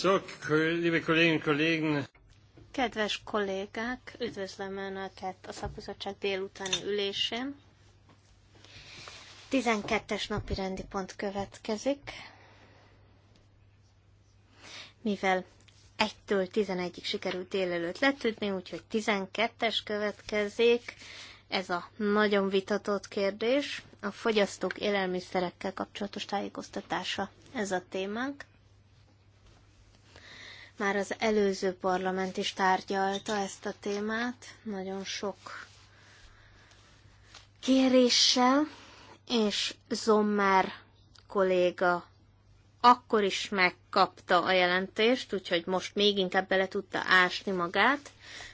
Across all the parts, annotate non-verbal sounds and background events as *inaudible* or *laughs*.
So, liebe Kolleginnen Kollegen. Kedves kollégák, üdvözlöm Önöket a szakbizottság délutáni ülésén. 12-es napi rendi pont következik, mivel 1-től 11-ig sikerült délelőtt letudni, úgyhogy 12-es következik. Ez a nagyon vitatott kérdés, a fogyasztók élelmiszerekkel kapcsolatos tájékoztatása. Ez a témánk. Már az előző parlament is tárgyalta ezt a témát, nagyon sok kéréssel, és Zommer kolléga akkor is megkapta a jelentést, úgyhogy most még inkább bele tudta ásni magát.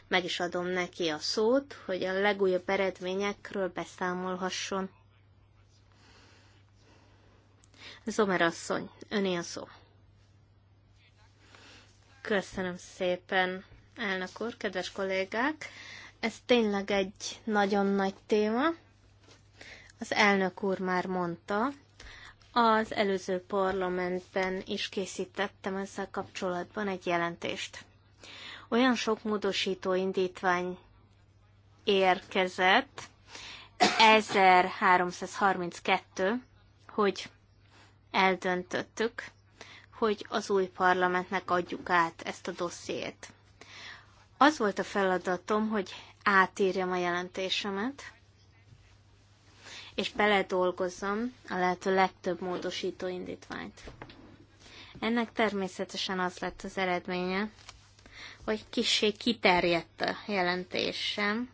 Meg is adom neki a szót, hogy a legújabb eredményekről beszámolhasson. Zomer asszony, öné a szó. Köszönöm szépen, elnök úr, kedves kollégák! Ez tényleg egy nagyon nagy téma. Az elnök úr már mondta, az előző parlamentben is készítettem ezzel kapcsolatban egy jelentést. Olyan sok módosító indítvány érkezett, 1332, hogy eldöntöttük, hogy az új parlamentnek adjuk át ezt a dossziét. Az volt a feladatom, hogy átírjam a jelentésemet, és beledolgozzam a lehető legtöbb módosító indítványt. Ennek természetesen az lett az eredménye, hogy kissé kiterjedt a jelentésem,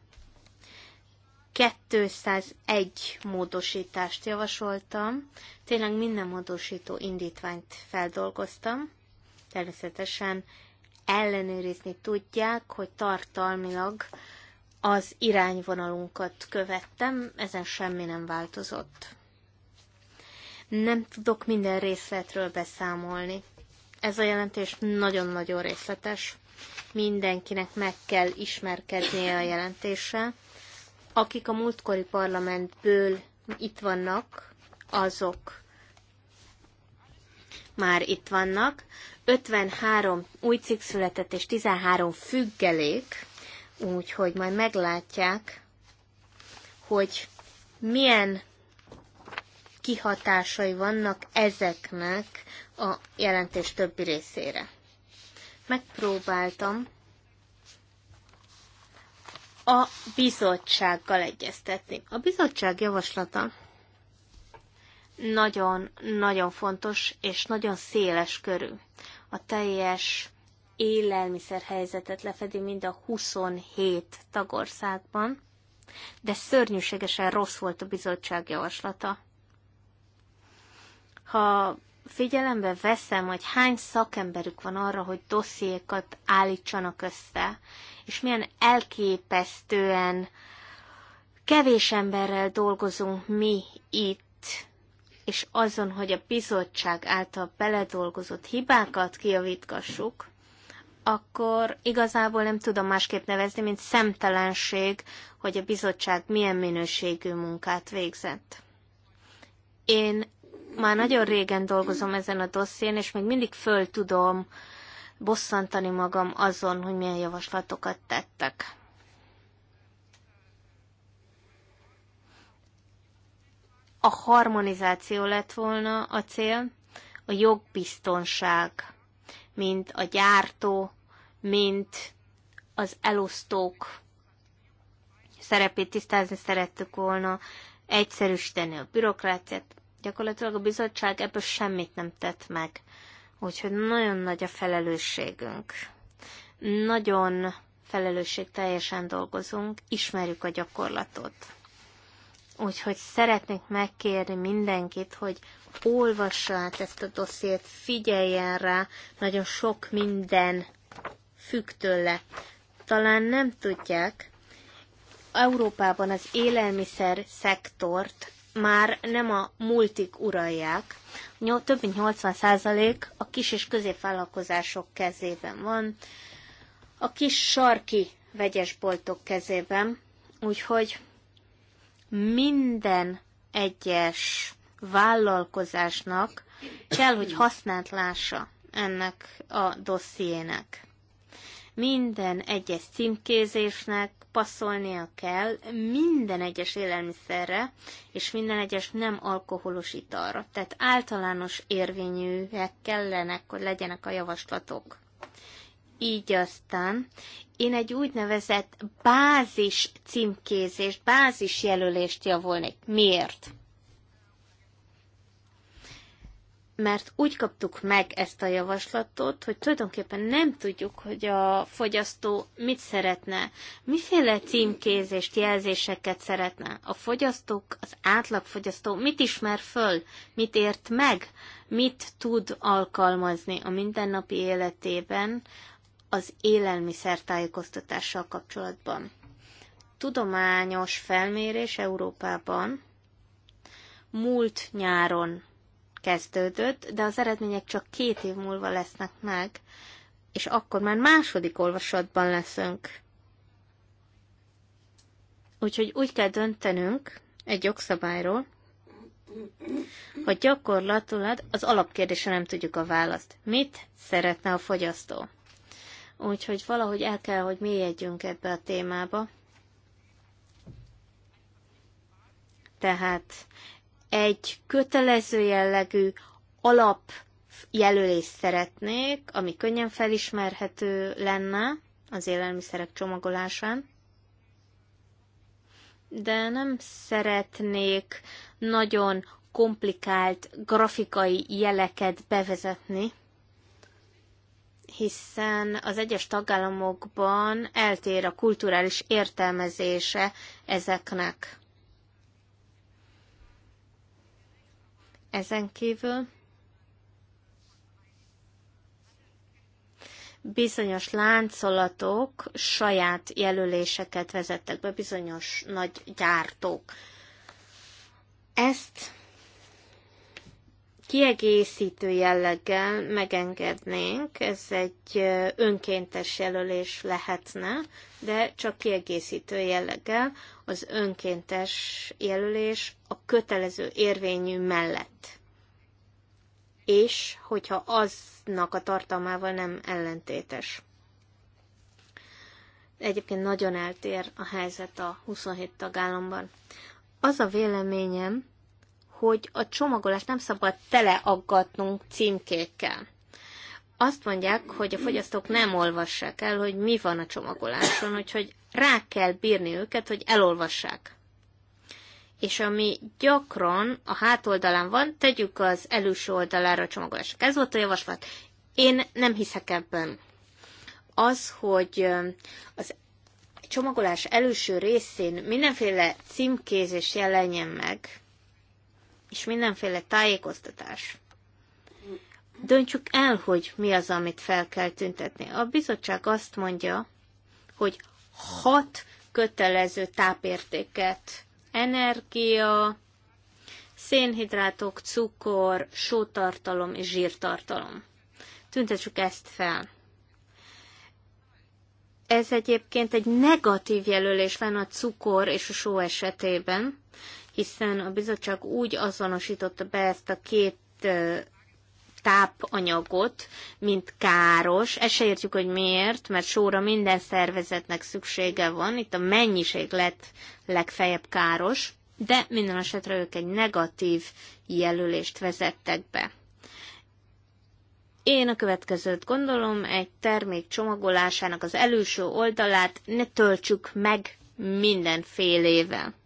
201 módosítást javasoltam, tényleg minden módosító indítványt feldolgoztam. Természetesen ellenőrizni tudják, hogy tartalmilag az irányvonalunkat követtem, ezen semmi nem változott. Nem tudok minden részletről beszámolni. Ez a jelentés nagyon-nagyon részletes. Mindenkinek meg kell ismerkednie a jelentéssel akik a múltkori parlamentből itt vannak, azok már itt vannak. 53 új cikk született és 13 függelék, úgyhogy majd meglátják, hogy milyen kihatásai vannak ezeknek a jelentés többi részére. Megpróbáltam a bizottsággal egyeztetni. A bizottság javaslata nagyon-nagyon fontos és nagyon széles körű. A teljes élelmiszerhelyzetet lefedi mind a 27 tagországban, de szörnyűségesen rossz volt a bizottság javaslata. Ha figyelembe veszem, hogy hány szakemberük van arra, hogy dossziékat állítsanak össze, és milyen elképesztően kevés emberrel dolgozunk mi itt, és azon, hogy a bizottság által beledolgozott hibákat kiavítgassuk, akkor igazából nem tudom másképp nevezni, mint szemtelenség, hogy a bizottság milyen minőségű munkát végzett. Én már nagyon régen dolgozom ezen a dosszén, és még mindig föl tudom bosszantani magam azon, hogy milyen javaslatokat tettek. A harmonizáció lett volna a cél, a jogbiztonság, mint a gyártó, mint az elosztók szerepét tisztázni szerettük volna, egyszerűsíteni a bürokráciát. Gyakorlatilag a bizottság ebből semmit nem tett meg. Úgyhogy nagyon nagy a felelősségünk. Nagyon felelősségteljesen dolgozunk, ismerjük a gyakorlatot. Úgyhogy szeretnék megkérni mindenkit, hogy olvassa át ezt a dossziét, figyeljen rá, nagyon sok minden függ tőle. Talán nem tudják, Európában az élelmiszer szektort már nem a multik uralják. Több mint 80% a kis és középvállalkozások kezében van, a kis sarki vegyesboltok kezében, úgyhogy minden egyes vállalkozásnak kell, hogy használt lássa ennek a dossziének. Minden egyes címkézésnek passzolnia kell minden egyes élelmiszerre, és minden egyes nem alkoholos italra. Tehát általános érvényűek kellenek, hogy legyenek a javaslatok. Így aztán én egy úgynevezett bázis címkézést, bázis jelölést javolnék. Miért? mert úgy kaptuk meg ezt a javaslatot, hogy tulajdonképpen nem tudjuk, hogy a fogyasztó mit szeretne, miféle címkézést, jelzéseket szeretne. A fogyasztók, az átlagfogyasztó mit ismer föl, mit ért meg, mit tud alkalmazni a mindennapi életében az élelmiszer tájékoztatással kapcsolatban. Tudományos felmérés Európában múlt nyáron kezdődött, de az eredmények csak két év múlva lesznek meg, és akkor már második olvasatban leszünk. Úgyhogy úgy kell döntenünk egy jogszabályról, hogy gyakorlatilag az alapkérdésre nem tudjuk a választ. Mit szeretne a fogyasztó? Úgyhogy valahogy el kell, hogy mélyedjünk ebbe a témába. Tehát egy kötelező jellegű alapjelölést szeretnék, ami könnyen felismerhető lenne az élelmiszerek csomagolásán, de nem szeretnék nagyon komplikált grafikai jeleket bevezetni, hiszen az egyes tagállamokban eltér a kulturális értelmezése ezeknek. Ezen kívül bizonyos láncolatok saját jelöléseket vezettek be, bizonyos nagy gyártók. Ezt kiegészítő jelleggel megengednénk, ez egy önkéntes jelölés lehetne, de csak kiegészítő jelleggel az önkéntes jelölés a kötelező érvényű mellett. És hogyha aznak a tartalmával nem ellentétes. Egyébként nagyon eltér a helyzet a 27 tagállamban. Az a véleményem, hogy a csomagolást nem szabad teleaggatnunk címkékkel. Azt mondják, hogy a fogyasztók nem olvassák el, hogy mi van a csomagoláson, úgyhogy rá kell bírni őket, hogy elolvassák. És ami gyakran a hátoldalán van, tegyük az előső oldalára a csomagolást. Ez volt a javaslat. Én nem hiszek ebben. Az, hogy az csomagolás előső részén mindenféle címkézés jelenjen meg, és mindenféle tájékoztatás. Döntsük el, hogy mi az, amit fel kell tüntetni. A bizottság azt mondja, hogy hat kötelező tápértéket, energia, szénhidrátok, cukor, sótartalom és zsírtartalom. Tüntessük ezt fel. Ez egyébként egy negatív jelölés lenne a cukor és a só esetében, hiszen a bizottság úgy azonosította be ezt a két tápanyagot, mint káros. Ezt se értjük, hogy miért, mert sóra minden szervezetnek szüksége van. Itt a mennyiség lett legfeljebb káros, de minden esetre ők egy negatív jelölést vezettek be. Én a következőt gondolom, egy termék csomagolásának az előső oldalát ne töltsük meg évvel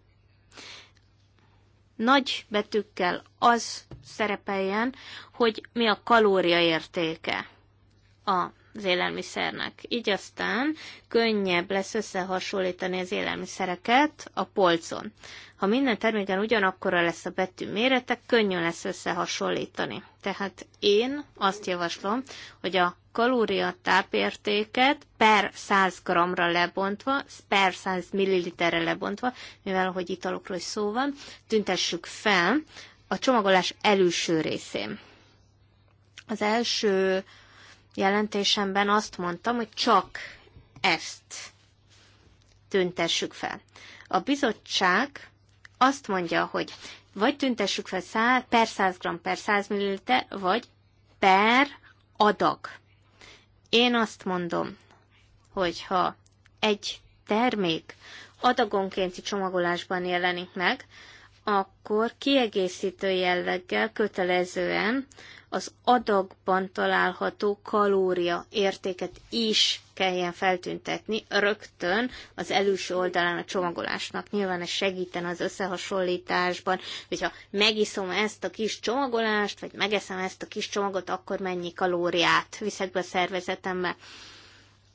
nagy betűkkel az szerepeljen, hogy mi a kalóriaértéke a az élelmiszernek. Így aztán könnyebb lesz összehasonlítani az élelmiszereket a polcon. Ha minden terméken ugyanakkora lesz a betű mérete, könnyű lesz összehasonlítani. Tehát én azt javaslom, hogy a kalória tápértéket per 100 g-ra lebontva, per 100 ml-re lebontva, mivel hogy italokról is szó van, tüntessük fel a csomagolás előső részén. Az első jelentésemben azt mondtam, hogy csak ezt tüntessük fel. A bizottság azt mondja, hogy vagy tüntessük fel szá, per 100 g per 100 ml, vagy per adag. Én azt mondom, hogy ha egy termék adagonkénti csomagolásban jelenik meg, akkor kiegészítő jelleggel kötelezően az adagban található kalória értéket is kelljen feltüntetni rögtön az előső oldalán a csomagolásnak. Nyilván ez segíten az összehasonlításban, hogyha megiszom ezt a kis csomagolást, vagy megeszem ezt a kis csomagot, akkor mennyi kalóriát viszek be a szervezetembe.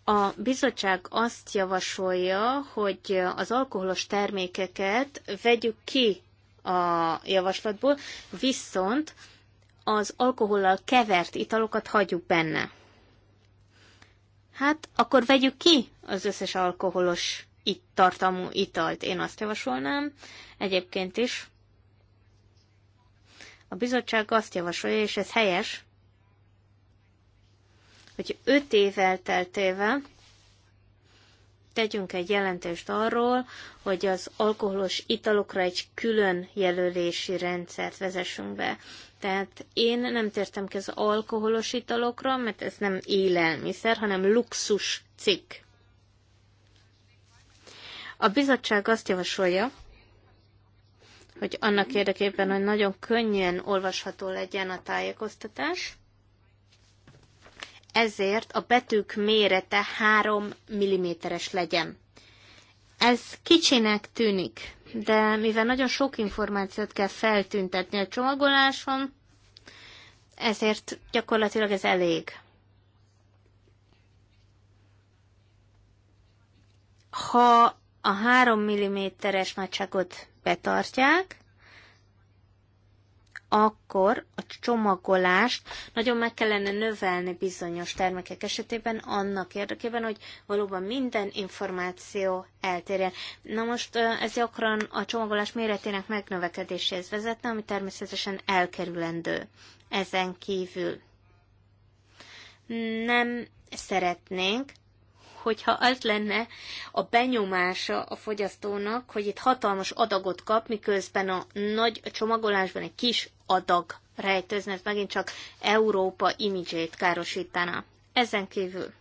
A bizottság azt javasolja, hogy az alkoholos termékeket vegyük ki a javaslatból, viszont az alkohollal kevert italokat hagyjuk benne. Hát akkor vegyük ki az összes alkoholos itt tartalmú italt, én azt javasolnám. Egyébként is a bizottság azt javasolja, és ez helyes, hogy 5 év elteltével tegyünk egy jelentést arról, hogy az alkoholos italokra egy külön jelölési rendszert vezessünk be. Tehát én nem tértem ki az alkoholos italokra, mert ez nem élelmiszer, hanem luxus cikk. A bizottság azt javasolja, hogy annak érdekében, hogy nagyon könnyen olvasható legyen a tájékoztatás, ezért a betűk mérete 3 mm-es legyen. Ez kicsinek tűnik, de mivel nagyon sok információt kell feltüntetni a csomagoláson, ezért gyakorlatilag ez elég. Ha a 3 mm-es nagyságot betartják, akkor a csomagolást nagyon meg kellene növelni bizonyos termékek esetében annak érdekében, hogy valóban minden információ eltérjen. Na most ez gyakran a csomagolás méretének megnövekedéséhez vezetne, ami természetesen elkerülendő ezen kívül. Nem szeretnénk, hogyha az lenne a benyomása a fogyasztónak, hogy itt hatalmas adagot kap, miközben a nagy csomagolásban egy kis adag rejtőzne, ez megint csak Európa imidzsét károsítaná. Ezen kívül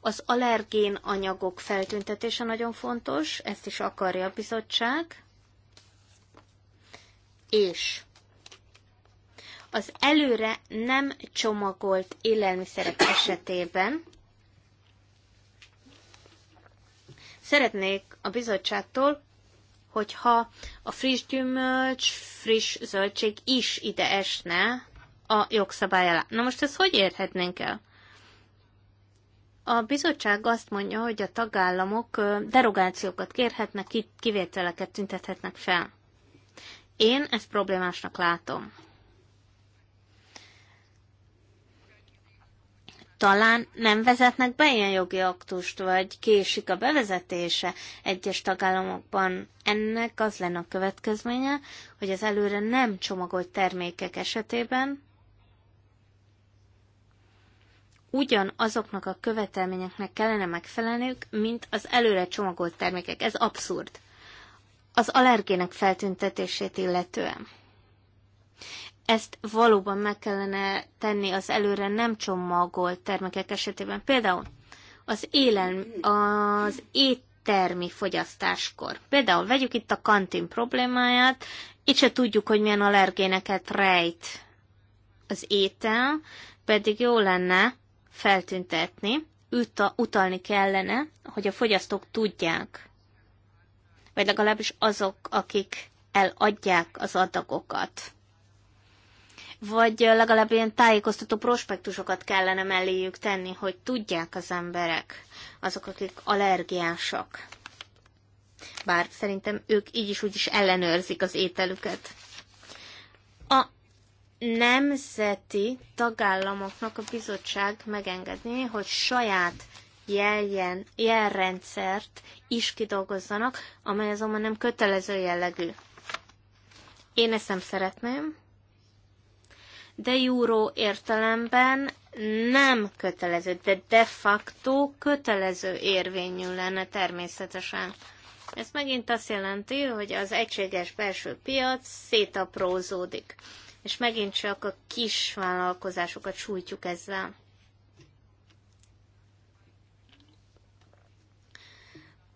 az allergén anyagok feltüntetése nagyon fontos, ezt is akarja a bizottság, és az előre nem csomagolt élelmiszerek esetében Szeretnék a bizottságtól, hogyha a friss gyümölcs, friss zöldség is ide esne a jogszabály alá. Na most ezt hogy érhetnénk el? A bizottság azt mondja, hogy a tagállamok derogációkat kérhetnek, kivételeket tüntethetnek fel. Én ezt problémásnak látom. talán nem vezetnek be ilyen jogi aktust, vagy késik a bevezetése egyes tagállamokban. Ennek az lenne a következménye, hogy az előre nem csomagolt termékek esetében ugyanazoknak a követelményeknek kellene megfelelniük, mint az előre csomagolt termékek. Ez abszurd. Az allergének feltüntetését illetően ezt valóban meg kellene tenni az előre nem csomagolt termékek esetében. Például az, élen, az éttermi fogyasztáskor. Például vegyük itt a kantin problémáját, itt se tudjuk, hogy milyen allergéneket rejt az étel, pedig jó lenne feltüntetni, utalni kellene, hogy a fogyasztók tudják, vagy legalábbis azok, akik eladják az adagokat vagy legalább ilyen tájékoztató prospektusokat kellene melléjük tenni, hogy tudják az emberek, azok, akik allergiásak. Bár szerintem ők így is úgy is ellenőrzik az ételüket. A nemzeti tagállamoknak a bizottság megengedné, hogy saját jeljen, jelrendszert is kidolgozzanak, amely azonban nem kötelező jellegű. Én ezt nem szeretném, de júró értelemben nem kötelező, de de facto kötelező érvényű lenne természetesen. Ez megint azt jelenti, hogy az egységes belső piac szétaprózódik, és megint csak a kis vállalkozásokat sújtjuk ezzel.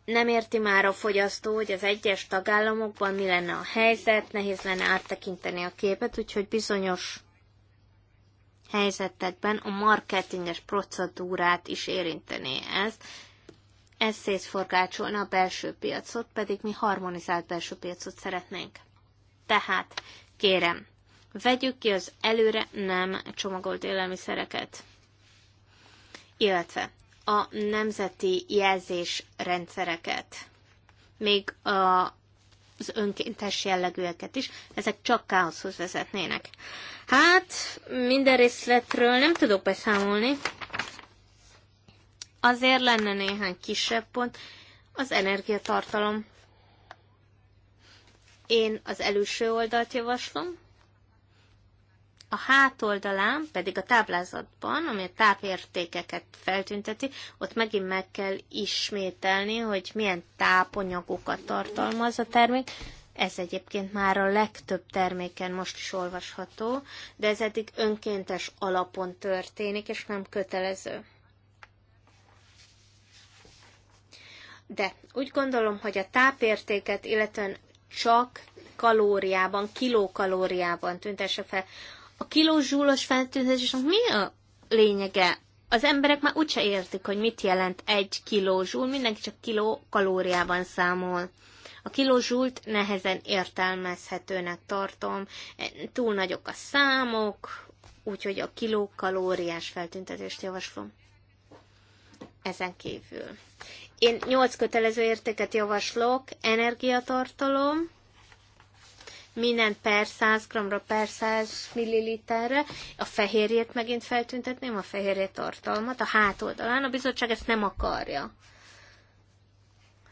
nem érti már a fogyasztó, hogy az egyes tagállamokban mi lenne a helyzet, nehéz lenne áttekinteni a képet, úgyhogy bizonyos helyzetekben a marketinges procedúrát is érintené ez. Ez szétforgácsolna a belső piacot, pedig mi harmonizált belső piacot szeretnénk. Tehát, kérem, vegyük ki az előre nem csomagolt élelmiszereket. Illetve a nemzeti jelzésrendszereket. Még a az önkéntes jellegűeket is, ezek csak káoszhoz vezetnének. Hát, minden részletről nem tudok beszámolni. Azért lenne néhány kisebb pont. Az energiatartalom. Én az előső oldalt javaslom, a hátoldalán pedig a táblázatban, ami a tápértékeket feltünteti, ott megint meg kell ismételni, hogy milyen tápanyagokat tartalmaz a termék. Ez egyébként már a legtöbb terméken most is olvasható, de ez eddig önkéntes alapon történik, és nem kötelező. De úgy gondolom, hogy a tápértéket, illetve csak kalóriában, kilókalóriában tüntesse fel a kilózsúlos és mi a lényege? Az emberek már úgyse értik, hogy mit jelent egy kilózsúl, mindenki csak kiló kalóriában számol. A kilózsult nehezen értelmezhetőnek tartom, túl nagyok a számok, úgyhogy a kalóriás feltüntetést javaslom. Ezen kívül. Én 8 kötelező értéket javaslok, energiatartalom, minden per 100 gramra, per 100 milliliterre, a fehérjét megint feltüntetném, a fehérjét tartalmat, a hátoldalán, a bizottság ezt nem akarja.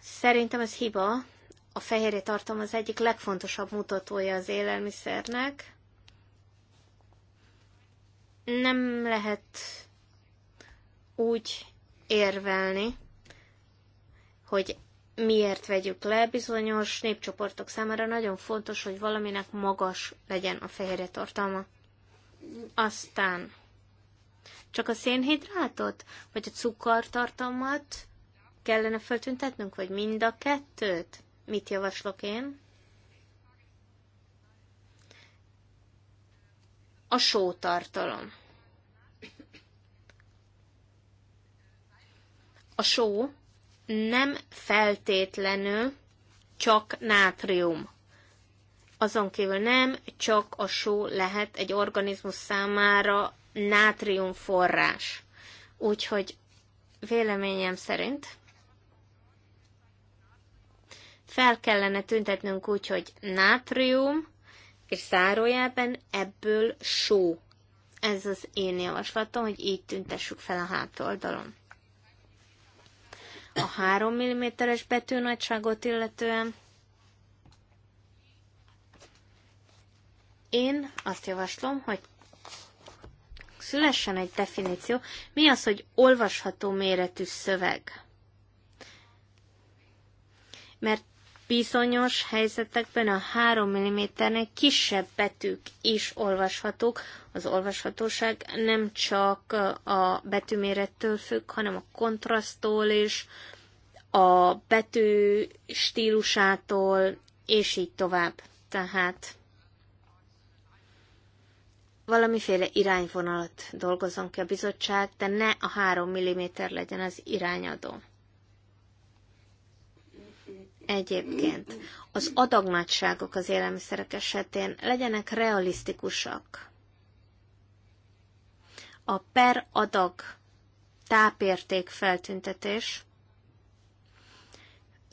Szerintem ez hiba. A fehérje tartalom az egyik legfontosabb mutatója az élelmiszernek. Nem lehet úgy érvelni, hogy miért vegyük le, bizonyos népcsoportok számára nagyon fontos, hogy valaminek magas legyen a fehérje tartalma. Aztán csak a szénhidrátot, vagy a cukortartalmat kellene feltüntetnünk, vagy mind a kettőt? Mit javaslok én? A sótartalom. A só nem feltétlenül csak nátrium. Azon kívül nem csak a só lehet egy organizmus számára nátrium forrás. Úgyhogy véleményem szerint fel kellene tüntetnünk úgy, hogy nátrium, és zárójelben ebből só. Ez az én javaslatom, hogy így tüntessük fel a hátoldalon a 3 mm-es nagyságot illetően. Én azt javaslom, hogy szülessen egy definíció. Mi az, hogy olvasható méretű szöveg? Mert bizonyos helyzetekben a 3 mm nek kisebb betűk is olvashatók. Az olvashatóság nem csak a betűmérettől függ, hanem a kontraszttól is, a betű stílusától, és így tovább. Tehát valamiféle irányvonalat dolgozom ki a bizottság, de ne a 3 mm legyen az irányadó egyébként az adagnagyságok az élelmiszerek esetén legyenek realisztikusak. A per adag tápérték feltüntetés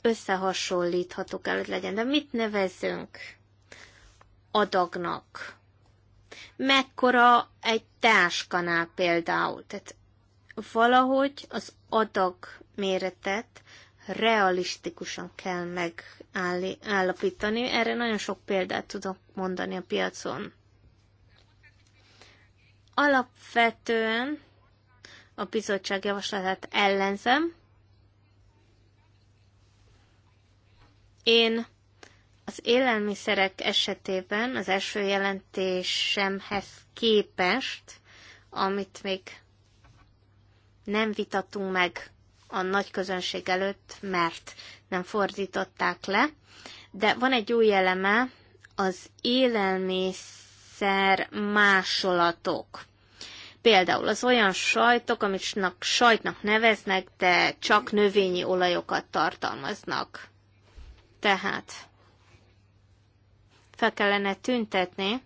összehasonlítható kell, hogy legyen. De mit nevezünk adagnak? Mekkora egy táskanál például? Tehát valahogy az adag méretet realistikusan kell megállapítani. Erre nagyon sok példát tudok mondani a piacon. Alapvetően a bizottság javaslatát ellenzem. Én az élelmiszerek esetében az első jelentésemhez képest, amit még nem vitatunk meg a nagy közönség előtt, mert nem fordították le. De van egy új eleme, az élelmiszer másolatok. Például az olyan sajtok, amit sajtnak neveznek, de csak növényi olajokat tartalmaznak. Tehát fel kellene tüntetni,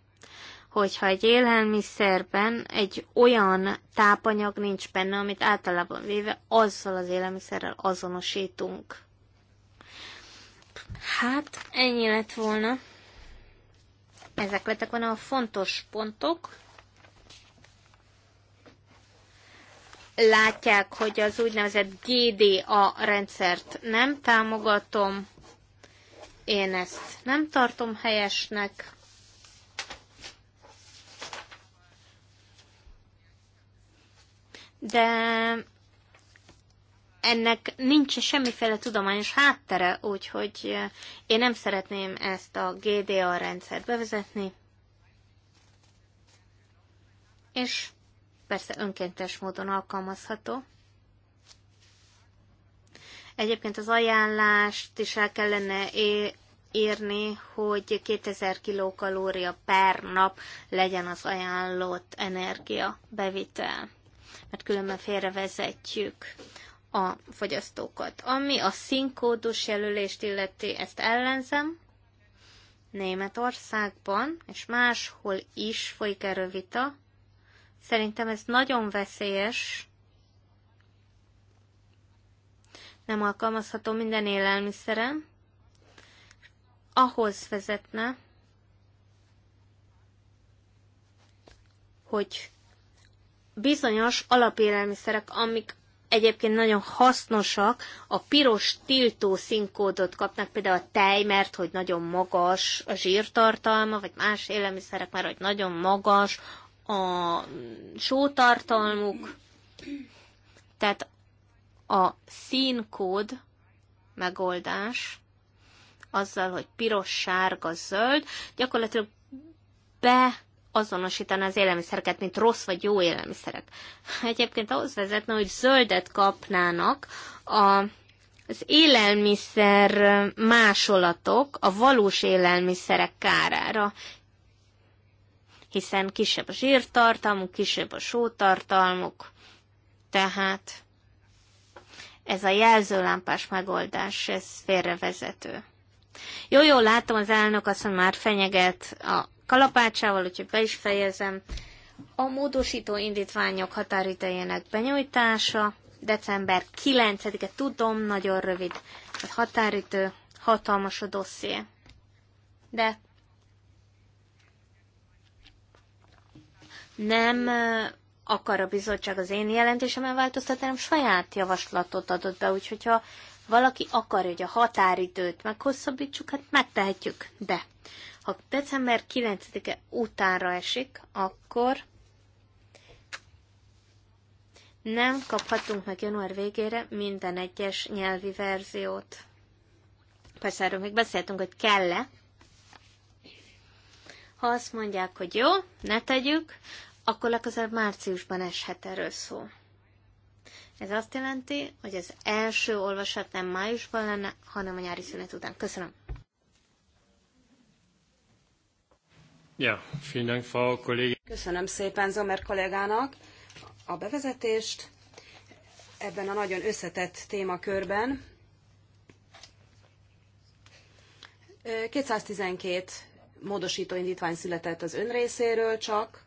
hogyha egy élelmiszerben egy olyan tápanyag nincs benne, amit általában véve azzal az élelmiszerrel azonosítunk. Hát, ennyi lett volna. Ezek lettek volna a fontos pontok. Látják, hogy az úgynevezett GDA rendszert nem támogatom. Én ezt nem tartom helyesnek de ennek nincs semmiféle tudományos háttere, úgyhogy eh, én nem szeretném ezt a GDA rendszert bevezetni. És persze önkéntes módon alkalmazható. Egyébként az ajánlást is el kellene írni, hogy 2000 kilokalória per nap legyen az ajánlott energia bevitel mert különben félrevezetjük a fogyasztókat. Ami a színkódus jelölést illeti, ezt ellenzem. Németországban és máshol is folyik erről vita. Szerintem ez nagyon veszélyes. Nem alkalmazható minden élelmiszeren. Ahhoz vezetne, hogy bizonyos alapélelmiszerek, amik egyébként nagyon hasznosak, a piros tiltó színkódot kapnak, például a tej, mert hogy nagyon magas a zsírtartalma, vagy más élelmiszerek, mert hogy nagyon magas a sótartalmuk. Tehát a színkód megoldás azzal, hogy piros, sárga, zöld, gyakorlatilag be azonosítani az élelmiszereket, mint rossz vagy jó élelmiszerek. *laughs* Egyébként ahhoz vezetne, hogy zöldet kapnának a az élelmiszer másolatok a valós élelmiszerek kárára, hiszen kisebb a zsírtartalmuk, kisebb a sótartalmuk, tehát ez a jelzőlámpás megoldás, ez félrevezető. Jó, jó, látom az elnök azt, hogy már fenyeget a kalapácsával, úgyhogy be is fejezem. A módosító indítványok határidejének benyújtása december 9-e, tudom, nagyon rövid a határidő, hatalmas a dosszié. De nem akar a bizottság az én jelentésemmel változtatni, hanem saját javaslatot adott be, úgyhogy ha valaki akar hogy a határidőt meghosszabbítsuk, hát megtehetjük. De ha december 9-e utánra esik, akkor nem kaphatunk meg január végére minden egyes nyelvi verziót. Persze erről még beszéltünk, hogy kell-e. Ha azt mondják, hogy jó, ne tegyük, akkor legközelebb márciusban eshet erről szó. Ez azt jelenti, hogy az első olvasat nem májusban lenne, hanem a nyári szünet után. Köszönöm. Ja, vielen Dank, Frau Köszönöm szépen Zomer kollégának a bevezetést ebben a nagyon összetett témakörben. 212 módosító indítvány született az ön részéről csak.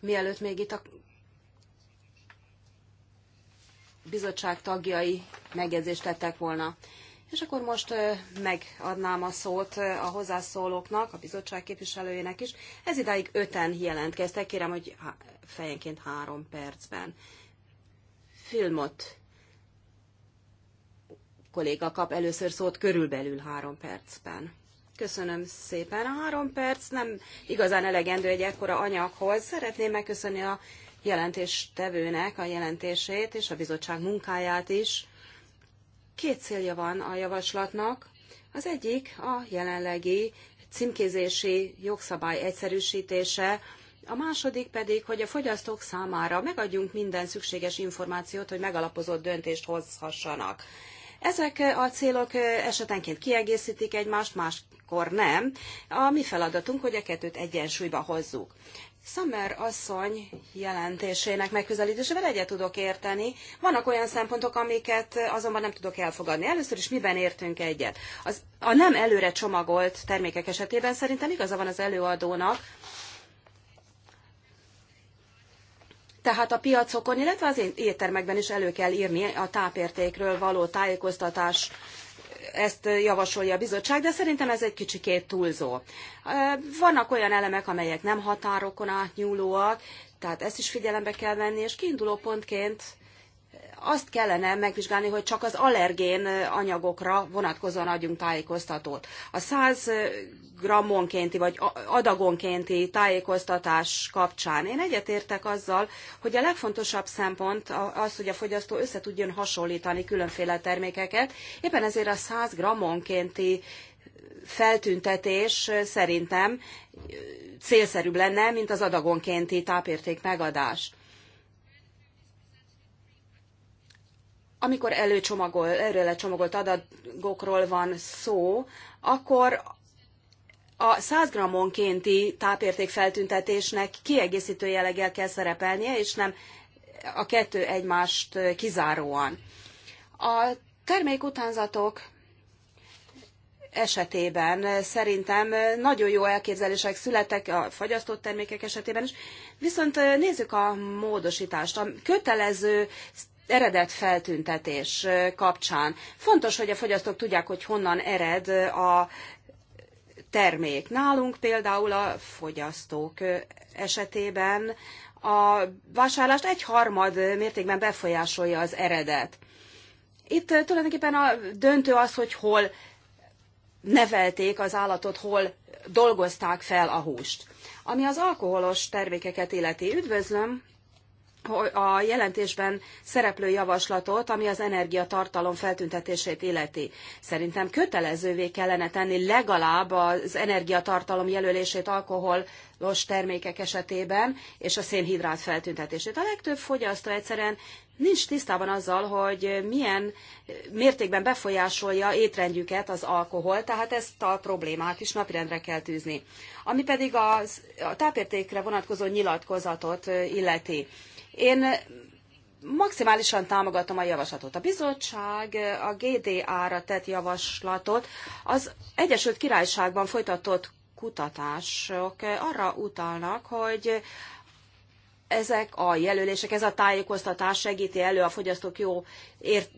Mielőtt még itt a bizottság tagjai megjegyzést tettek volna. És akkor most megadnám a szót a hozzászólóknak, a bizottság képviselőjének is. Ez idáig öten jelentkeztek, kérem, hogy fejenként három percben. Filmot kolléga kap először szót körülbelül három percben. Köszönöm szépen. A három perc nem igazán elegendő egy ekkora anyaghoz. Szeretném megköszönni a jelentéstevőnek a jelentését és a bizottság munkáját is. Két célja van a javaslatnak. Az egyik a jelenlegi címkézési jogszabály egyszerűsítése, a második pedig, hogy a fogyasztók számára megadjunk minden szükséges információt, hogy megalapozott döntést hozhassanak. Ezek a célok esetenként kiegészítik egymást, máskor nem. A mi feladatunk, hogy a kettőt egyensúlyba hozzuk. Summer asszony jelentésének megközelítésével egyet tudok érteni. Vannak olyan szempontok, amiket azonban nem tudok elfogadni. Először is miben értünk egyet? Az, a nem előre csomagolt termékek esetében szerintem igaza van az előadónak, Tehát a piacokon, illetve az éttermekben is elő kell írni a tápértékről való tájékoztatás ezt javasolja a bizottság, de szerintem ez egy kicsikét túlzó. Vannak olyan elemek, amelyek nem határokon átnyúlóak, tehát ezt is figyelembe kell venni, és kiinduló pontként azt kellene megvizsgálni, hogy csak az allergén anyagokra vonatkozóan adjunk tájékoztatót. A 100 grammonkénti vagy adagonkénti tájékoztatás kapcsán én egyetértek azzal, hogy a legfontosabb szempont az, hogy a fogyasztó összetudjon hasonlítani különféle termékeket. Éppen ezért a 100 grammonkénti feltüntetés szerintem célszerűbb lenne, mint az adagonkénti tápérték megadás. amikor előcsomagol, előre csomagolt adagokról van szó, akkor a 100 grammonkénti tápértékfeltüntetésnek kiegészítő jelleggel kell szerepelnie, és nem a kettő egymást kizáróan. A termékutánzatok esetében szerintem nagyon jó elképzelések születtek a fagyasztott termékek esetében is, viszont nézzük a módosítást. A kötelező eredet feltüntetés kapcsán. Fontos, hogy a fogyasztók tudják, hogy honnan ered a termék. Nálunk például a fogyasztók esetében a vásárlást egy harmad mértékben befolyásolja az eredet. Itt tulajdonképpen a döntő az, hogy hol nevelték az állatot, hol dolgozták fel a húst. Ami az alkoholos termékeket illeti, üdvözlöm, a jelentésben szereplő javaslatot, ami az energiatartalom feltüntetését illeti. Szerintem kötelezővé kellene tenni legalább az energiatartalom jelölését alkoholos termékek esetében, és a szénhidrát feltüntetését. A legtöbb fogyasztó egyszerűen nincs tisztában azzal, hogy milyen mértékben befolyásolja étrendjüket az alkohol, tehát ezt a problémát is napirendre kell tűzni. Ami pedig az, a tápértékre vonatkozó nyilatkozatot illeti. Én maximálisan támogatom a javaslatot. A bizottság a GDA-ra tett javaslatot az Egyesült Királyságban folytatott kutatások arra utalnak, hogy ezek a jelölések, ez a tájékoztatás segíti elő a fogyasztók jó ért,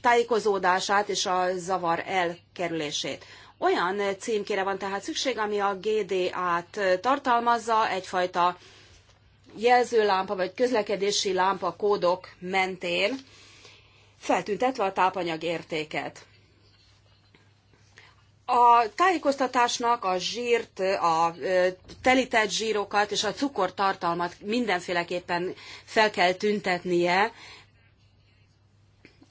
tájékozódását és a zavar elkerülését. Olyan címkére van tehát szükség, ami a GDA-t tartalmazza, egyfajta jelzőlámpa vagy közlekedési lámpa kódok mentén, feltüntetve a tápanyag értéket. A tájékoztatásnak a zsírt, a telített zsírokat és a cukortartalmat mindenféleképpen fel kell tüntetnie,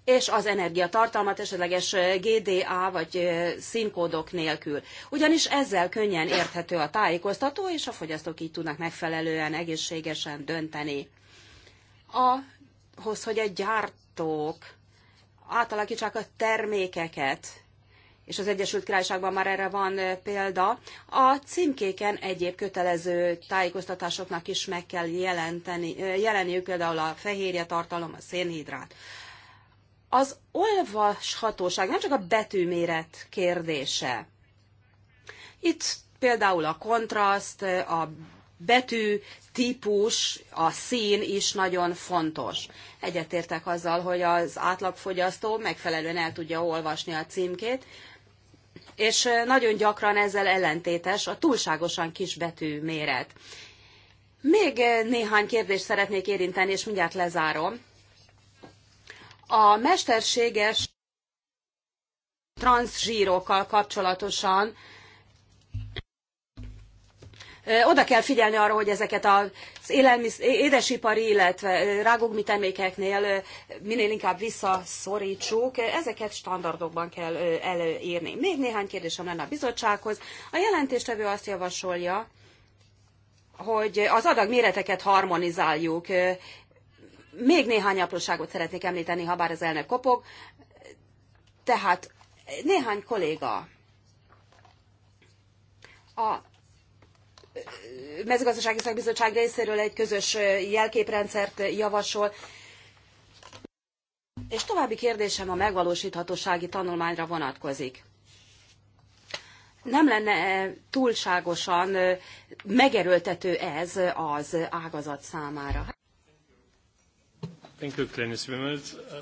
és az energiatartalmat esetleges GDA vagy színkódok nélkül. Ugyanis ezzel könnyen érthető a tájékoztató, és a fogyasztók így tudnak megfelelően, egészségesen dönteni. Ahhoz, hogy a gyártók átalakítsák a termékeket, és az Egyesült Királyságban már erre van példa, a címkéken egyéb kötelező tájékoztatásoknak is meg kell jelenteni, jelenniük, például a fehérje tartalom, a szénhidrát az olvashatóság nem csak a betűméret kérdése. Itt például a kontraszt, a betű típus, a szín is nagyon fontos. Egyetértek azzal, hogy az átlagfogyasztó megfelelően el tudja olvasni a címkét, és nagyon gyakran ezzel ellentétes a túlságosan kis betű méret. Még néhány kérdést szeretnék érinteni, és mindjárt lezárom. A mesterséges transzsírokkal kapcsolatosan oda kell figyelni arra, hogy ezeket az édesipari, illetve rágógmi termékeknél minél inkább visszaszorítsuk, ezeket standardokban kell előírni. Még néhány kérdésem lenne a bizottsághoz. A jelentéstevő azt javasolja, hogy az adag méreteket harmonizáljuk. Még néhány apróságot szeretnék említeni, ha bár az elnök kopog. Tehát néhány kolléga a mezőgazdasági szakbizottság részéről egy közös jelképrendszert javasol. És további kérdésem a megvalósíthatósági tanulmányra vonatkozik. Nem lenne eh, túlságosan eh, megerőltető ez az ágazat számára? Thank you, Glenis Wimmels. Uh,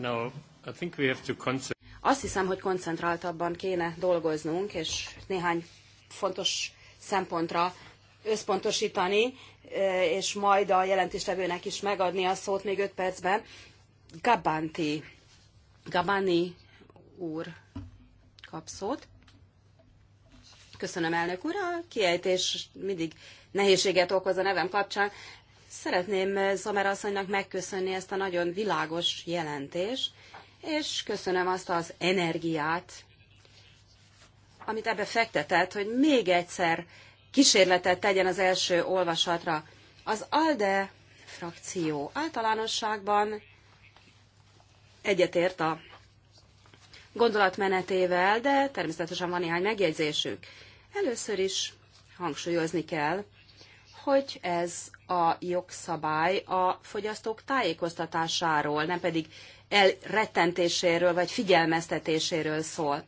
now, I think we have to concentrate. Azt hiszem, hogy koncentráltabban kéne dolgoznunk, és néhány fontos szempontra összpontosítani, eh, és majd a jelentéstevőnek is megadni a szót még öt percben. Gabanti, Gabani úr kap szót. Köszönöm, elnök úr. A kiejtés mindig nehézséget okoz a nevem kapcsán. Szeretném eh, Zomer asszonynak megköszönni ezt a nagyon világos jelentést, és köszönöm azt az energiát, amit ebbe fektetett, hogy még egyszer kísérletet tegyen az első olvasatra. Az ALDE frakció általánosságban egyetért a gondolatmenetével, de természetesen van néhány megjegyzésük. Először is hangsúlyozni kell, hogy ez a jogszabály a fogyasztók tájékoztatásáról, nem pedig elrettentéséről vagy figyelmeztetéséről szól.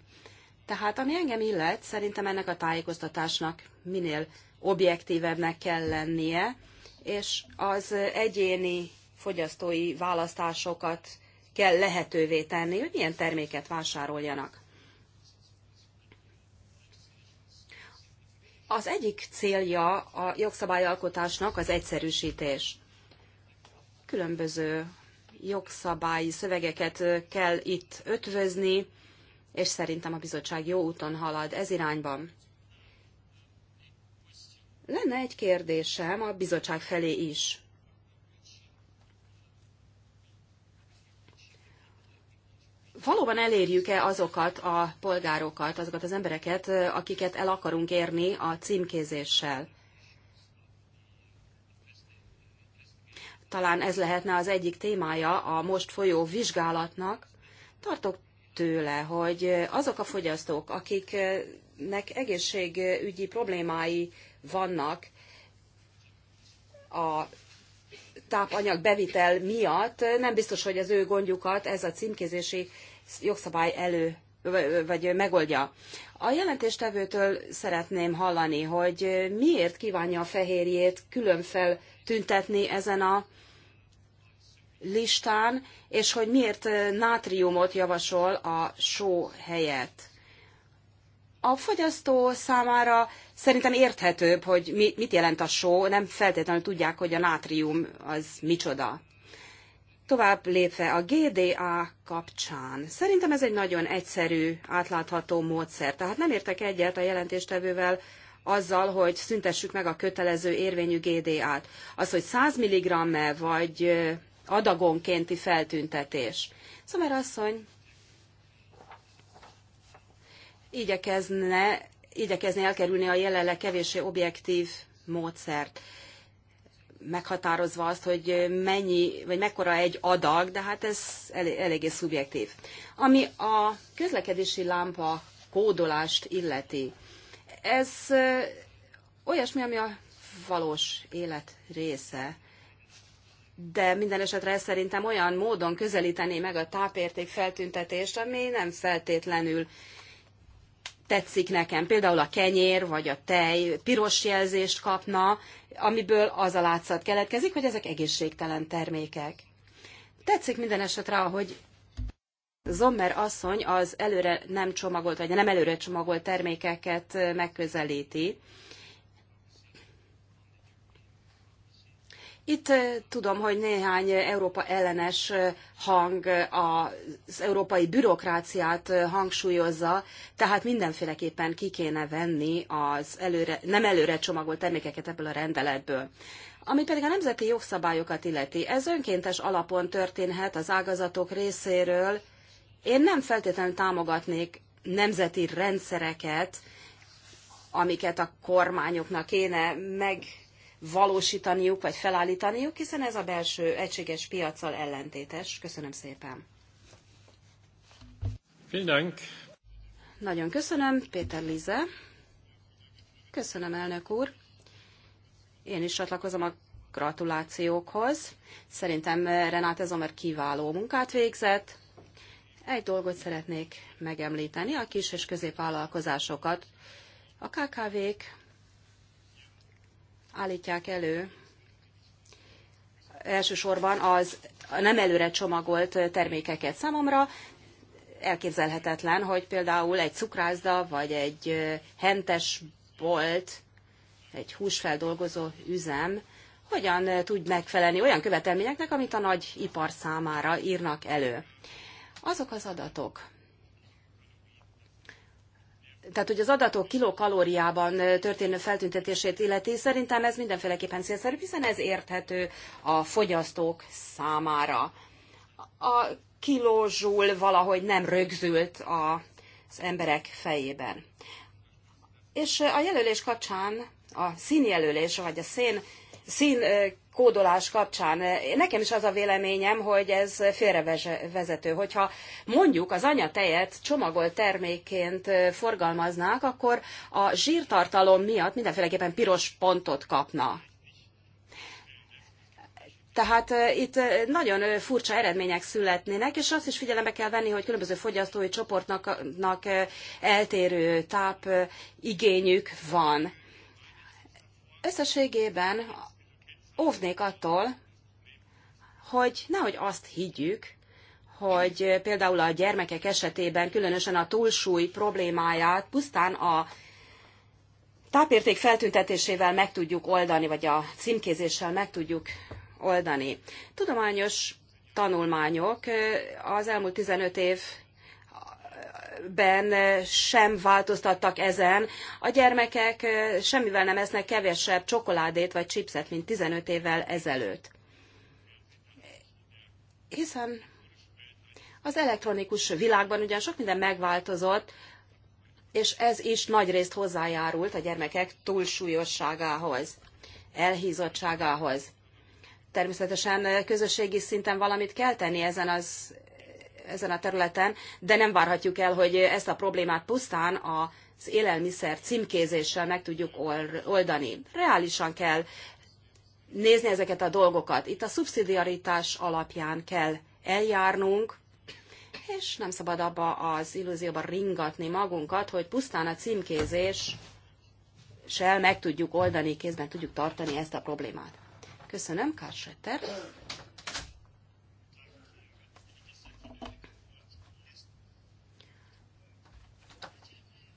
Tehát ami engem illet, szerintem ennek a tájékoztatásnak minél objektívebbnek kell lennie, és az egyéni fogyasztói választásokat kell lehetővé tenni, hogy milyen terméket vásároljanak. Az egyik célja a jogszabályalkotásnak az egyszerűsítés. Különböző jogszabályi szövegeket kell itt ötvözni, és szerintem a bizottság jó úton halad ez irányban. Lenne egy kérdésem a bizottság felé is. valóban elérjük-e azokat a polgárokat, azokat az embereket, akiket el akarunk érni a címkézéssel. Talán ez lehetne az egyik témája a most folyó vizsgálatnak. Tartok tőle, hogy azok a fogyasztók, akiknek egészségügyi problémái vannak a tápanyag bevitel miatt, nem biztos, hogy az ő gondjukat ez a címkézési jogszabály elő vagy megoldja. A jelentéstevőtől szeretném hallani, hogy miért kívánja a fehérjét külön tüntetni ezen a listán, és hogy miért nátriumot javasol a só helyett. A fogyasztó számára szerintem érthetőbb, hogy mit jelent a só, nem feltétlenül tudják, hogy a nátrium az micsoda. Tovább lépve a GDA kapcsán. Szerintem ez egy nagyon egyszerű, átlátható módszer. Tehát nem értek egyet a jelentéstevővel azzal, hogy szüntessük meg a kötelező érvényű GDA-t. Az, hogy 100 mg-e vagy adagonkénti feltüntetés. Szomer asszony igyekezne, igyekezni elkerülni a jelenleg kevéssé objektív módszert meghatározva azt, hogy mennyi, vagy mekkora egy adag, de hát ez eléggé szubjektív. Ami a közlekedési lámpa kódolást illeti, ez olyasmi, ami a valós élet része, de minden esetre szerintem olyan módon közelítené meg a tápérték feltüntetést, ami nem feltétlenül tetszik nekem. Például a kenyér vagy a tej piros jelzést kapna, amiből az a látszat keletkezik, hogy ezek egészségtelen termékek. Tetszik minden esetre, ahogy Zommer asszony az előre nem csomagolt, vagy nem előre csomagolt termékeket megközelíti. Itt eh, tudom, hogy néhány eh, Európa ellenes eh, hang az európai bürokráciát hangsúlyozza, tehát mindenféleképpen ki kéne venni az előre, nem előre csomagolt termékeket ebből a rendeletből. Ami pedig a nemzeti jogszabályokat illeti, ez önkéntes alapon történhet az ágazatok részéről. Én nem feltétlenül támogatnék nemzeti rendszereket, amiket a kormányoknak kéne meg valósítaniuk vagy felállítaniuk, hiszen ez a belső egységes piacsal ellentétes. Köszönöm szépen. Vielen Nagyon köszönöm, Péter Lize. Köszönöm, elnök úr. Én is csatlakozom a gratulációkhoz. Szerintem Renát Zomer kiváló munkát végzett. Egy dolgot szeretnék megemlíteni, a kis és középvállalkozásokat. A KKV-k állítják elő elsősorban az nem előre csomagolt termékeket számomra, elképzelhetetlen, hogy például egy cukrászda, vagy egy hentes bolt, egy húsfeldolgozó üzem hogyan tud megfelelni olyan követelményeknek, amit a nagy ipar számára írnak elő. Azok az adatok, tehát hogy az adatok kilokalóriában történő feltüntetését illeti, szerintem ez mindenféleképpen célszerű, hiszen ez érthető a fogyasztók számára. A kilózsul valahogy nem rögzült az emberek fejében. És a jelölés kapcsán a színjelölés, vagy a szén szín kódolás kapcsán. Nekem is az a véleményem, hogy ez félrevezető. Hogyha mondjuk az anyatejet csomagolt termékként forgalmaznák, akkor a zsírtartalom miatt mindenféleképpen piros pontot kapna. Tehát itt nagyon furcsa eredmények születnének, és azt is figyelembe kell venni, hogy különböző fogyasztói csoportnak eltérő tápigényük van. Összességében óvnék attól, hogy nehogy azt higgyük, hogy például a gyermekek esetében különösen a túlsúly problémáját pusztán a tápérték feltüntetésével meg tudjuk oldani, vagy a címkézéssel meg tudjuk oldani. Tudományos tanulmányok az elmúlt 15 év ben eh, sem változtattak ezen. A gyermekek eh, semmivel nem esznek kevesebb csokoládét vagy chipset, mint 15 évvel ezelőtt. Hiszen az elektronikus világban ugyan sok minden megváltozott, és ez is nagyrészt hozzájárult a gyermekek túlsúlyosságához, elhízottságához. Természetesen eh, közösségi szinten valamit kell tenni ezen az ezen a területen, de nem várhatjuk el, hogy ezt a problémát pusztán az élelmiszer címkézéssel meg tudjuk oldani. Reálisan kell nézni ezeket a dolgokat. Itt a szubszidiaritás alapján kell eljárnunk, és nem szabad abba az illúzióba ringatni magunkat, hogy pusztán a címkézés meg tudjuk oldani, kézben tudjuk tartani ezt a problémát. Köszönöm, Kársetter.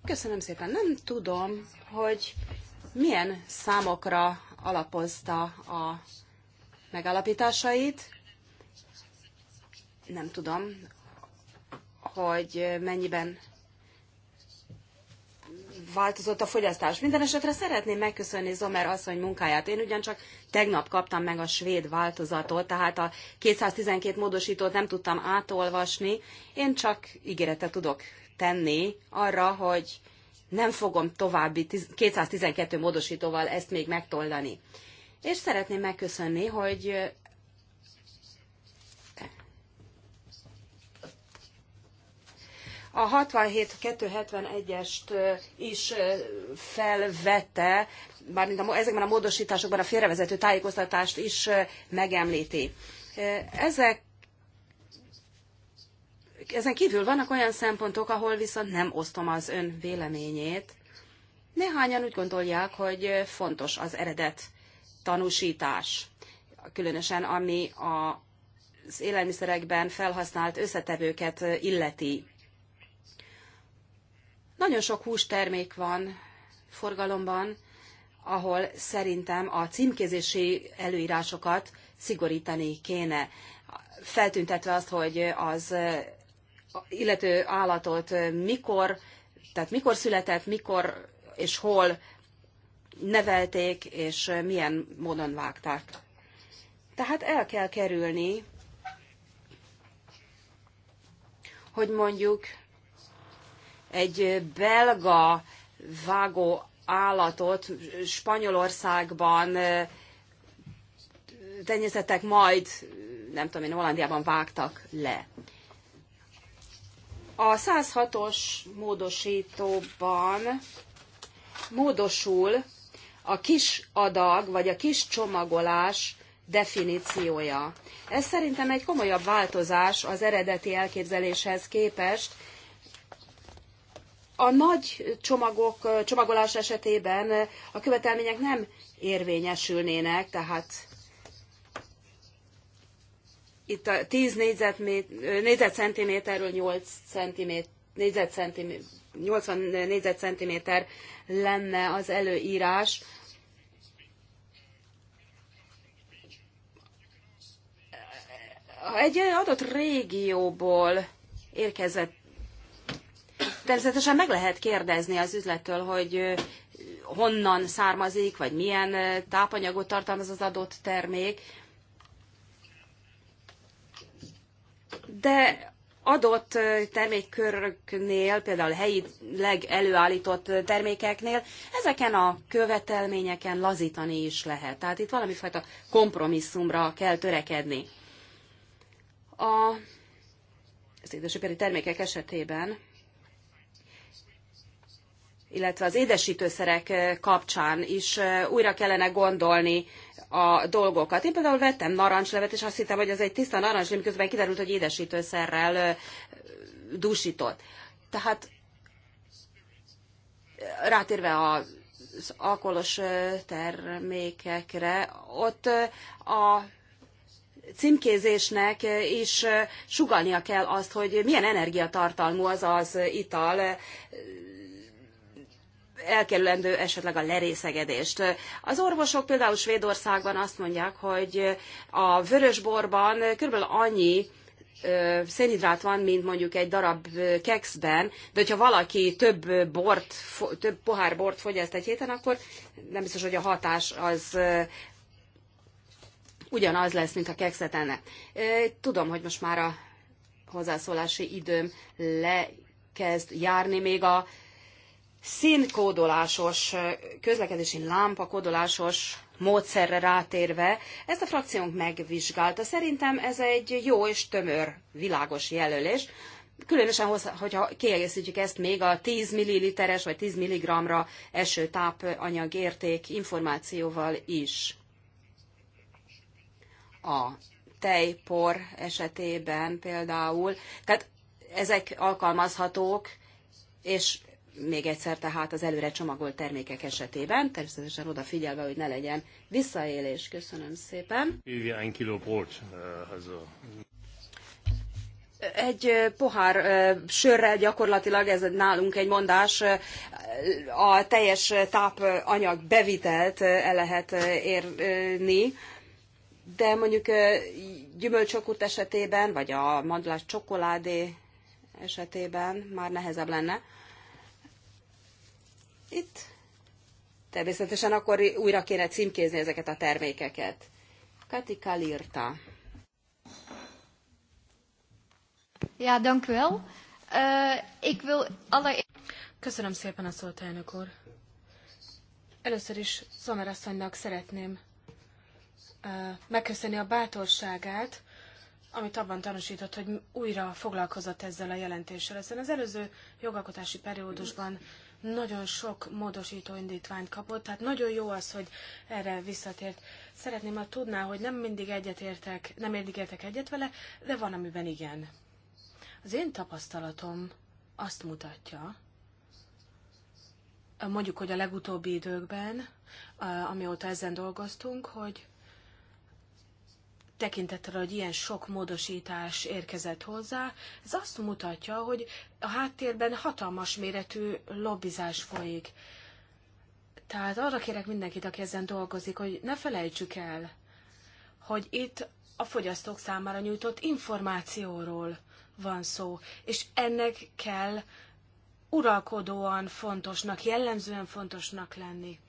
Köszönöm szépen. Nem tudom, hogy milyen számokra alapozta a megalapításait, Nem tudom, hogy mennyiben változott a fogyasztás. Minden esetre szeretném megköszönni Zomer asszony munkáját. Én ugyancsak tegnap kaptam meg a svéd változatot, tehát a 212 módosítót nem tudtam átolvasni. Én csak ígéretet tudok tenni arra, hogy nem fogom további 212 módosítóval ezt még megtoldani. És szeretném megköszönni, hogy a 67-271-est is felvette, mármint a, ezekben a módosításokban a félrevezető tájékoztatást is megemlíti. Ezek ezen kívül vannak olyan szempontok, ahol viszont nem osztom az ön véleményét. Néhányan úgy gondolják, hogy fontos az eredet tanúsítás, különösen ami a az élelmiszerekben felhasznált összetevőket illeti. Nagyon sok hústermék van forgalomban, ahol szerintem a címkézési előírásokat szigorítani kéne, feltüntetve azt, hogy az illető állatot mikor, tehát mikor született, mikor és hol nevelték, és milyen módon vágták. Tehát el kell kerülni, hogy mondjuk egy belga vágó állatot Spanyolországban tenyészettek, majd nem tudom én, Hollandiában vágtak le. A 106-os módosítóban módosul a kis adag vagy a kis csomagolás definíciója. Ez szerintem egy komolyabb változás az eredeti elképzeléshez képest. A nagy csomagok, csomagolás esetében a követelmények nem érvényesülnének, tehát itt a 10 négyzetcentiméterről 8 centiméter, négyzetcentiméter, 80 négyzetcentiméter lenne az előírás. egy adott régióból érkezett, természetesen meg lehet kérdezni az üzlettől, hogy honnan származik, vagy milyen tápanyagot tartalmaz az adott termék, de adott termékköröknél, például helyileg előállított termékeknél, ezeken a követelményeken lazítani is lehet. Tehát itt valami fajta kompromisszumra kell törekedni. A az édesipari termékek esetében illetve az édesítőszerek eh, kapcsán is eh, újra kellene gondolni a dolgokat. Én például vettem narancslevet, és azt hittem, hogy ez egy tiszta narancslé, miközben kiderült, hogy édesítőszerrel eh, dúsított. Tehát rátérve az alkoholos termékekre, ott a címkézésnek is sugalnia kell azt, hogy milyen energiatartalmú az az ital, elkerülendő esetleg a lerészegedést. Az orvosok például Svédországban azt mondják, hogy a vörösborban körülbelül annyi szénhidrát van, mint mondjuk egy darab kekszben, de hogyha valaki több bort, több pohár bort fogyaszt egy héten, akkor nem biztos, hogy a hatás az ugyanaz lesz, mint a kekszet enne. Tudom, hogy most már a hozzászólási időm lekezd járni, még a színkódolásos, közlekedési lámpa kódolásos módszerre rátérve, ezt a frakciónk megvizsgálta. Szerintem ez egy jó és tömör, világos jelölés, különösen, hogyha kiegészítjük ezt még a 10 milliliteres vagy 10 milligramra eső tápanyag érték információval is. A tejpor esetében például, tehát ezek alkalmazhatók, és még egyszer tehát az előre csomagolt termékek esetében, természetesen odafigyelve, hogy ne legyen visszaélés. Köszönöm szépen. Egy kiló brot, eh, egy eh, pohár eh, sörrel gyakorlatilag, ez nálunk egy mondás, a teljes tápanyag bevitelt el lehet érni, de mondjuk gyümölcsokurt esetében, vagy a mandulás csokoládé esetében már nehezebb lenne. Itt természetesen akkor újra kéne címkézni ezeket a termékeket. Kati Kalirta. Ja, dank u wel. Uh, ik wil aller... Köszönöm szépen a szót, elnök úr. Először is Szomerasszonynak szeretném uh, megköszönni a bátorságát, amit abban tanúsított, hogy újra foglalkozott ezzel a jelentéssel. Ezen az előző jogalkotási periódusban nagyon sok módosító indítványt kapott, tehát nagyon jó az, hogy erre visszatért. Szeretném, ha tudná, hogy nem mindig egyetértek, nem mindig értek egyet vele, de van, amiben igen. Az én tapasztalatom azt mutatja, mondjuk, hogy a legutóbbi időkben, amióta ezen dolgoztunk, hogy tekintettel, hogy ilyen sok módosítás érkezett hozzá, ez azt mutatja, hogy a háttérben hatalmas méretű lobbizás folyik. Tehát arra kérek mindenkit, aki ezen dolgozik, hogy ne felejtsük el, hogy itt a fogyasztók számára nyújtott információról van szó, és ennek kell uralkodóan fontosnak, jellemzően fontosnak lenni.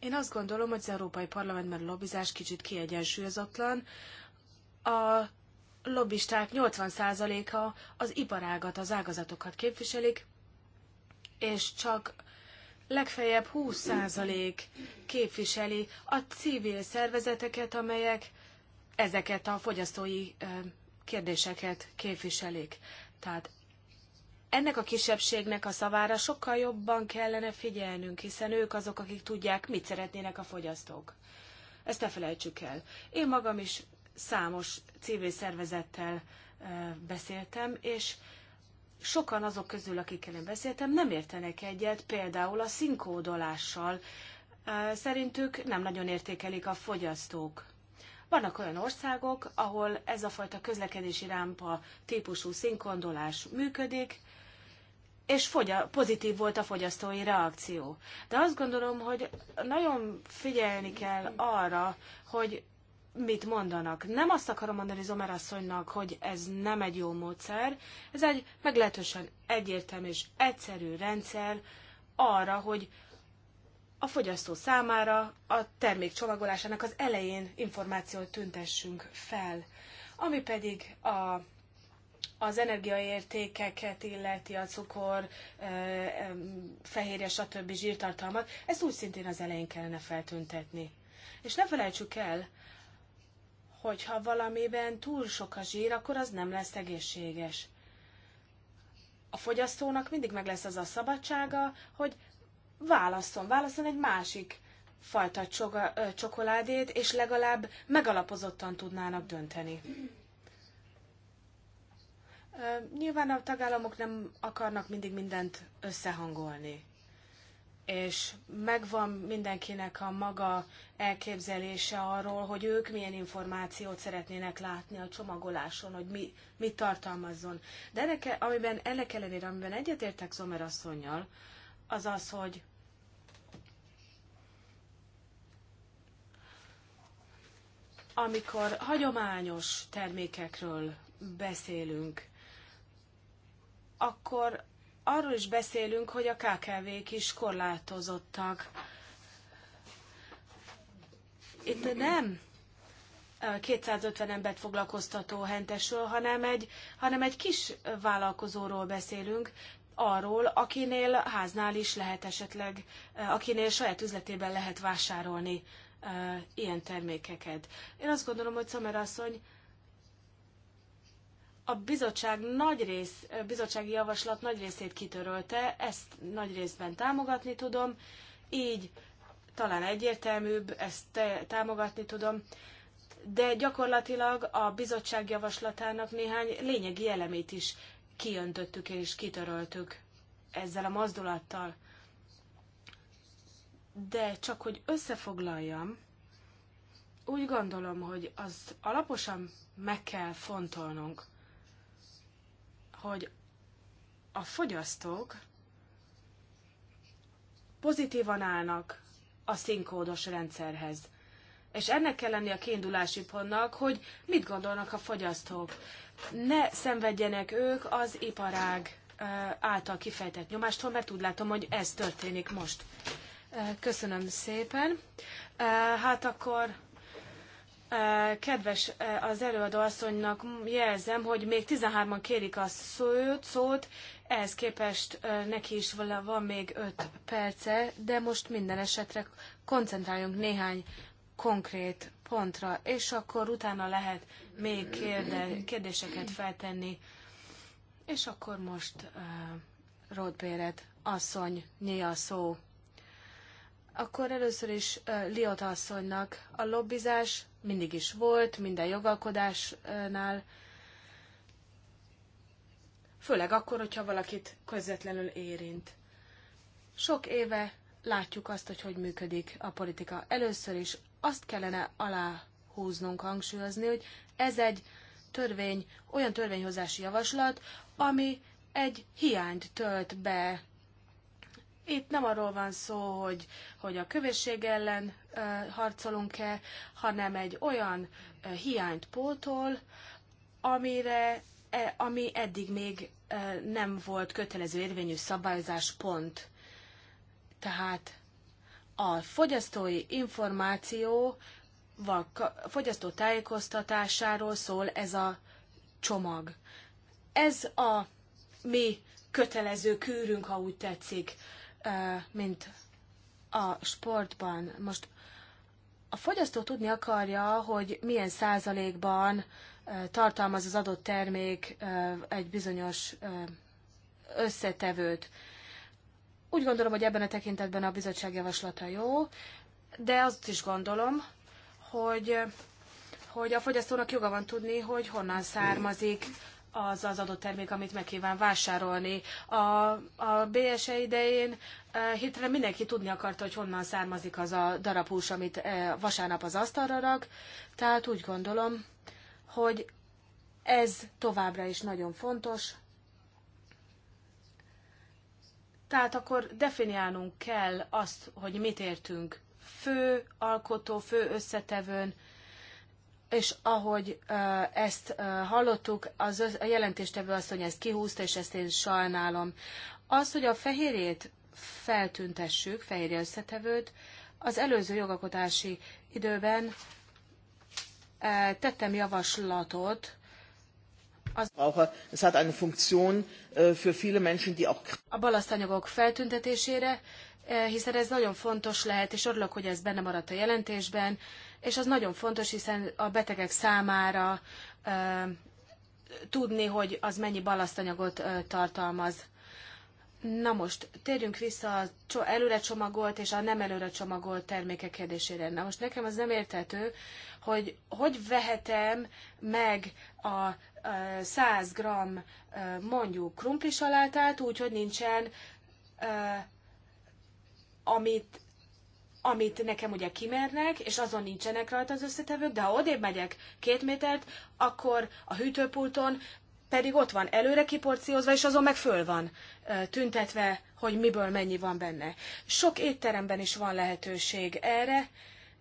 Én azt gondolom, hogy az Európai Parlamentben a lobbizás kicsit kiegyensúlyozatlan. A lobbisták 80%-a az iparágat, az ágazatokat képviselik, és csak legfeljebb 20% képviseli a civil szervezeteket, amelyek ezeket a fogyasztói kérdéseket képviselik. Tehát ennek a kisebbségnek a szavára sokkal jobban kellene figyelnünk, hiszen ők azok, akik tudják, mit szeretnének a fogyasztók. Ezt ne felejtsük el. Én magam is számos civil szervezettel eh, beszéltem, és sokan azok közül, akikkel én beszéltem, nem értenek egyet például a színkódolással. Eh, szerintük nem nagyon értékelik a fogyasztók. Vannak olyan országok, ahol ez a fajta közlekedési rámpa típusú szinkondolás működik, és fogy- pozitív volt a fogyasztói reakció. De azt gondolom, hogy nagyon figyelni kell arra, hogy mit mondanak. Nem azt akarom mondani Zomer asszonynak, hogy ez nem egy jó módszer, ez egy meglehetősen egyértelmű és egyszerű rendszer arra, hogy a fogyasztó számára a termék csomagolásának az elején információt tüntessünk fel. Ami pedig a az energiaértékeket illeti a cukor, fehérje, stb. zsírtartalmat, ezt úgy szintén az elején kellene feltüntetni. És ne felejtsük el, hogy ha valamiben túl sok a zsír, akkor az nem lesz egészséges. A fogyasztónak mindig meg lesz az a szabadsága, hogy válasszon, válasszon egy másik fajta csokoládét, és legalább megalapozottan tudnának dönteni. Nyilván a tagállamok nem akarnak mindig mindent összehangolni, és megvan mindenkinek a maga elképzelése arról, hogy ők milyen információt szeretnének látni a csomagoláson, hogy mi, mit tartalmazzon. De ennek, amiben ennek ellenére, amiben egyetértek Zomer asszonynal, az az, hogy amikor hagyományos termékekről beszélünk, akkor arról is beszélünk, hogy a KKV-k is korlátozottak. Itt nem 250 embert foglalkoztató hentesről, hanem egy, hanem egy kis vállalkozóról beszélünk, arról, akinél háznál is lehet esetleg, akinél saját üzletében lehet vásárolni ilyen termékeket. Én azt gondolom, hogy Szamer asszony a bizottság nagy rész, a bizottsági javaslat nagy részét kitörölte, ezt nagy részben támogatni tudom, így talán egyértelműbb, ezt támogatni tudom, de gyakorlatilag a bizottság javaslatának néhány lényegi elemét is kiöntöttük és kitöröltük ezzel a mozdulattal. De csak hogy összefoglaljam, úgy gondolom, hogy az alaposan meg kell fontolnunk, hogy a fogyasztók pozitívan állnak a színkódos rendszerhez. És ennek kell lenni a kiindulási pontnak, hogy mit gondolnak a fogyasztók. Ne szenvedjenek ők az iparág által kifejtett nyomástól, mert úgy látom, hogy ez történik most. Köszönöm szépen. Hát akkor Kedves eh, az előadó asszonynak jelzem, hogy még 13-an kérik a szót, szót, ehhez képest eh, neki is van még 5 perce, de most minden esetre koncentráljunk néhány konkrét pontra, és akkor utána lehet még kérde, kérdéseket feltenni. És akkor most uh, eh, Rodbéred asszony nyíl a szó. Akkor először is Liot asszonynak a lobbizás mindig is volt, minden jogalkodásnál, főleg akkor, hogyha valakit közvetlenül érint. Sok éve látjuk azt, hogy hogy működik a politika. Először is azt kellene aláhúznunk, hangsúlyozni, hogy ez egy törvény, olyan törvényhozási javaslat, ami egy hiányt tölt be itt nem arról van szó, hogy, hogy a kövesség ellen harcolunk-e, hanem egy olyan hiányt pótol, amire, e, ami eddig még nem volt kötelező érvényű szabályozás pont. Tehát a fogyasztói információ vagy fogyasztó tájékoztatásáról szól ez a csomag. Ez a mi kötelező kűrünk, ha úgy tetszik, mint a sportban. Most a fogyasztó tudni akarja, hogy milyen százalékban tartalmaz az adott termék egy bizonyos összetevőt. Úgy gondolom, hogy ebben a tekintetben a bizottság javaslata jó, de azt is gondolom, hogy, hogy a fogyasztónak joga van tudni, hogy honnan származik az az adott termék, amit meg kíván vásárolni. A, a BSE idején eh, hirtelen mindenki tudni akarta, hogy honnan származik az a darab hús, amit eh, vasárnap az asztalra rak, tehát úgy gondolom, hogy ez továbbra is nagyon fontos. Tehát akkor definiálnunk kell azt, hogy mit értünk fő alkotó, fő összetevőn, és ahogy ezt hallottuk, az a jelentéstevő asszony ezt kihúzta, és ezt én sajnálom. Az, hogy a fehérjét feltüntessük, fehérje összetevőt, az előző jogakotási időben tettem javaslatot, az Es hat eine Funktion äh, für viele Menschen, die auch a balasztanyagok feltüntetésére, hiszen ez nagyon fontos lehet, és örülök, hogy ez benne maradt a jelentésben, és az nagyon fontos, hiszen a betegek számára tudni, hogy az mennyi balasztanyagot tartalmaz. Na most, térjünk vissza a előre csomagolt és a nem előre csomagolt termékek kérdésére. Na most nekem az nem értető, hogy hogy vehetem meg a 100 g mondjuk krumplisalátát salátát úgy, hogy nincsen amit amit nekem ugye kimernek, és azon nincsenek rajta az összetevők, de ha odébb megyek két métert, akkor a hűtőpulton pedig ott van előre kiporciózva, és azon meg föl van tüntetve, hogy miből mennyi van benne. Sok étteremben is van lehetőség erre,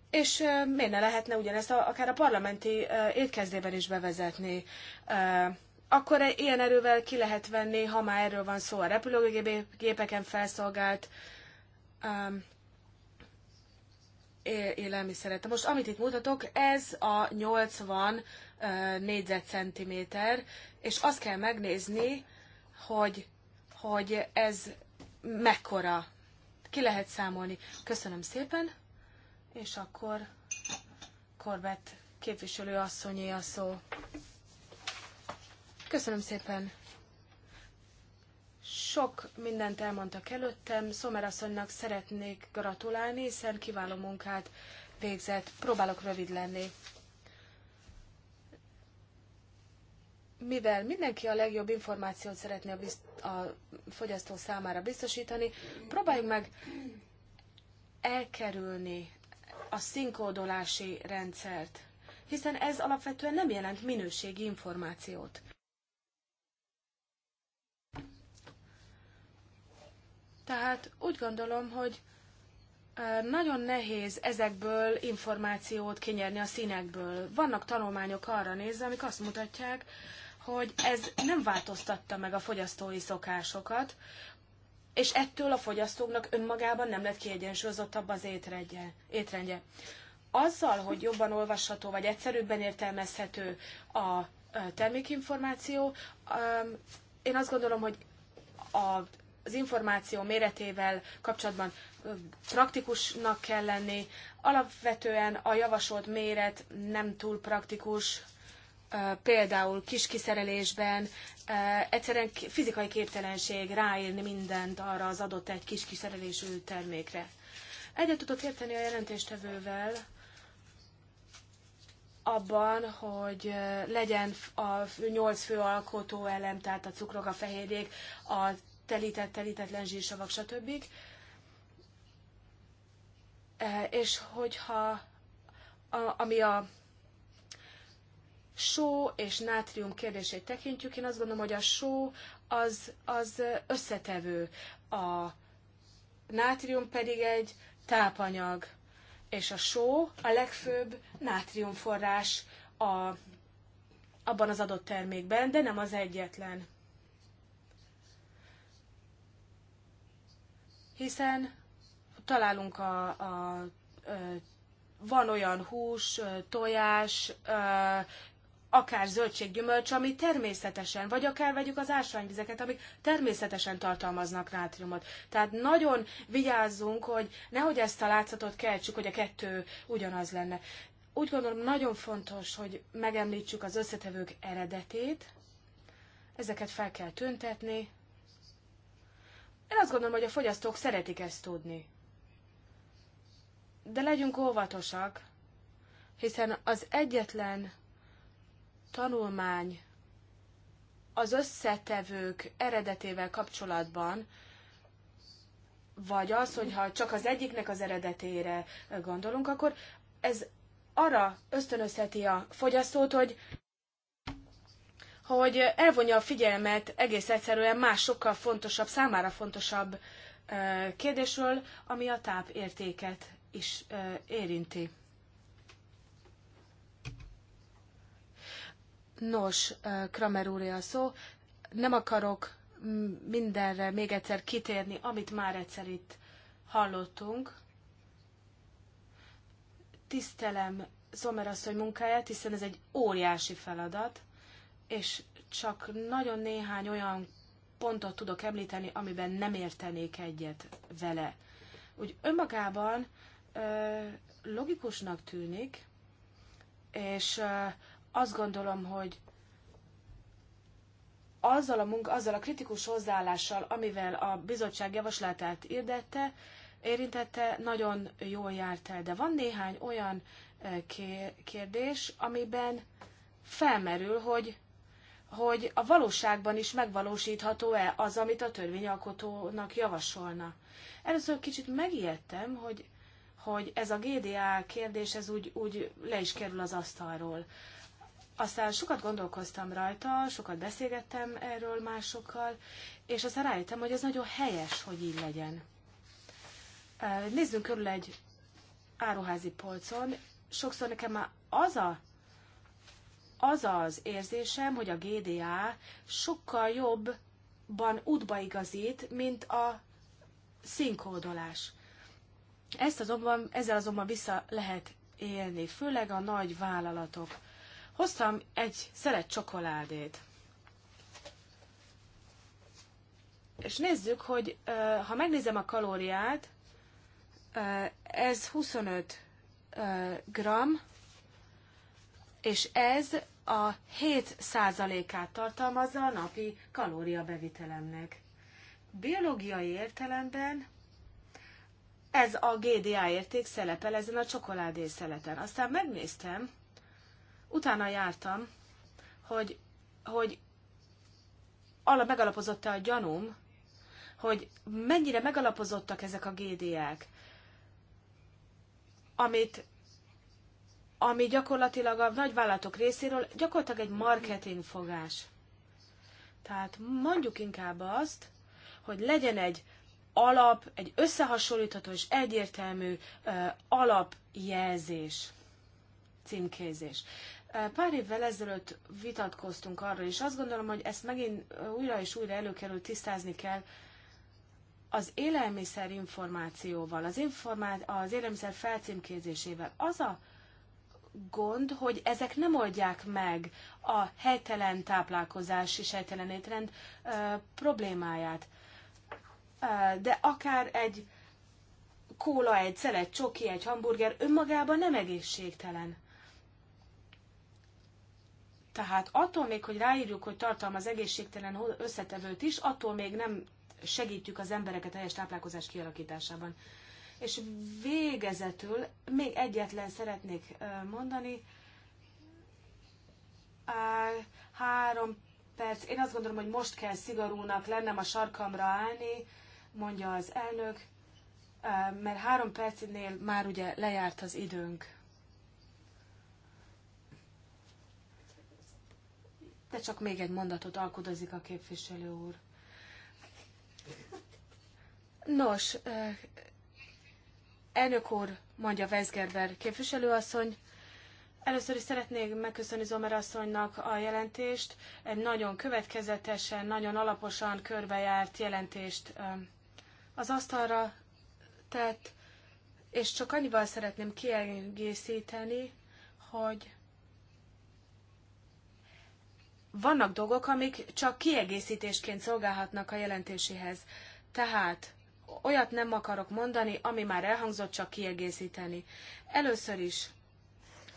és miért ne lehetne ugyanezt akár a parlamenti étkezdében is bevezetni? Akkor ilyen erővel ki lehet venni, ha már erről van szó, a repülőgépeken felszolgált élelmiszeret. Most amit itt mutatok, ez a 80 négyzetcentiméter, és azt kell megnézni, hogy, hogy ez mekkora. Ki lehet számolni. Köszönöm szépen, és akkor Korbett képviselő asszonyé a szó. Köszönöm szépen, sok mindent elmondtak előttem, Szomer asszonynak szeretnék gratulálni, hiszen kiváló munkát végzett. Próbálok rövid lenni. Mivel mindenki a legjobb információt szeretné a, bizt- a fogyasztó számára biztosítani, próbáljuk meg elkerülni a szinkódolási rendszert, hiszen ez alapvetően nem jelent minőségi információt. Tehát úgy gondolom, hogy nagyon nehéz ezekből információt kinyerni a színekből. Vannak tanulmányok arra nézve, amik azt mutatják, hogy ez nem változtatta meg a fogyasztói szokásokat, és ettől a fogyasztóknak önmagában nem lett kiegyensúlyozottabb az étrendje. étrendje. Azzal, hogy jobban olvasható vagy egyszerűbben értelmezhető a termékinformáció, én azt gondolom, hogy a az információ méretével kapcsolatban praktikusnak kell lenni. Alapvetően a javasolt méret nem túl praktikus, például kis kiszerelésben egyszerűen fizikai képtelenség ráírni mindent arra az adott egy kis kiszerelésű termékre. Egyet tudok érteni a jelentéstevővel, abban, hogy legyen a nyolc fő alkotó elem, tehát a cukrok, a fehérjék, a telített, telítetlen zsírsavak, stb. E, és hogyha a, ami a só és nátrium kérdését tekintjük, én azt gondolom, hogy a só az, az összetevő, a nátrium pedig egy tápanyag, és a só a legfőbb nátriumforrás a, abban az adott termékben, de nem az egyetlen. hiszen találunk a, a, a van olyan hús, tojás, akár zöldséggyümölcs, ami természetesen, vagy akár vegyük az ásványvizeket, amik természetesen tartalmaznak nátriumot. Tehát nagyon vigyázzunk, hogy nehogy ezt a látszatot keltsük, hogy a kettő ugyanaz lenne. Úgy gondolom nagyon fontos, hogy megemlítsük az összetevők eredetét, ezeket fel kell tüntetni, én azt gondolom, hogy a fogyasztók szeretik ezt tudni. De legyünk óvatosak, hiszen az egyetlen tanulmány az összetevők eredetével kapcsolatban, vagy az, hogyha csak az egyiknek az eredetére gondolunk, akkor ez arra ösztönözheti a fogyasztót, hogy hogy elvonja a figyelmet egész egyszerűen más sokkal fontosabb, számára fontosabb kérdésről, ami a tápértéket is érinti. Nos, Kramer úr a szó, nem akarok mindenre még egyszer kitérni, amit már egyszer itt hallottunk. Tisztelem Zomer asszony munkáját, hiszen ez egy óriási feladat és csak nagyon néhány olyan pontot tudok említeni, amiben nem értenék egyet vele. Úgy önmagában ö, logikusnak tűnik, és ö, azt gondolom, hogy azzal a, munka, azzal a kritikus hozzáállással, amivel a bizottság javaslatát érdette, érintette, nagyon jól járt el. De van néhány olyan kérdés, amiben felmerül, hogy hogy a valóságban is megvalósítható-e az, amit a törvényalkotónak javasolna. Először kicsit megijedtem, hogy, hogy ez a GDA kérdés ez úgy, úgy le is kerül az asztalról. Aztán sokat gondolkoztam rajta, sokat beszélgettem erről másokkal, és aztán rájöttem, hogy ez nagyon helyes, hogy így legyen. Nézzünk körül egy áruházi polcon. Sokszor nekem már az a az az érzésem, hogy a GDA sokkal jobban útba igazít, mint a színkódolás. Ezt azonban, ezzel azonban vissza lehet élni, főleg a nagy vállalatok. Hoztam egy szelet csokoládét. És nézzük, hogy ha megnézem a kalóriát, ez 25 gram, és ez a 7%-át tartalmazza a napi kalóriabevitelemnek. Biológiai értelemben ez a GDA érték szerepel ezen a csokoládé szeleten. Aztán megnéztem, utána jártam, hogy, hogy ala megalapozott a gyanúm, hogy mennyire megalapozottak ezek a GDA-k, amit ami gyakorlatilag a nagyvállalatok részéről gyakorlatilag egy marketing fogás. Tehát mondjuk inkább azt, hogy legyen egy alap, egy összehasonlítható és egyértelmű uh, alapjelzés, címkézés. Pár évvel ezelőtt vitatkoztunk arról, és azt gondolom, hogy ezt megint újra és újra előkerül, tisztázni kell az élelmiszer információval, az, informá- az élelmiszer felcímkézésével. Az a gond, hogy ezek nem oldják meg a helytelen táplálkozás és helytelen étrend ö, problémáját. Ö, de akár egy kóla, egy szelet, csoki, egy hamburger önmagában nem egészségtelen. Tehát attól még, hogy ráírjuk, hogy tartalmaz egészségtelen összetevőt is, attól még nem segítjük az embereket helyes táplálkozás kialakításában. És végezetül még egyetlen szeretnék mondani. Három perc. Én azt gondolom, hogy most kell szigorúnak lennem a sarkamra állni, mondja az elnök, mert három percnél már ugye lejárt az időnk. De csak még egy mondatot alkudozik a képviselő úr. Nos, Elnök úr, mondja Weisgerber képviselőasszony, Először is szeretnék megköszönni Zomer asszonynak a jelentést. Egy nagyon következetesen, nagyon alaposan körbejárt jelentést um, az asztalra tett, és csak annyival szeretném kiegészíteni, hogy vannak dolgok, amik csak kiegészítésként szolgálhatnak a jelentéséhez. Tehát olyat nem akarok mondani, ami már elhangzott, csak kiegészíteni. Először is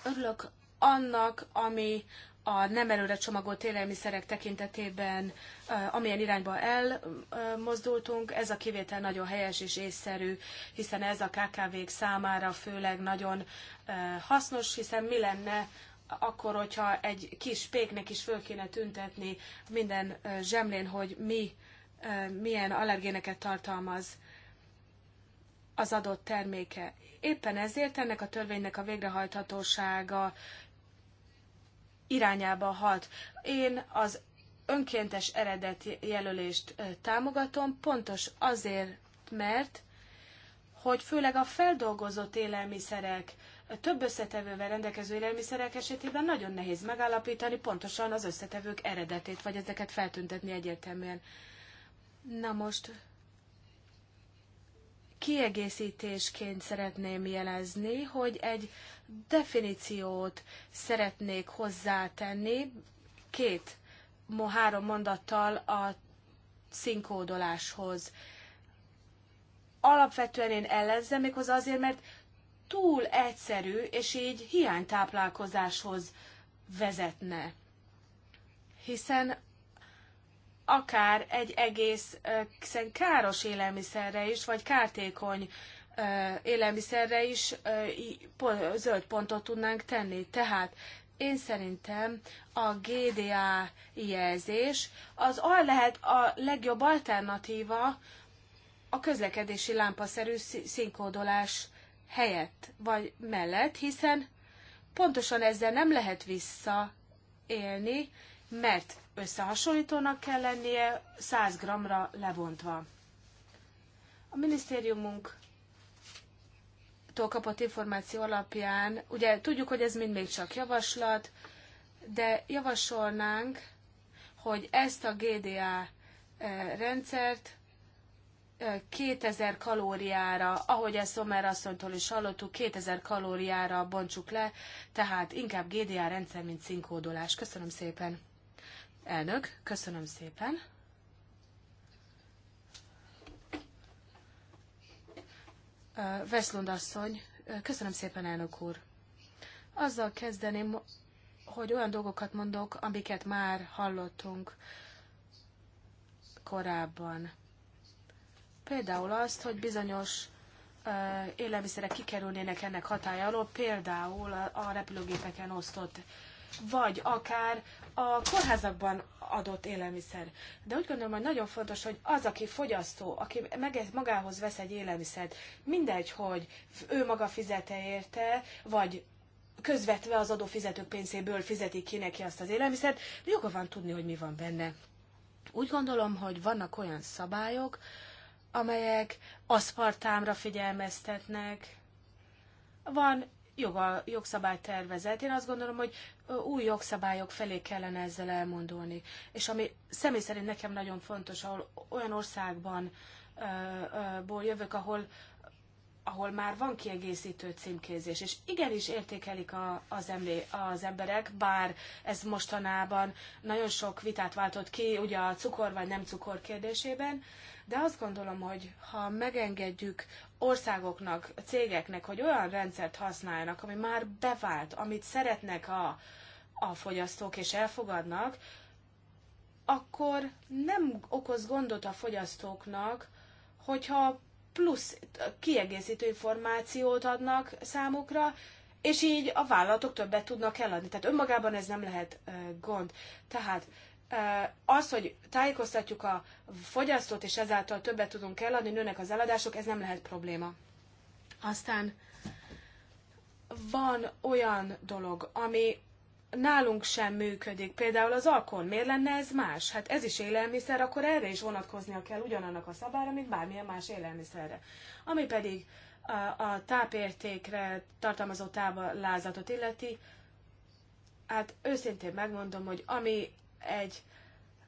örülök annak, ami a nem előre csomagolt élelmiszerek tekintetében, eh, amilyen irányba elmozdultunk, ez a kivétel nagyon helyes és észszerű, hiszen ez a KKV-k számára főleg nagyon eh, hasznos, hiszen mi lenne akkor, hogyha egy kis péknek is föl kéne tüntetni minden eh, zsemlén, hogy mi milyen allergéneket tartalmaz az adott terméke. Éppen ezért ennek a törvénynek a végrehajthatósága irányába hat. Én az önkéntes eredeti jelölést támogatom, pontos azért, mert hogy főleg a feldolgozott élelmiszerek, több összetevővel rendelkező élelmiszerek esetében nagyon nehéz megállapítani pontosan az összetevők eredetét, vagy ezeket feltüntetni egyértelműen. Na most kiegészítésként szeretném jelezni, hogy egy definíciót szeretnék hozzátenni két, három mondattal a szinkódoláshoz. Alapvetően én ellenzem méghozzá azért, mert túl egyszerű, és így hiánytáplálkozáshoz vezetne. Hiszen akár egy egészen káros élelmiszerre is, vagy kártékony élelmiszerre is zöld pontot tudnánk tenni. Tehát én szerintem a GDA jelzés az al lehet a legjobb alternatíva a közlekedési lámpaszerű színkódolás helyett vagy mellett, hiszen pontosan ezzel nem lehet visszaélni, mert összehasonlítónak kell lennie 100 g-ra levontva. A minisztériumunk kapott információ alapján, ugye tudjuk, hogy ez mind még csak javaslat, de javasolnánk, hogy ezt a GDA eh, rendszert 2000 eh, kalóriára, ahogy ezt Szomer asszonytól is hallottuk, 2000 kalóriára bontsuk le, tehát inkább GDA rendszer, mint színkódolás. Köszönöm szépen! Elnök, köszönöm szépen. Veszlund asszony, köszönöm szépen, elnök úr. Azzal kezdeném, hogy olyan dolgokat mondok, amiket már hallottunk korábban. Például azt, hogy bizonyos élelmiszerek kikerülnének ennek hatája alól, például a repülőgépeken osztott vagy akár a kórházakban adott élelmiszer. De úgy gondolom, hogy nagyon fontos, hogy az, aki fogyasztó, aki magához vesz egy élelmiszert, mindegy, hogy ő maga fizete érte, vagy közvetve az adófizetők pénzéből fizeti ki neki azt az élelmiszert, joga van tudni, hogy mi van benne. Úgy gondolom, hogy vannak olyan szabályok, amelyek aszpartámra figyelmeztetnek. Van joga, jogszabálytervezet. Én azt gondolom, hogy új jogszabályok felé kellene ezzel elmondulni. És ami személy szerint nekem nagyon fontos, ahol olyan országban ö, ö, ból jövök, ahol ahol már van kiegészítő címkézés, és igenis értékelik a, az, emlé, az emberek, bár ez mostanában nagyon sok vitát váltott ki, ugye a cukor vagy nem cukor kérdésében, de azt gondolom, hogy ha megengedjük országoknak, cégeknek, hogy olyan rendszert használjanak, ami már bevált, amit szeretnek a, a fogyasztók és elfogadnak, akkor nem okoz gondot a fogyasztóknak, hogyha plusz kiegészítő információt adnak számukra, és így a vállalatok többet tudnak eladni. Tehát önmagában ez nem lehet gond. Tehát az, hogy tájékoztatjuk a fogyasztót, és ezáltal többet tudunk eladni, nőnek az eladások, ez nem lehet probléma. Aztán van olyan dolog, ami nálunk sem működik, például az alkohol. Miért lenne ez más? Hát ez is élelmiszer, akkor erre is vonatkoznia kell ugyanannak a szabályra, mint bármilyen más élelmiszerre. Ami pedig a, a tápértékre tartalmazó táblázatot illeti, hát őszintén megmondom, hogy ami egy,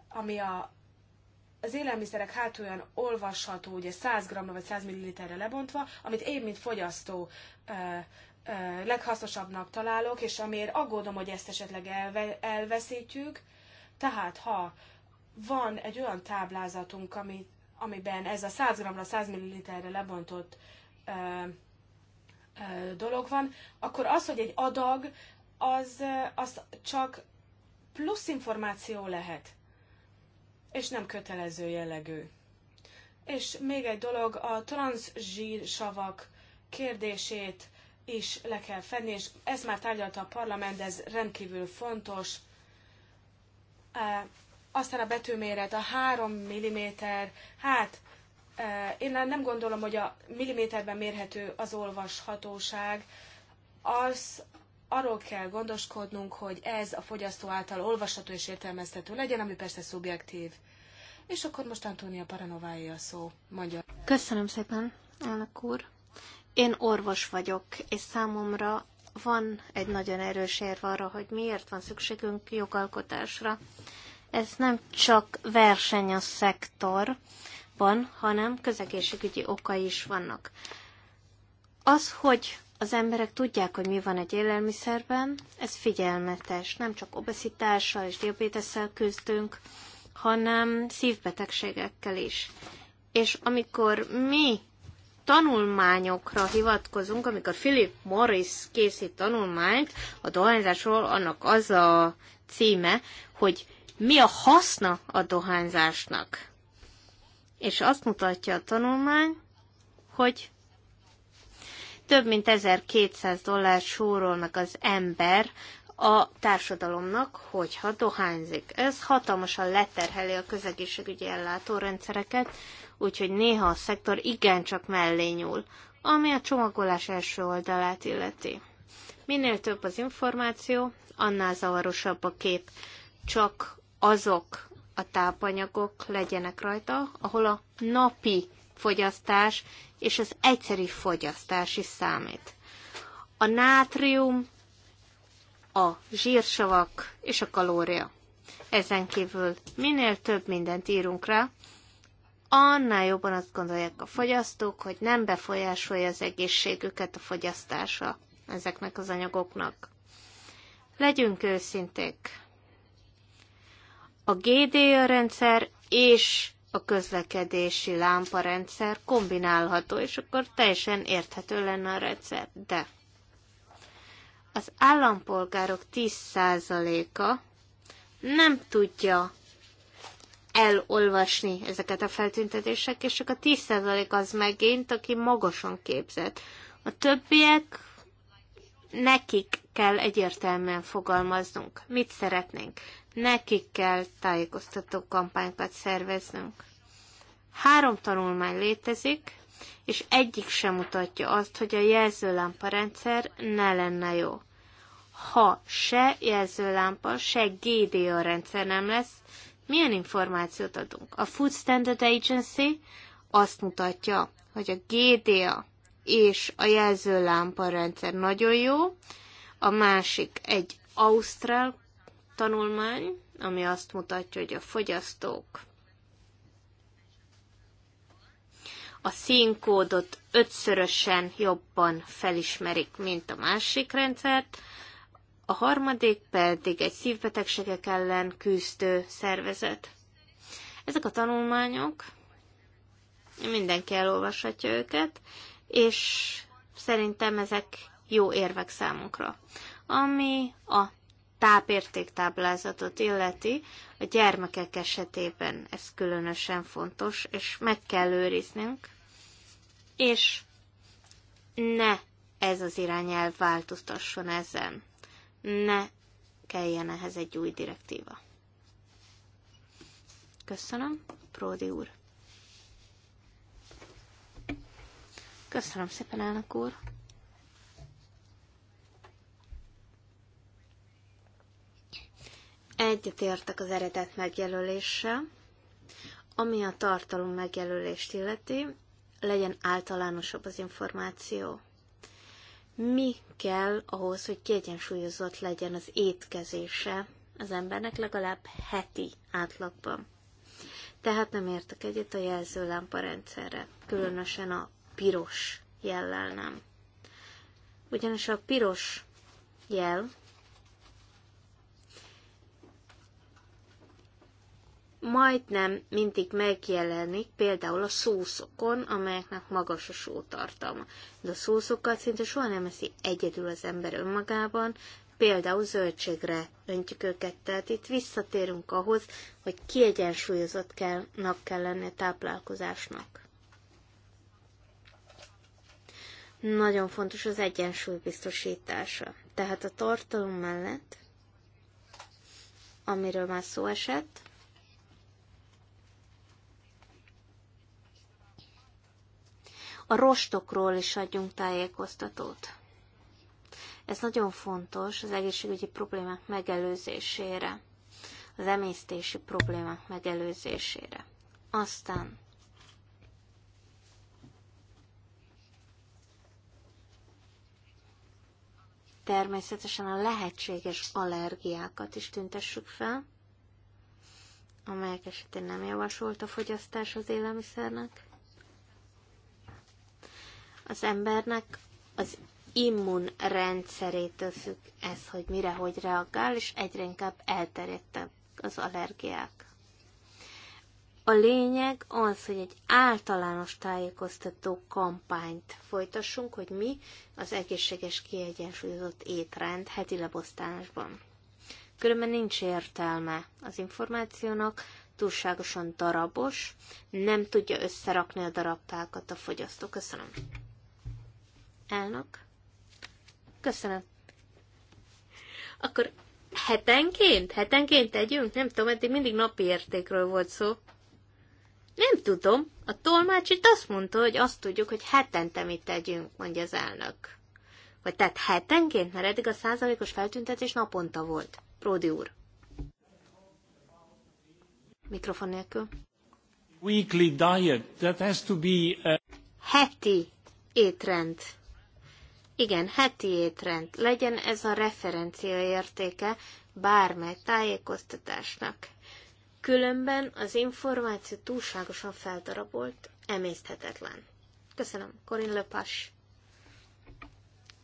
ami a, az élelmiszerek olyan olvasható, ugye 100 g vagy 100 ml-re lebontva, amit én, mint fogyasztó ö, ö, leghasznosabbnak találok, és amiért aggódom, hogy ezt esetleg elve, elveszítjük. Tehát, ha van egy olyan táblázatunk, ami, amiben ez a 100 g-ra, 100 ml-re lebontott ö, ö, dolog van, akkor az, hogy egy adag, az, az csak plusz információ lehet, és nem kötelező jellegű. És még egy dolog, a transzsírsavak kérdését is le kell fedni, és ez már tárgyalta a parlament, ez rendkívül fontos. Aztán a betűméret, a 3 mm, hát én nem gondolom, hogy a milliméterben mérhető az olvashatóság, az arról kell gondoskodnunk, hogy ez a fogyasztó által olvasható és értelmezhető legyen, ami persze szubjektív. És akkor most Antónia Paranováé a szó, mondja. Köszönöm szépen, elnök úr. Én orvos vagyok, és számomra van egy nagyon erős érv arra, hogy miért van szükségünk jogalkotásra. Ez nem csak verseny a szektorban, hanem közegészségügyi okai is vannak. Az, hogy az emberek tudják, hogy mi van egy élelmiszerben, ez figyelmetes. Nem csak obeszitással és diabétesszel küzdünk, hanem szívbetegségekkel is. És amikor mi tanulmányokra hivatkozunk, amikor Philip Morris készít tanulmányt a dohányzásról, annak az a címe, hogy mi a haszna a dohányzásnak. És azt mutatja a tanulmány, hogy több mint 1200 dollár súrolnak az ember a társadalomnak, hogyha dohányzik. Ez hatalmasan leterheli a közegészségügyi ellátórendszereket, úgyhogy néha a szektor igencsak mellé nyúl, ami a csomagolás első oldalát illeti. Minél több az információ, annál zavarosabb a kép. Csak azok a tápanyagok legyenek rajta, ahol a napi fogyasztás és az egyszerű fogyasztás is számít. A nátrium, a zsírsavak és a kalória. Ezen kívül minél több mindent írunk rá, annál jobban azt gondolják a fogyasztók, hogy nem befolyásolja az egészségüket a fogyasztása ezeknek az anyagoknak. Legyünk őszinték. A GDA rendszer és a közlekedési lámparendszer kombinálható, és akkor teljesen érthető lenne a rendszer. De az állampolgárok 10%-a nem tudja elolvasni ezeket a feltüntetések, és csak a 10% az megint, aki magasan képzett. A többiek, nekik kell egyértelműen fogalmaznunk. Mit szeretnénk? Nekik kell tájékoztató kampányokat szerveznünk. Három tanulmány létezik, és egyik sem mutatja azt, hogy a jelzőlámpa rendszer ne lenne jó. Ha se jelzőlámpa, se GDA rendszer nem lesz, milyen információt adunk? A Food Standard Agency azt mutatja, hogy a GDA és a jelzőlámpa rendszer nagyon jó, a másik egy ausztrál tanulmány, ami azt mutatja, hogy a fogyasztók a színkódot ötszörösen jobban felismerik, mint a másik rendszert, a harmadik pedig egy szívbetegségek ellen küzdő szervezet. Ezek a tanulmányok, mindenki elolvashatja őket, és szerintem ezek jó érvek számunkra. Ami a tápértéktáblázatot illeti, a gyermekek esetében ez különösen fontos, és meg kell őriznünk, és ne ez az irányelv változtasson ezen. Ne kelljen ehhez egy új direktíva. Köszönöm, Pródi úr. Köszönöm szépen, elnök úr. Egyetértek az eredet megjelöléssel, ami a tartalom megjelölést illeti, legyen általánosabb az információ. Mi kell ahhoz, hogy kiegyensúlyozott legyen az étkezése az embernek legalább heti átlagban? Tehát nem értek egyet a jelzőlámpa rendszerre, különösen a piros jellel nem. Ugyanis a piros jel majdnem mindig megjelenik, például a szószokon, amelyeknek magas a sótartalma. De a szószokat szinte soha nem eszi egyedül az ember önmagában, például zöldségre öntjük őket. Tehát itt visszatérünk ahhoz, hogy kiegyensúlyozott kell, nap kell lenni a táplálkozásnak. Nagyon fontos az egyensúly biztosítása. Tehát a tartalom mellett, amiről már szó esett, a rostokról is adjunk tájékoztatót. Ez nagyon fontos az egészségügyi problémák megelőzésére, az emésztési problémák megelőzésére. Aztán természetesen a lehetséges allergiákat is tüntessük fel, amelyek esetén nem javasolt a fogyasztás az élelmiszernek. Az embernek az immunrendszerétől függ ez, hogy mire hogy reagál, és egyre inkább elterjedtek az allergiák. A lényeg az, hogy egy általános tájékoztató kampányt folytassunk, hogy mi az egészséges kiegyensúlyozott étrend heti lebosztásban. Különben nincs értelme az információnak, túlságosan darabos, nem tudja összerakni a darabtákat a fogyasztó. Köszönöm. Elnök. Köszönöm. Akkor hetenként? Hetenként tegyünk? Nem tudom, eddig mindig napi értékről volt szó. Nem tudom. A tolmács itt azt mondta, hogy azt tudjuk, hogy hetente mit tegyünk, mondja az elnök. Vagy tehát hetenként, mert eddig a százalékos feltüntetés naponta volt. Pródi úr. Mikrofon nélkül. Weekly diet, that has to be... A... Uh, Heti étrend. Igen, heti étrend. Legyen ez a referencia értéke bármely tájékoztatásnak. Különben az információ túlságosan feldarabolt, emészthetetlen. Köszönöm, Corin Lepas.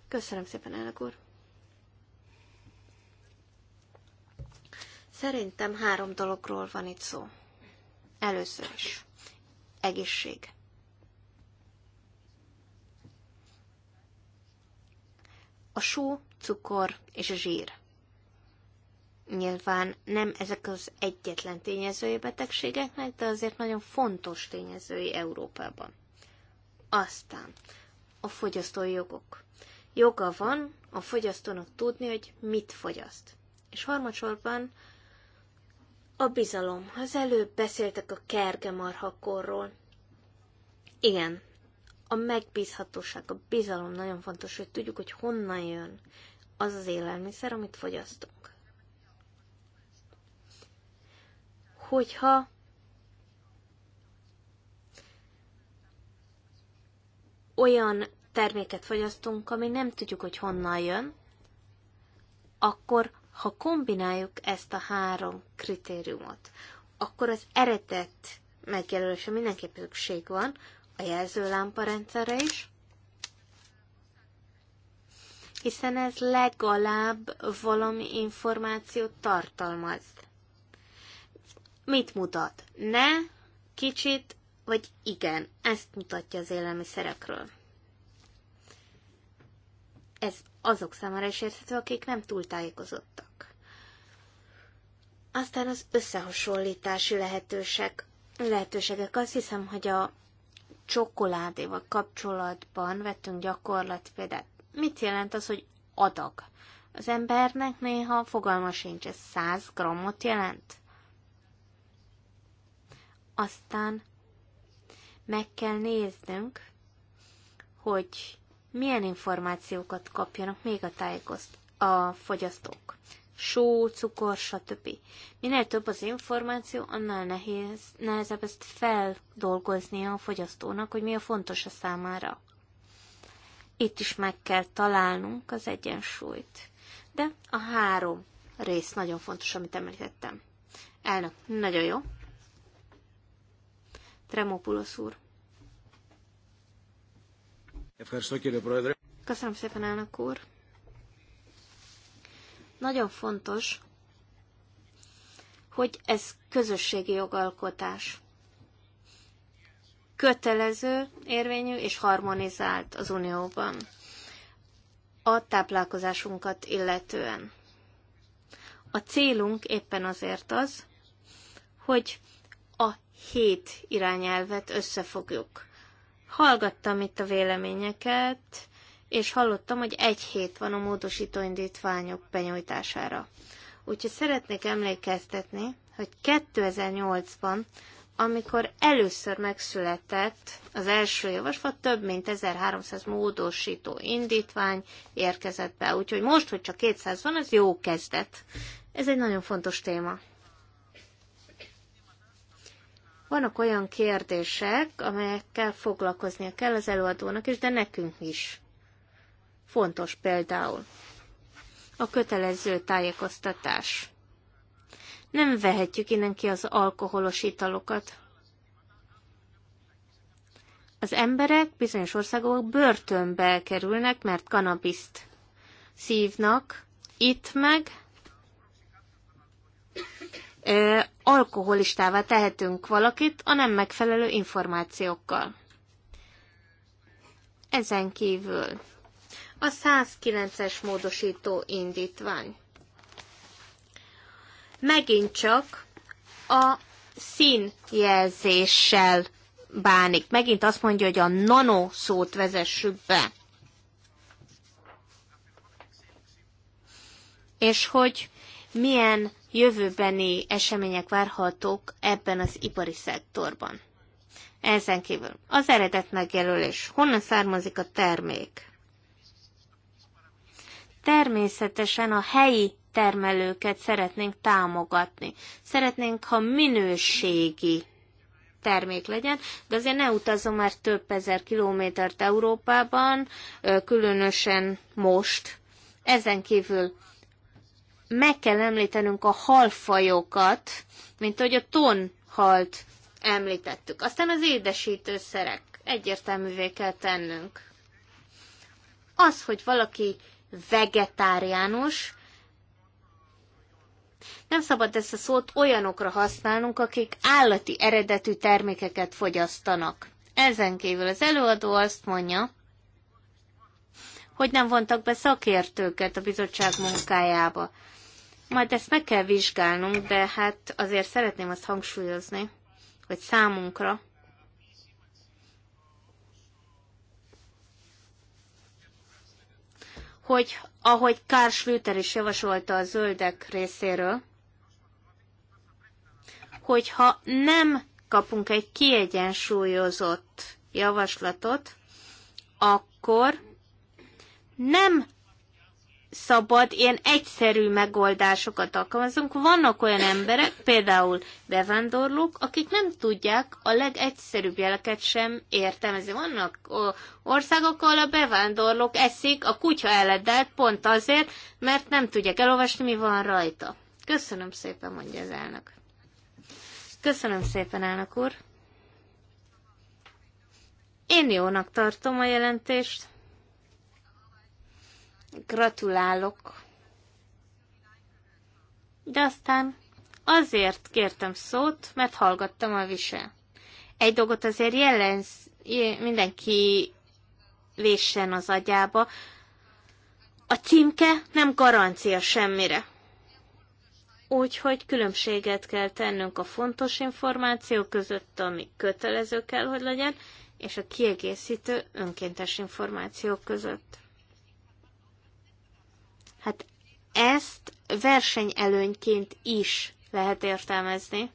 Köszönöm szépen, elnök úr. Szerintem három dologról van itt szó. Először is. Egészség. a só, cukor és a zsír. Nyilván nem ezek az egyetlen tényezői betegségeknek, de azért nagyon fontos tényezői Európában. Aztán a fogyasztói jogok. Joga van a fogyasztónak tudni, hogy mit fogyaszt. És harmadsorban a bizalom. Az előbb beszéltek a kergemarhakorról. Igen, a megbízhatóság, a bizalom nagyon fontos, hogy tudjuk, hogy honnan jön az az élelmiszer, amit fogyasztunk. Hogyha olyan terméket fogyasztunk, ami nem tudjuk, hogy honnan jön, akkor ha kombináljuk ezt a három kritériumot, akkor az eredet megjelölése mindenképp szükség van, a jelzőlámpa rendszere is, hiszen ez legalább valami információt tartalmaz. Mit mutat? Ne, kicsit, vagy igen, ezt mutatja az élelmiszerekről. Ez azok számára is érthető, akik nem túl tájékozottak. Aztán az összehasonlítási lehetőség, lehetőségek. Azt hiszem, hogy a csokoládéval kapcsolatban vettünk gyakorlat példát. Mit jelent az, hogy adag? Az embernek néha fogalma sincs, ez 100 grammot jelent. Aztán meg kell néznünk, hogy milyen információkat kapjanak még a tájékozt a fogyasztók só, cukor, stb. Minél több az információ, annál nehéz, nehezebb ezt feldolgoznia a fogyasztónak, hogy mi a fontos a számára. Itt is meg kell találnunk az egyensúlyt. De a három rész nagyon fontos, amit említettem. Elnök, nagyon jó. Tremopulos úr. Köszönöm szépen, elnök úr. Nagyon fontos, hogy ez közösségi jogalkotás. Kötelező, érvényű és harmonizált az Unióban a táplálkozásunkat illetően. A célunk éppen azért az, hogy a hét irányelvet összefogjuk. Hallgattam itt a véleményeket, és hallottam, hogy egy hét van a módosító indítványok benyújtására. Úgyhogy szeretnék emlékeztetni, hogy 2008-ban, amikor először megszületett az első javaslat, több mint 1300 módosító indítvány érkezett be. Úgyhogy most, hogy csak 200 van, az jó kezdet. Ez egy nagyon fontos téma. Vannak olyan kérdések, amelyekkel foglalkoznia kell az előadónak is, de nekünk is. Fontos például a kötelező tájékoztatás. Nem vehetjük innen ki az alkoholos italokat. Az emberek bizonyos országok börtönbe kerülnek, mert kanabiszt szívnak, itt meg ö, alkoholistává tehetünk valakit a nem megfelelő információkkal. Ezen kívül a 109-es módosító indítvány. Megint csak a színjelzéssel bánik. Megint azt mondja, hogy a nano szót vezessük be. És hogy milyen jövőbeni események várhatók ebben az ipari szektorban. Ezen kívül az eredet megjelölés, honnan származik a termék, természetesen a helyi termelőket szeretnénk támogatni. Szeretnénk, ha minőségi termék legyen, de azért ne utazom már több ezer kilométert Európában, különösen most. Ezen kívül meg kell említenünk a halfajokat, mint ahogy a tonhalt említettük. Aztán az édesítőszerek egyértelművé kell tennünk. Az, hogy valaki vegetáriánus. Nem szabad ezt a szót olyanokra használnunk, akik állati eredetű termékeket fogyasztanak. Ezen kívül az előadó azt mondja, hogy nem vontak be szakértőket a bizottság munkájába. Majd ezt meg kell vizsgálnunk, de hát azért szeretném azt hangsúlyozni, hogy számunkra hogy ahogy Karl Schlüter is javasolta a zöldek részéről, hogyha nem kapunk egy kiegyensúlyozott javaslatot, akkor nem szabad ilyen egyszerű megoldásokat alkalmazunk. Vannak olyan emberek, például bevándorlók, akik nem tudják a legegyszerűbb jeleket sem értelmezni. Vannak országok, ahol a bevándorlók eszik a kutya eledet pont azért, mert nem tudják elolvasni, mi van rajta. Köszönöm szépen, mondja az elnök. Köszönöm szépen, elnök úr. Én jónak tartom a jelentést. Gratulálok. De aztán azért kértem szót, mert hallgattam a visel. Egy dolgot azért jelenz, mindenki vésen az agyába. A címke nem garancia semmire. Úgyhogy különbséget kell tennünk a fontos információ között, ami kötelező kell, hogy legyen, és a kiegészítő önkéntes információk között. Hát ezt versenyelőnyként is lehet értelmezni,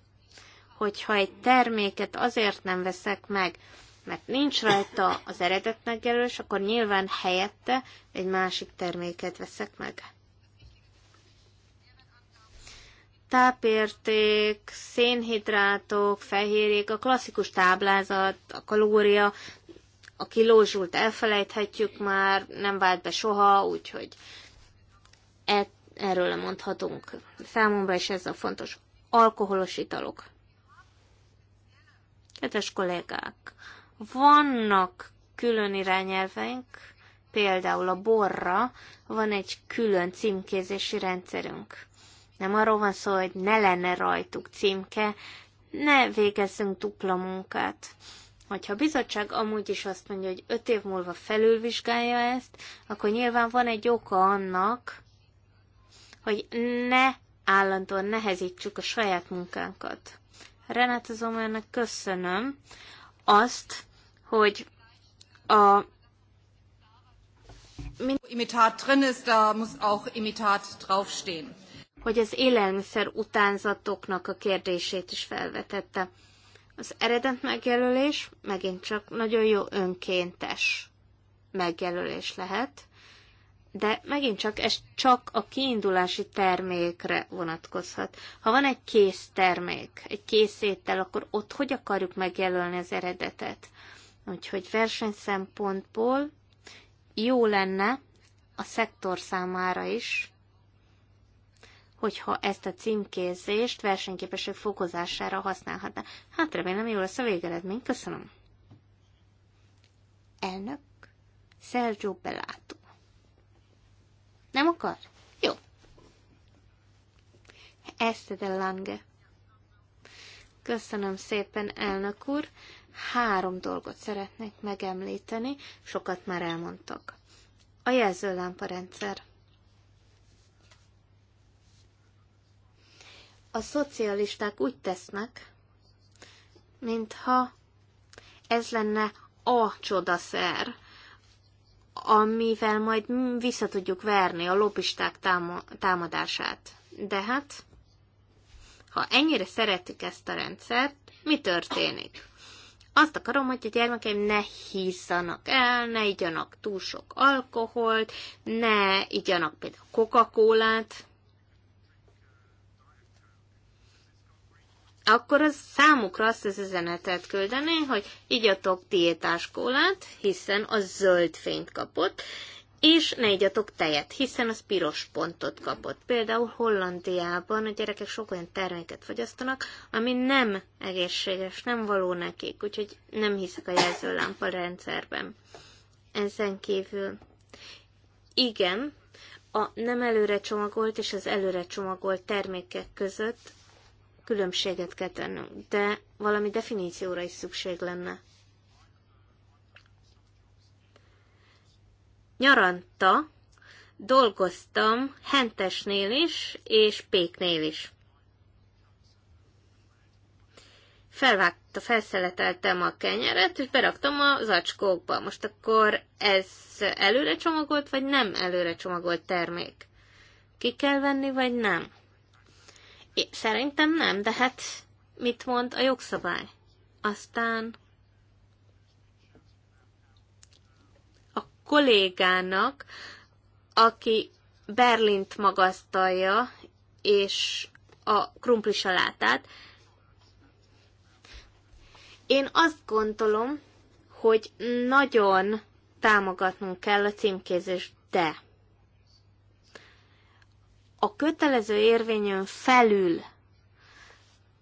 hogyha egy terméket azért nem veszek meg, mert nincs rajta az eredet megjelölés, akkor nyilván helyette egy másik terméket veszek meg. Tápérték, szénhidrátok, fehérjék, a klasszikus táblázat, a kalória, a kilózsult elfelejthetjük már, nem vált be soha, úgyhogy E- erről lemondhatunk. Számomra is ez a fontos. Alkoholos italok. Kedves kollégák, vannak külön irányelveink, például a borra van egy külön címkézési rendszerünk. Nem arról van szó, hogy ne lenne rajtuk címke, ne végezzünk dupla munkát. Hogyha a bizottság amúgy is azt mondja, hogy öt év múlva felülvizsgálja ezt, akkor nyilván van egy oka annak, hogy ne állandóan nehezítsük a saját munkánkat. Renát Zomernek köszönöm azt, hogy a imitát drin ist, da muss auch imitát draufstehen. Hogy az élelmiszer utánzatoknak a kérdését is felvetette. Az eredet megjelölés megint csak nagyon jó önkéntes megjelölés lehet, de megint csak ez csak a kiindulási termékre vonatkozhat. Ha van egy kész termék, egy kész étel, akkor ott hogy akarjuk megjelölni az eredetet? Úgyhogy versenyszempontból jó lenne a szektor számára is, hogyha ezt a címkézést versenyképesség fokozására használhatná. Hát remélem jó lesz a végeredmény. Köszönöm. Elnök Sergio Belátó. Nem akar? Jó. Ezt de Lange. Köszönöm szépen, elnök úr. Három dolgot szeretnék megemlíteni, sokat már elmondtak. A jelzőlámpa rendszer. A szocialisták úgy tesznek, mintha ez lenne a csodaszer, amivel majd vissza tudjuk verni a lopisták támadását. De hát, ha ennyire szeretjük ezt a rendszert, mi történik? Azt akarom, hogy a gyermekeim ne hízzanak el, ne igyanak túl sok alkoholt, ne igyanak például Coca-Colát, akkor az számukra azt az üzenetet küldené, hogy igyatok diétás kólát, hiszen az zöld fényt kapott, és ne igyatok tejet, hiszen az piros pontot kapott. Például Hollandiában a gyerekek sok olyan terméket fogyasztanak, ami nem egészséges, nem való nekik, úgyhogy nem hiszek a jelzőlámpa rendszerben. Ezen kívül igen, a nem előre csomagolt és az előre csomagolt termékek között különbséget kell tennünk, de valami definícióra is szükség lenne. Nyaranta dolgoztam Hentesnél is, és Péknél is. Felvágta, felszeleteltem a kenyeret, és beraktam a zacskókba. Most akkor ez előre csomagolt, vagy nem előre csomagolt termék? Ki kell venni, vagy nem? É, szerintem nem, de hát mit mond a jogszabály? Aztán a kollégának, aki Berlint magasztalja, és a krumpli salátát. Én azt gondolom, hogy nagyon támogatnunk kell a címkézést, de a kötelező érvényön felül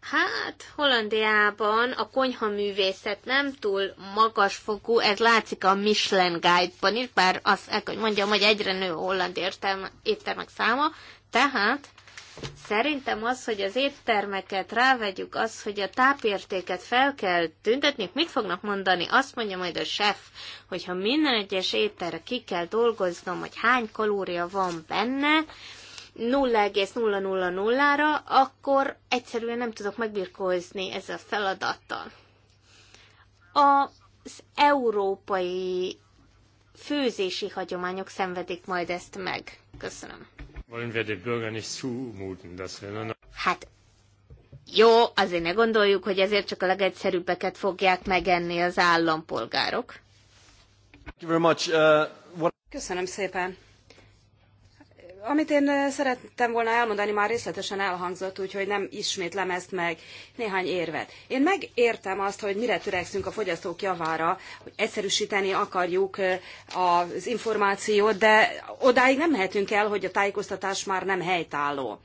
Hát, Hollandiában a konyhaművészet nem túl magas fokú, ez látszik a Michelin Guide-ban is, bár azt el hogy mondjam, hogy egyre nő a holland éttermek száma, tehát szerintem az, hogy az éttermeket rávegyük, az, hogy a tápértéket fel kell tüntetni, mit fognak mondani? Azt mondja majd a chef, hogyha minden egyes ételre ki kell dolgoznom, hogy hány kalória van benne, 0,000-ra, akkor egyszerűen nem tudok megbirkózni ezzel a feladattal. Az európai főzési hagyományok szenvedik majd ezt meg. Köszönöm. Hát jó, azért ne gondoljuk, hogy ezért csak a legegyszerűbbeket fogják megenni az állampolgárok. Uh, Köszönöm szépen. Amit én eh, szerettem volna elmondani, már részletesen elhangzott, úgyhogy nem ismétlem ezt meg néhány érvet. Én megértem azt, hogy mire törekszünk a fogyasztók javára, hogy egyszerűsíteni akarjuk eh, az információt, de odáig nem mehetünk el, hogy a tájékoztatás már nem helytálló.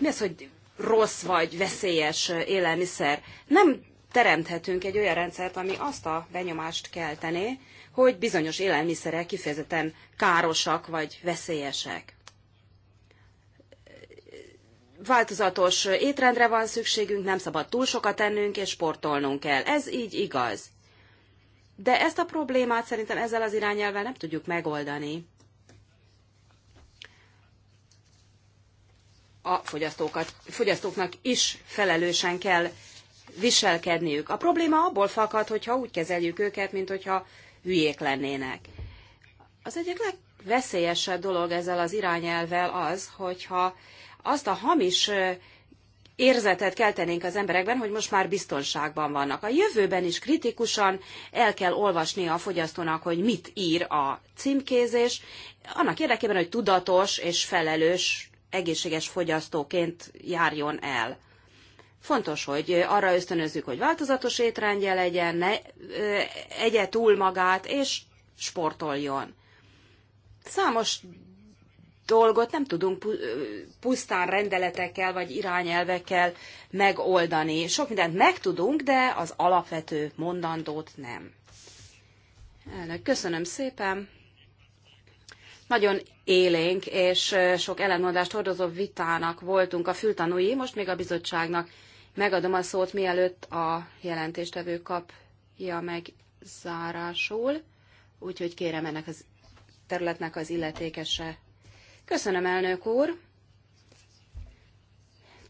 Mi az, hogy rossz vagy veszélyes eh, élelmiszer? Nem teremthetünk egy olyan rendszert, ami azt a benyomást keltené, hogy bizonyos élelmiszerek kifejezetten károsak vagy veszélyesek. Változatos étrendre van szükségünk, nem szabad túl sokat tennünk és sportolnunk kell. Ez így igaz. De ezt a problémát szerintem ezzel az irányelvel nem tudjuk megoldani. A fogyasztókat, fogyasztóknak is felelősen kell viselkedniük. A probléma abból fakad, hogyha úgy kezeljük őket, mint hogyha hülyék lennének. Az egyik legveszélyesebb dolog ezzel az irányelvel az, hogyha azt a hamis érzetet keltenénk az emberekben, hogy most már biztonságban vannak. A jövőben is kritikusan el kell olvasni a fogyasztónak, hogy mit ír a címkézés, annak érdekében, hogy tudatos és felelős, egészséges fogyasztóként járjon el. Fontos, hogy arra ösztönözzük, hogy változatos étrendje legyen, ne egye túl magát, és sportoljon. Számos dolgot nem tudunk pusztán rendeletekkel vagy irányelvekkel megoldani. Sok mindent megtudunk, de az alapvető mondandót nem. Elnök, köszönöm szépen. Nagyon élénk és sok ellenmondást hordozó vitának voltunk a fültanúi, most még a bizottságnak Megadom a szót, mielőtt a jelentéstevő kapja meg zárásul, úgyhogy kérem ennek az területnek az illetékese. Köszönöm, elnök úr!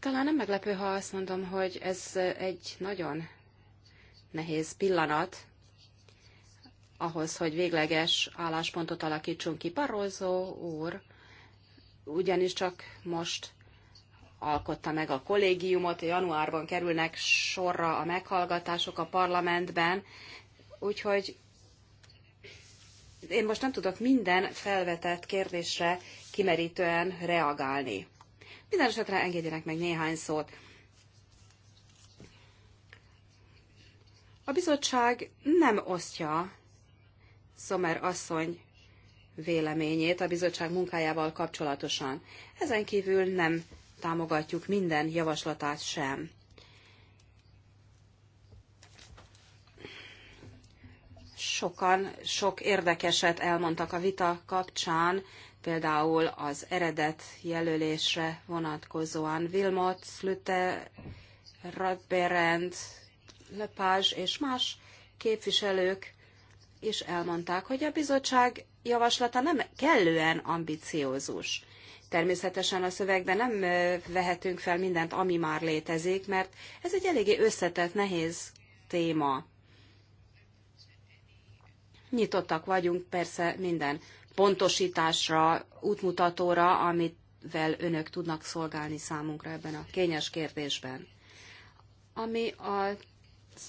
Talán nem meglepő, ha azt mondom, hogy ez egy nagyon nehéz pillanat ahhoz, hogy végleges álláspontot alakítsunk ki. Parózó úr ugyanis csak most alkotta meg a kollégiumot, januárban kerülnek sorra a meghallgatások a parlamentben, úgyhogy én most nem tudok minden felvetett kérdésre kimerítően reagálni. Minden esetre engedjenek meg néhány szót. A bizottság nem osztja Szomer asszony véleményét a bizottság munkájával kapcsolatosan. Ezen kívül nem támogatjuk minden javaslatát sem. Sokan sok érdekeset elmondtak a vita kapcsán, például az eredet jelölésre vonatkozóan Vilmot, Slüte, Radberend, Lepage és más képviselők is elmondták, hogy a bizottság javaslata nem kellően ambiciózus természetesen a szövegben nem vehetünk fel mindent, ami már létezik, mert ez egy eléggé összetett, nehéz téma. Nyitottak vagyunk persze minden pontosításra, útmutatóra, amivel önök tudnak szolgálni számunkra ebben a kényes kérdésben. Ami az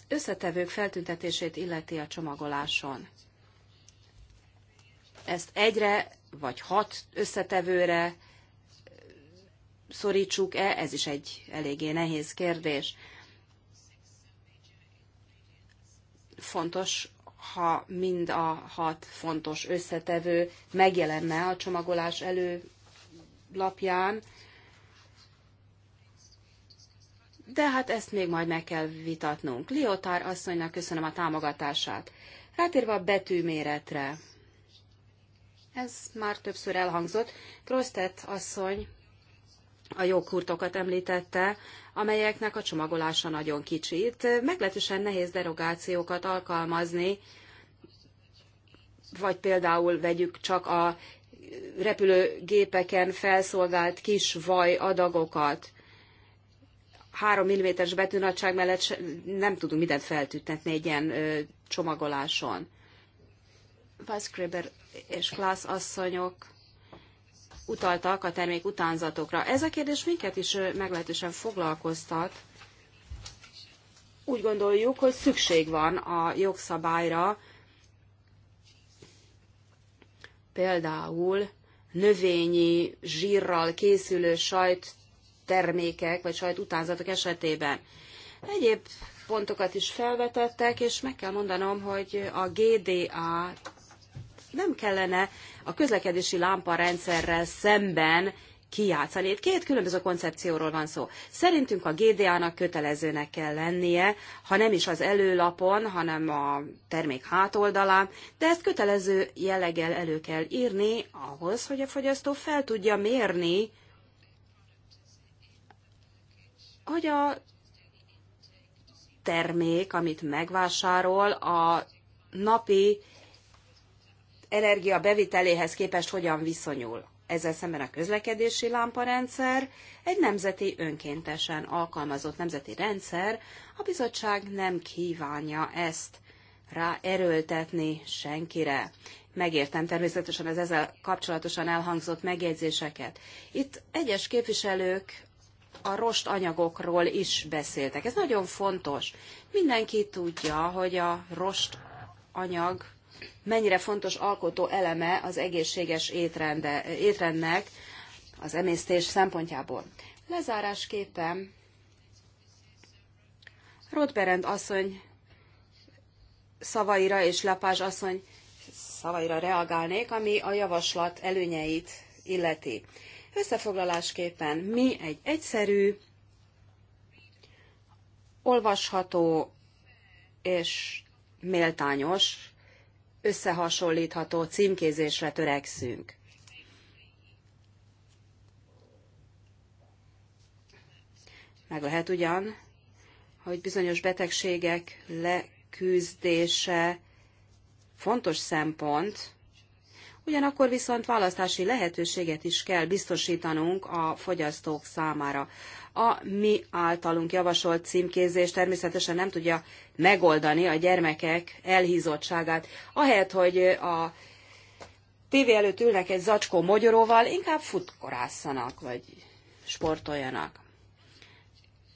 összetevők feltüntetését illeti a csomagoláson. Ezt egyre vagy hat összetevőre szorítsuk-e, ez is egy eléggé nehéz kérdés. Fontos, ha mind a hat fontos összetevő megjelenne a csomagolás előlapján, de hát ezt még majd meg kell vitatnunk. Liotár asszonynak köszönöm a támogatását. Rátérve a betűméretre. Ez már többször elhangzott. Prostet asszony a joghurtokat említette, amelyeknek a csomagolása nagyon kicsi. Itt meglehetősen nehéz derogációkat alkalmazni, vagy például vegyük csak a repülőgépeken felszolgált kis vaj adagokat. 3 mm-es betűnagyság mellett nem tudunk mindent feltüntetni egy ilyen csomagoláson. Vaszkréber és Klász asszonyok utaltak a termék utánzatokra. Ez a kérdés minket is meglehetősen foglalkoztat. Úgy gondoljuk, hogy szükség van a jogszabályra, például növényi zsírral készülő sajt termékek vagy sajt utánzatok esetében. Egyéb pontokat is felvetettek, és meg kell mondanom, hogy a GDA nem kellene a közlekedési lámparendszerrel szemben kijátszani. Itt két különböző koncepcióról van szó. Szerintünk a GDA-nak kötelezőnek kell lennie, ha nem is az előlapon, hanem a termék hátoldalán, de ezt kötelező jelleggel elő kell írni ahhoz, hogy a fogyasztó fel tudja mérni, hogy a termék, amit megvásárol, a napi energia beviteléhez képest hogyan viszonyul. Ezzel szemben a közlekedési lámparendszer egy nemzeti önkéntesen alkalmazott nemzeti rendszer, a bizottság nem kívánja ezt rá erőltetni senkire. Megértem természetesen az ezzel kapcsolatosan elhangzott megjegyzéseket. Itt egyes képviselők a rost anyagokról is beszéltek. Ez nagyon fontos. Mindenki tudja, hogy a rost anyag mennyire fontos alkotó eleme az egészséges étrende, étrendnek az emésztés szempontjából. Lezárásképpen Rothberend asszony szavaira és Lapás asszony szavaira reagálnék, ami a javaslat előnyeit illeti. Összefoglalásképpen mi egy egyszerű, olvasható és méltányos összehasonlítható címkézésre törekszünk. Meg lehet ugyan, hogy bizonyos betegségek leküzdése fontos szempont, ugyanakkor viszont választási lehetőséget is kell biztosítanunk a fogyasztók számára. A mi általunk javasolt címkézés természetesen nem tudja megoldani a gyermekek elhízottságát. Ahelyett, hogy a tévé előtt ülnek egy zacskó mogyoróval, inkább futkorásszanak, vagy sportoljanak.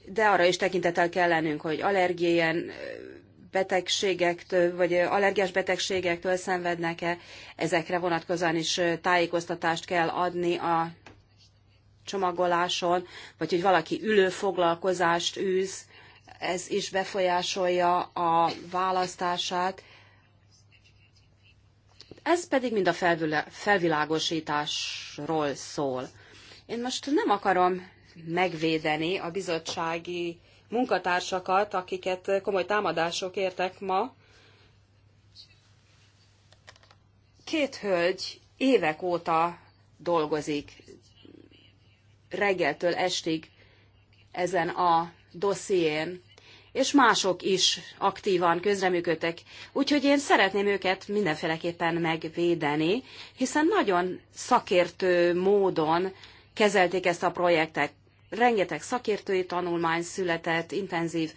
De arra is tekintettel kell lennünk, hogy allergiaien betegségektől, vagy allergiás betegségektől szenvednek-e, ezekre vonatkozóan is tájékoztatást kell adni a csomagoláson, vagy hogy valaki ülőfoglalkozást űz, ez is befolyásolja a választását. Ez pedig mind a felvilágosításról szól. Én most nem akarom megvédeni a bizottsági munkatársakat, akiket komoly támadások értek ma. Két hölgy évek óta dolgozik reggeltől estig ezen a dosszién, és mások is aktívan közreműködtek. Úgyhogy én szeretném őket mindenféleképpen megvédeni, hiszen nagyon szakértő módon kezelték ezt a projektet. Rengeteg szakértői tanulmány született, intenzív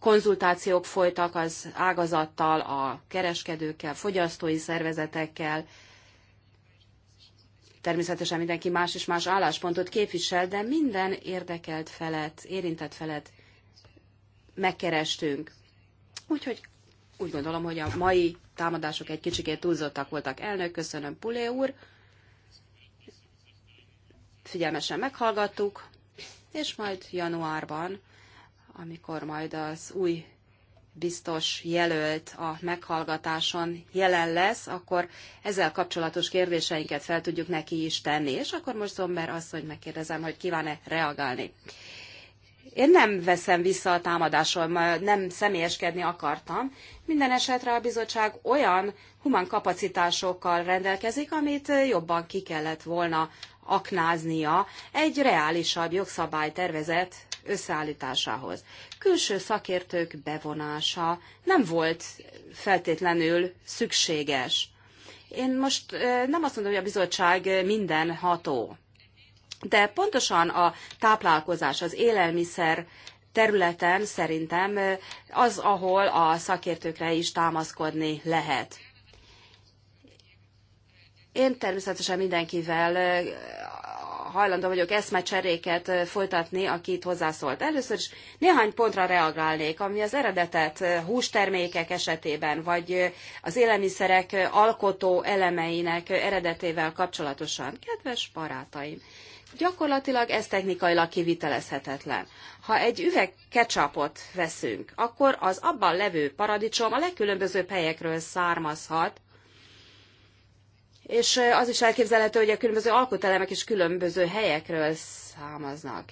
konzultációk folytak az ágazattal, a kereskedőkkel, fogyasztói szervezetekkel, Természetesen mindenki más és más álláspontot képvisel, de minden érdekelt felet, érintett felet megkerestünk. Úgyhogy úgy gondolom, hogy a mai támadások egy kicsikét túlzottak voltak. Elnök, köszönöm, Pulé úr. Figyelmesen meghallgattuk, és majd januárban, amikor majd az új biztos jelölt a meghallgatáson jelen lesz, akkor ezzel kapcsolatos kérdéseinket fel tudjuk neki is tenni. És akkor most Zomber azt, hogy megkérdezem, hogy kíván-e reagálni. Én nem veszem vissza a támadásról, nem személyeskedni akartam. Minden esetre a bizottság olyan human kapacitásokkal rendelkezik, amit jobban ki kellett volna aknáznia egy reálisabb jogszabálytervezet összeállításához. Külső szakértők bevonása nem volt feltétlenül szükséges. Én most nem azt mondom, hogy a bizottság minden ható, de pontosan a táplálkozás, az élelmiszer területen szerintem az, ahol a szakértőkre is támaszkodni lehet. Én természetesen mindenkivel hajlandó vagyok eszmecseréket folytatni, aki itt hozzászólt. Először is néhány pontra reagálnék, ami az eredetet hústermékek esetében, vagy az élelmiszerek alkotó elemeinek eredetével kapcsolatosan. Kedves barátaim! Gyakorlatilag ez technikailag kivitelezhetetlen. Ha egy üveg kecsapot veszünk, akkor az abban levő paradicsom a legkülönbözőbb helyekről származhat, és az is elképzelhető, hogy a különböző alkotelemek is különböző helyekről származnak.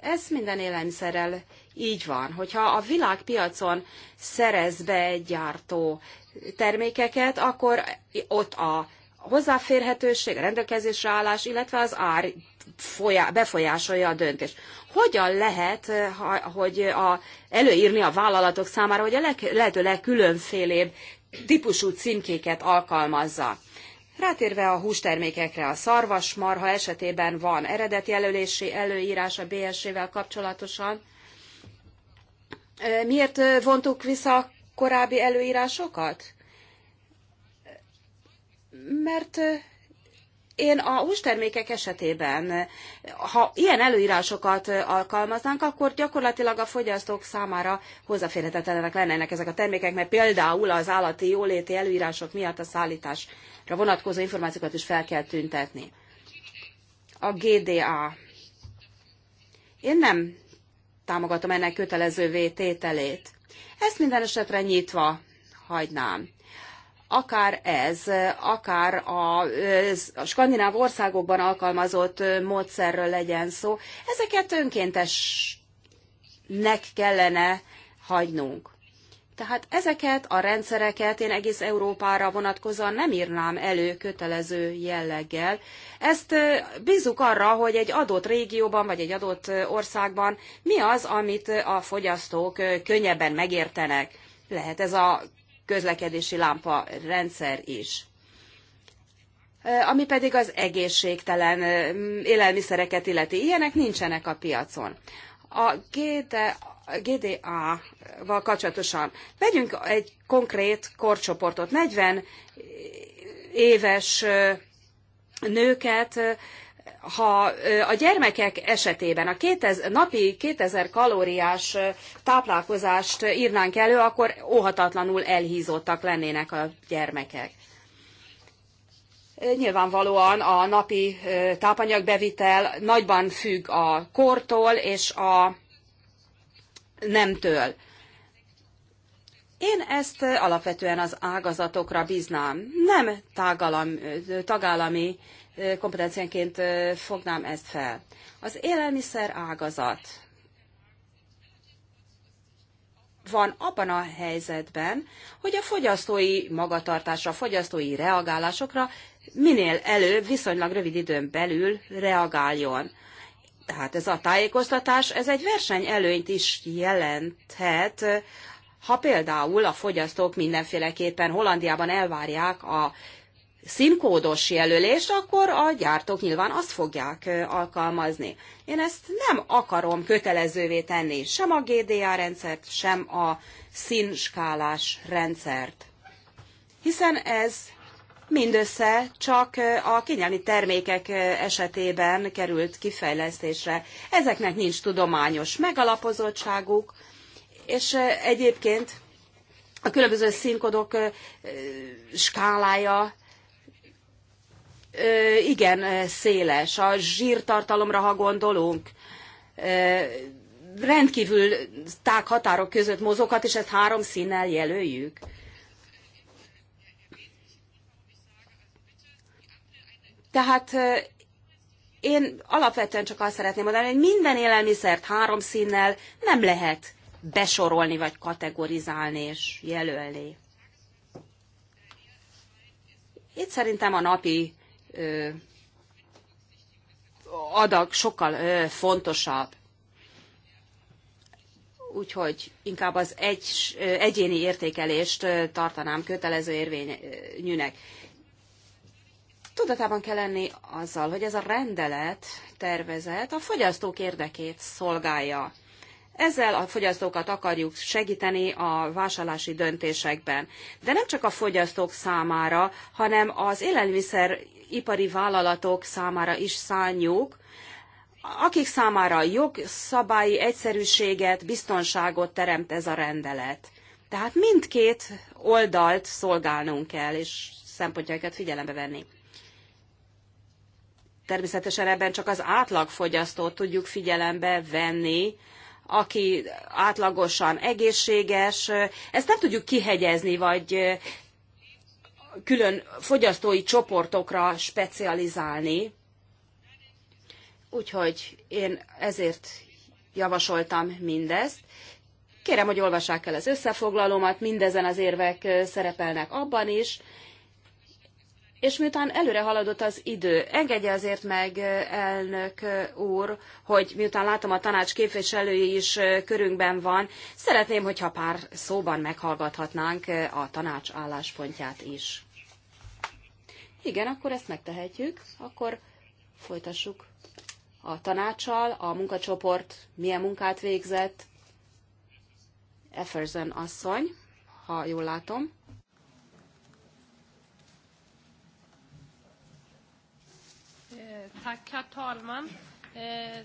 Ez minden élelmiszerrel így van. Hogyha a világpiacon szerez be egy gyártó termékeket, akkor ott a hozzáférhetőség, a rendelkezésre állás, illetve az ár befolyásolja a döntést. Hogyan lehet, hogy a, előírni a vállalatok számára, hogy a leg, lehető legkülönfélébb típusú címkéket alkalmazza? Rátérve a hústermékekre, a szarvasmarha esetében van eredetjelölési előírás a BSC-vel kapcsolatosan. Miért vontuk vissza a korábbi előírásokat? Mert én a hústermékek esetében, ha ilyen előírásokat alkalmaznánk, akkor gyakorlatilag a fogyasztók számára hozzáférhetetlenek lennének ezek a termékek, mert például az állati jóléti előírások miatt a szállítás vonatkozó információkat is fel kell tüntetni. A GDA. Én nem támogatom ennek kötelezővé tételét. Ezt minden esetre nyitva hagynám akár ez, akár a, a skandináv országokban alkalmazott módszerről legyen szó, ezeket önkéntesnek kellene hagynunk. Tehát ezeket a rendszereket én egész Európára vonatkozóan nem írnám elő kötelező jelleggel. Ezt bízunk arra, hogy egy adott régióban vagy egy adott országban mi az, amit a fogyasztók könnyebben megértenek. Lehet ez a közlekedési lámpa rendszer is. Ami pedig az egészségtelen élelmiszereket illeti. Ilyenek nincsenek a piacon a GDA-val kapcsolatosan. Vegyünk egy konkrét korcsoportot, 40 éves nőket, ha a gyermekek esetében a 2000, napi 2000 kalóriás táplálkozást írnánk elő, akkor óhatatlanul elhízottak lennének a gyermekek. Nyilvánvalóan a napi tápanyagbevitel nagyban függ a kortól és a nemtől. Én ezt alapvetően az ágazatokra bíznám. Nem tágalam, tagállami kompetenciánként fognám ezt fel. Az élelmiszer ágazat van abban a helyzetben, hogy a fogyasztói magatartásra, a fogyasztói reagálásokra minél előbb, viszonylag rövid időn belül reagáljon. Tehát ez a tájékoztatás, ez egy versenyelőnyt is jelenthet, ha például a fogyasztók mindenféleképpen Hollandiában elvárják a színkódos jelölés akkor a gyártók nyilván azt fogják alkalmazni. Én ezt nem akarom kötelezővé tenni, sem a GDA rendszert, sem a színskálás rendszert. Hiszen ez mindössze csak a kényelmi termékek esetében került kifejlesztésre. Ezeknek nincs tudományos megalapozottságuk, és egyébként a különböző színkodok skálája igen széles. A zsírtartalomra, ha gondolunk, rendkívül tág határok között mozoghat, és ezt három színnel jelöljük. Tehát én alapvetően csak azt szeretném mondani, hogy minden élelmiszert három színnel nem lehet besorolni, vagy kategorizálni és jelölni. Itt szerintem a napi adag sokkal fontosabb. Úgyhogy inkább az egy, egyéni értékelést tartanám kötelező érvényűnek. Tudatában kell lenni azzal, hogy ez a rendelet tervezet a fogyasztók érdekét szolgálja. Ezzel a fogyasztókat akarjuk segíteni a vásárlási döntésekben. De nem csak a fogyasztók számára, hanem az élelmiszer ipari vállalatok számára is szánjuk, akik számára jogszabályi egyszerűséget, biztonságot teremt ez a rendelet. Tehát mindkét oldalt szolgálnunk kell, és szempontjaikat figyelembe venni. Természetesen ebben csak az átlagfogyasztót tudjuk figyelembe venni, aki átlagosan egészséges. Ezt nem tudjuk kihegyezni, vagy külön fogyasztói csoportokra specializálni, úgyhogy én ezért javasoltam mindezt. Kérem, hogy olvassák el az összefoglalómat, mindezen az érvek szerepelnek abban is, és miután előre haladott az idő, engedje azért meg, elnök úr, hogy miután látom a tanács képviselői is körünkben van, szeretném, hogyha pár szóban meghallgathatnánk a tanács álláspontját is. Igen, akkor ezt megtehetjük. Akkor folytassuk a tanácsal, a munkacsoport milyen munkát végzett. Efferson asszony, ha jól látom. Tack, herr talman. Eh,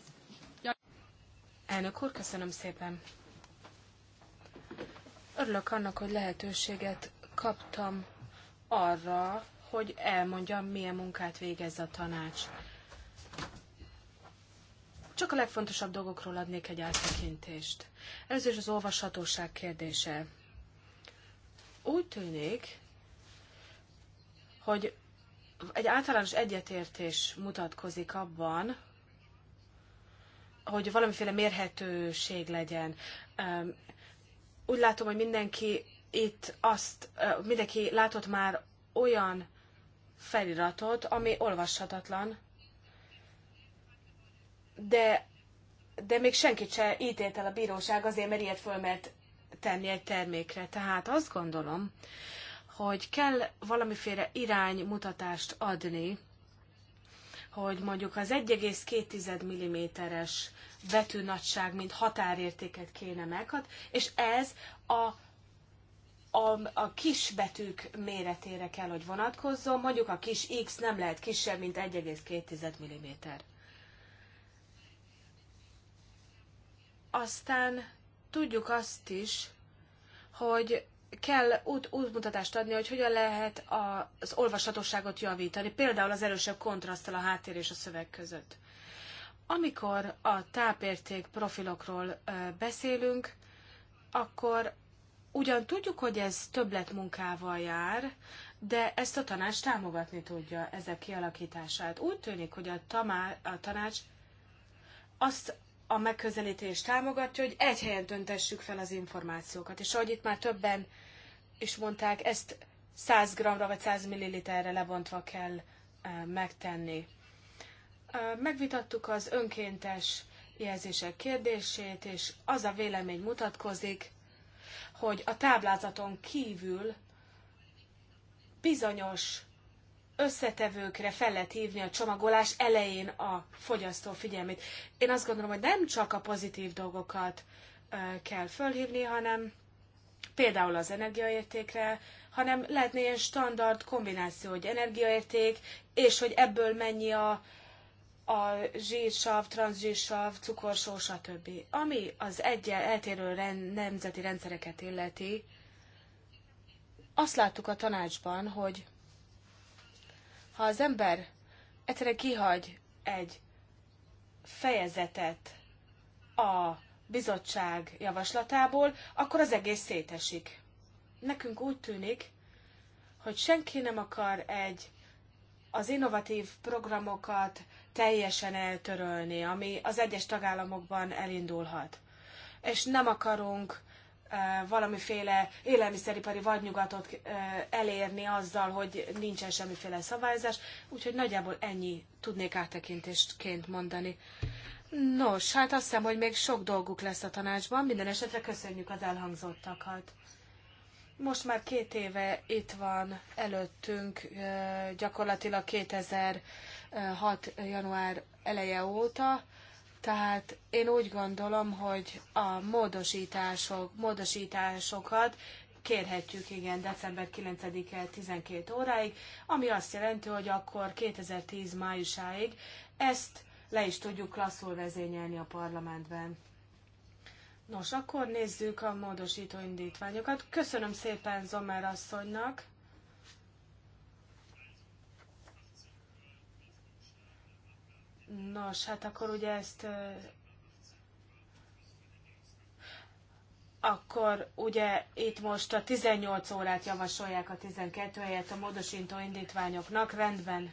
Elnök úr, köszönöm szépen. Örülök annak, hogy lehetőséget kaptam arra, hogy elmondjam, milyen munkát végez a tanács. Csak a legfontosabb dolgokról adnék egy áttekintést. Ez is az olvashatóság kérdése. Úgy tűnik, hogy egy általános egyetértés mutatkozik abban, hogy valamiféle mérhetőség legyen. Úgy látom, hogy mindenki itt azt, mindenki látott már olyan feliratot, ami olvashatatlan, de, de még senkit se ítélt el a bíróság azért, mert ilyet fölmert tenni egy termékre. Tehát azt gondolom, hogy kell valamiféle iránymutatást adni, hogy mondjuk az 1,2 mm-es betűnagyság, mint határértéket kéne meghat, és ez a a, a kis betűk méretére kell, hogy vonatkozzon, mondjuk a kis x nem lehet kisebb, mint 1,2 mm. Aztán tudjuk azt is, hogy kell út, útmutatást adni, hogy hogyan lehet a, az olvashatóságot javítani, például az erősebb kontraszttal a háttér és a szöveg között. Amikor a tápérték profilokról beszélünk, akkor ugyan tudjuk, hogy ez többletmunkával jár, de ezt a tanács támogatni tudja ezek kialakítását. Úgy tűnik, hogy a, tamá, a tanács azt a megközelítést támogatja, hogy egy helyen döntessük fel az információkat. És ahogy itt már többen és mondták, ezt 100 g-ra vagy 100 ml-re lebontva kell megtenni. Megvitattuk az önkéntes jelzések kérdését, és az a vélemény mutatkozik, hogy a táblázaton kívül bizonyos összetevőkre fel lehet hívni a csomagolás elején a fogyasztó figyelmét. Én azt gondolom, hogy nem csak a pozitív dolgokat kell fölhívni, hanem például az energiaértékre, hanem lehetne ilyen standard kombináció, hogy energiaérték, és hogy ebből mennyi a, a zsírsav, transzsírsav, cukorsó, stb. Ami az egyen eltérő rend, nemzeti rendszereket illeti, azt láttuk a tanácsban, hogy ha az ember egyszerűen kihagy egy fejezetet a bizottság javaslatából, akkor az egész szétesik. Nekünk úgy tűnik, hogy senki nem akar egy az innovatív programokat teljesen eltörölni, ami az egyes tagállamokban elindulhat. És nem akarunk eh, valamiféle élelmiszeripari vadnyugatot eh, elérni azzal, hogy nincsen semmiféle szabályozás. úgyhogy nagyjából ennyi tudnék áttekintésként mondani. Nos, hát azt hiszem, hogy még sok dolguk lesz a tanácsban, minden esetre köszönjük az elhangzottakat. Most már két éve itt van előttünk, gyakorlatilag 2006. január eleje óta, tehát én úgy gondolom, hogy a módosítások, módosításokat kérhetjük, igen, december 9-e 12 óráig, ami azt jelenti, hogy akkor 2010 májusáig ezt le is tudjuk klasszul vezényelni a parlamentben. Nos, akkor nézzük a módosító indítványokat. Köszönöm szépen Zomer asszonynak. Nos, hát akkor ugye ezt akkor ugye itt most a 18 órát javasolják a 12 helyet a módosító indítványoknak, rendben.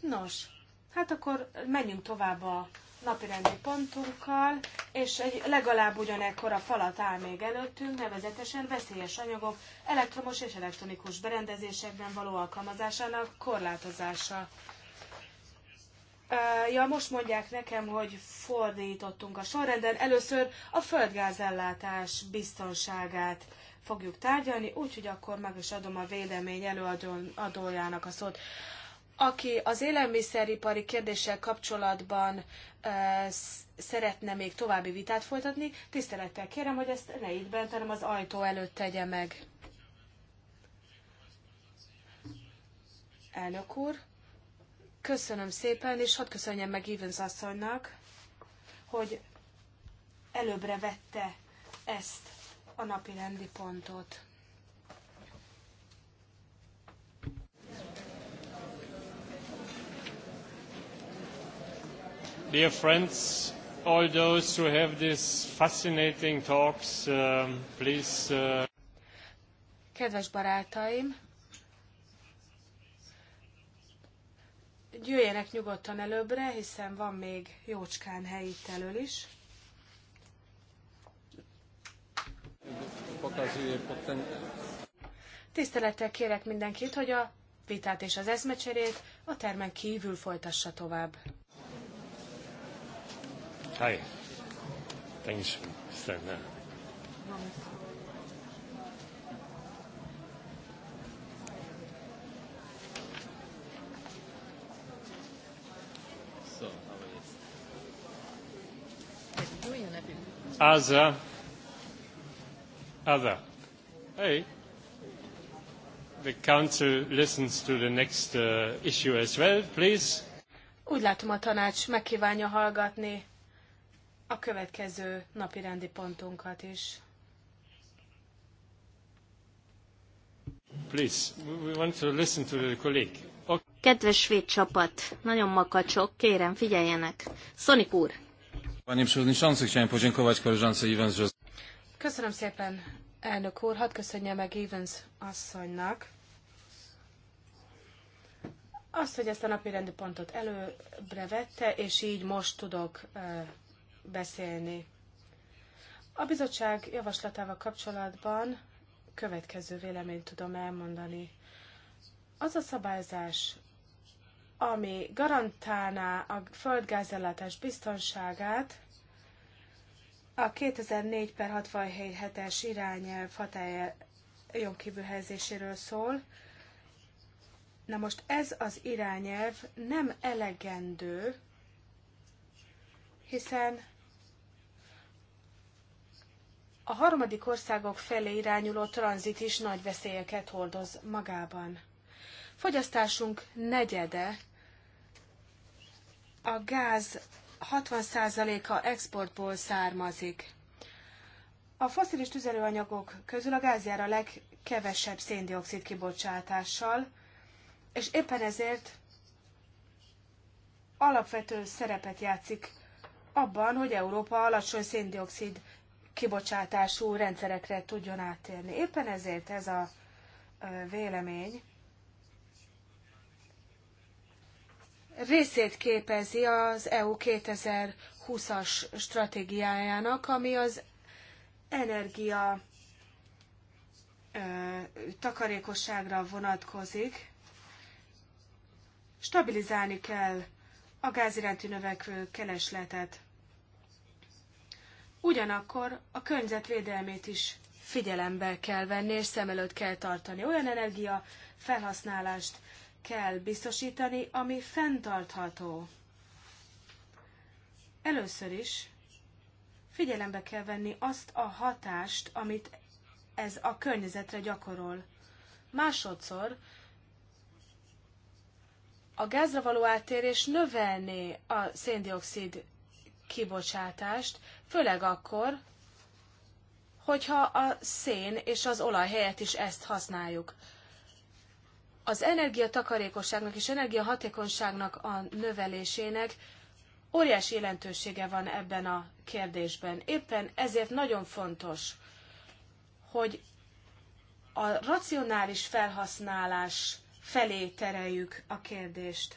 Nos, Hát akkor menjünk tovább a napirendi pontunkkal, és egy legalább ugyanekkor a falat áll még előttünk, nevezetesen veszélyes anyagok elektromos és elektronikus berendezésekben való alkalmazásának korlátozása. Ja, most mondják nekem, hogy fordítottunk a sorrenden. Először a földgázellátás biztonságát fogjuk tárgyalni, úgyhogy akkor meg is adom a védelmény előadójának a szót aki az élelmiszeripari kérdéssel kapcsolatban szeretne még további vitát folytatni, tisztelettel kérem, hogy ezt ne itt bent, hanem az ajtó előtt tegye meg. Elnök úr, köszönöm szépen, és hadd köszönjem meg Evans asszonynak, hogy előbbre vette ezt a napi rendi pontot. Dear friends, all those who have these fascinating talks, uh, please. Uh... Kedves barátaim, jöjjenek nyugodtan előbbre, hiszen van még jócskán hely itt elől is. Tisztelettel kérek mindenkit, hogy a vitát és az eszmecserét a termen kívül folytassa tovább. Hi. thanks, Bis So, Ne? So, aber Asa. Asa. Hey. The council listens to the next uh, issue as well, please. Úgy látom, a tanács megkívánja hallgatni a következő napi rendi pontunkat is. Please, we want to listen to the colleague. Okay. Kedves svéd csapat, nagyon makacsok, kérem figyeljenek. Szonik úr! Köszönöm szépen, elnök úr, hadd köszönje meg Evans asszonynak azt, hogy ezt a napi rendi pontot előbre vette, és így most tudok eh, beszélni. A bizottság javaslatával kapcsolatban következő véleményt tudom elmondani. Az a szabályzás, ami garantálná a földgázellátás biztonságát, a 2004 per 67 hetes irányelv hatája jogkívül helyezéséről szól. Na most ez az irányelv nem elegendő, hiszen a harmadik országok felé irányuló tranzit is nagy veszélyeket hordoz magában. Fogyasztásunk negyede a gáz 60%-a exportból származik. A foszilis tüzelőanyagok közül a gáz jár a legkevesebb széndiokszid kibocsátással, és éppen ezért alapvető szerepet játszik abban, hogy Európa alacsony széndiokszid kibocsátású rendszerekre tudjon áttérni. Éppen ezért ez a vélemény részét képezi az EU 2020-as stratégiájának, ami az energia takarékosságra vonatkozik. Stabilizálni kell a gáziránti növekvő keresletet. Ugyanakkor a környezetvédelmét is figyelembe kell venni, és szem előtt kell tartani. Olyan energia felhasználást kell biztosítani, ami fenntartható. Először is figyelembe kell venni azt a hatást, amit ez a környezetre gyakorol. Másodszor a gázra való áttérés növelné a széndiokszid kibocsátást, főleg akkor, hogyha a szén és az olaj helyett is ezt használjuk. Az energiatakarékosságnak és energiahatékonyságnak a növelésének óriási jelentősége van ebben a kérdésben. Éppen ezért nagyon fontos, hogy a racionális felhasználás felé tereljük a kérdést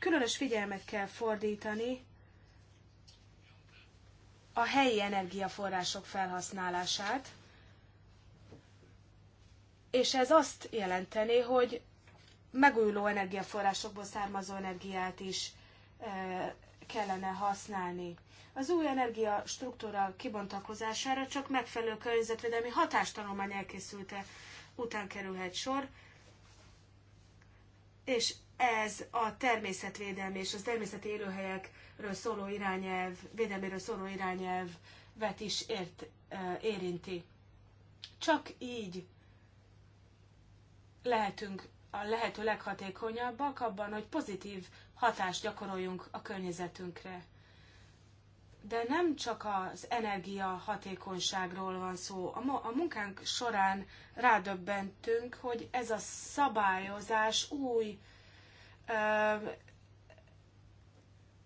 különös figyelmet kell fordítani a helyi energiaforrások felhasználását, és ez azt jelenteni, hogy megújuló energiaforrásokból származó energiát is eh, kellene használni. Az új energia struktúra kibontakozására csak megfelelő környezetvédelmi hatástanulmány elkészülte után kerülhet sor, és ez a természetvédelmi és az természeti élőhelyekről szóló irányelv, védelméről szóló irányelvet is ért, érinti. Csak így lehetünk a lehető leghatékonyabbak abban, hogy pozitív hatást gyakoroljunk a környezetünkre de nem csak az energia hatékonyságról van szó. A, munkánk során rádöbbentünk, hogy ez a szabályozás új ö,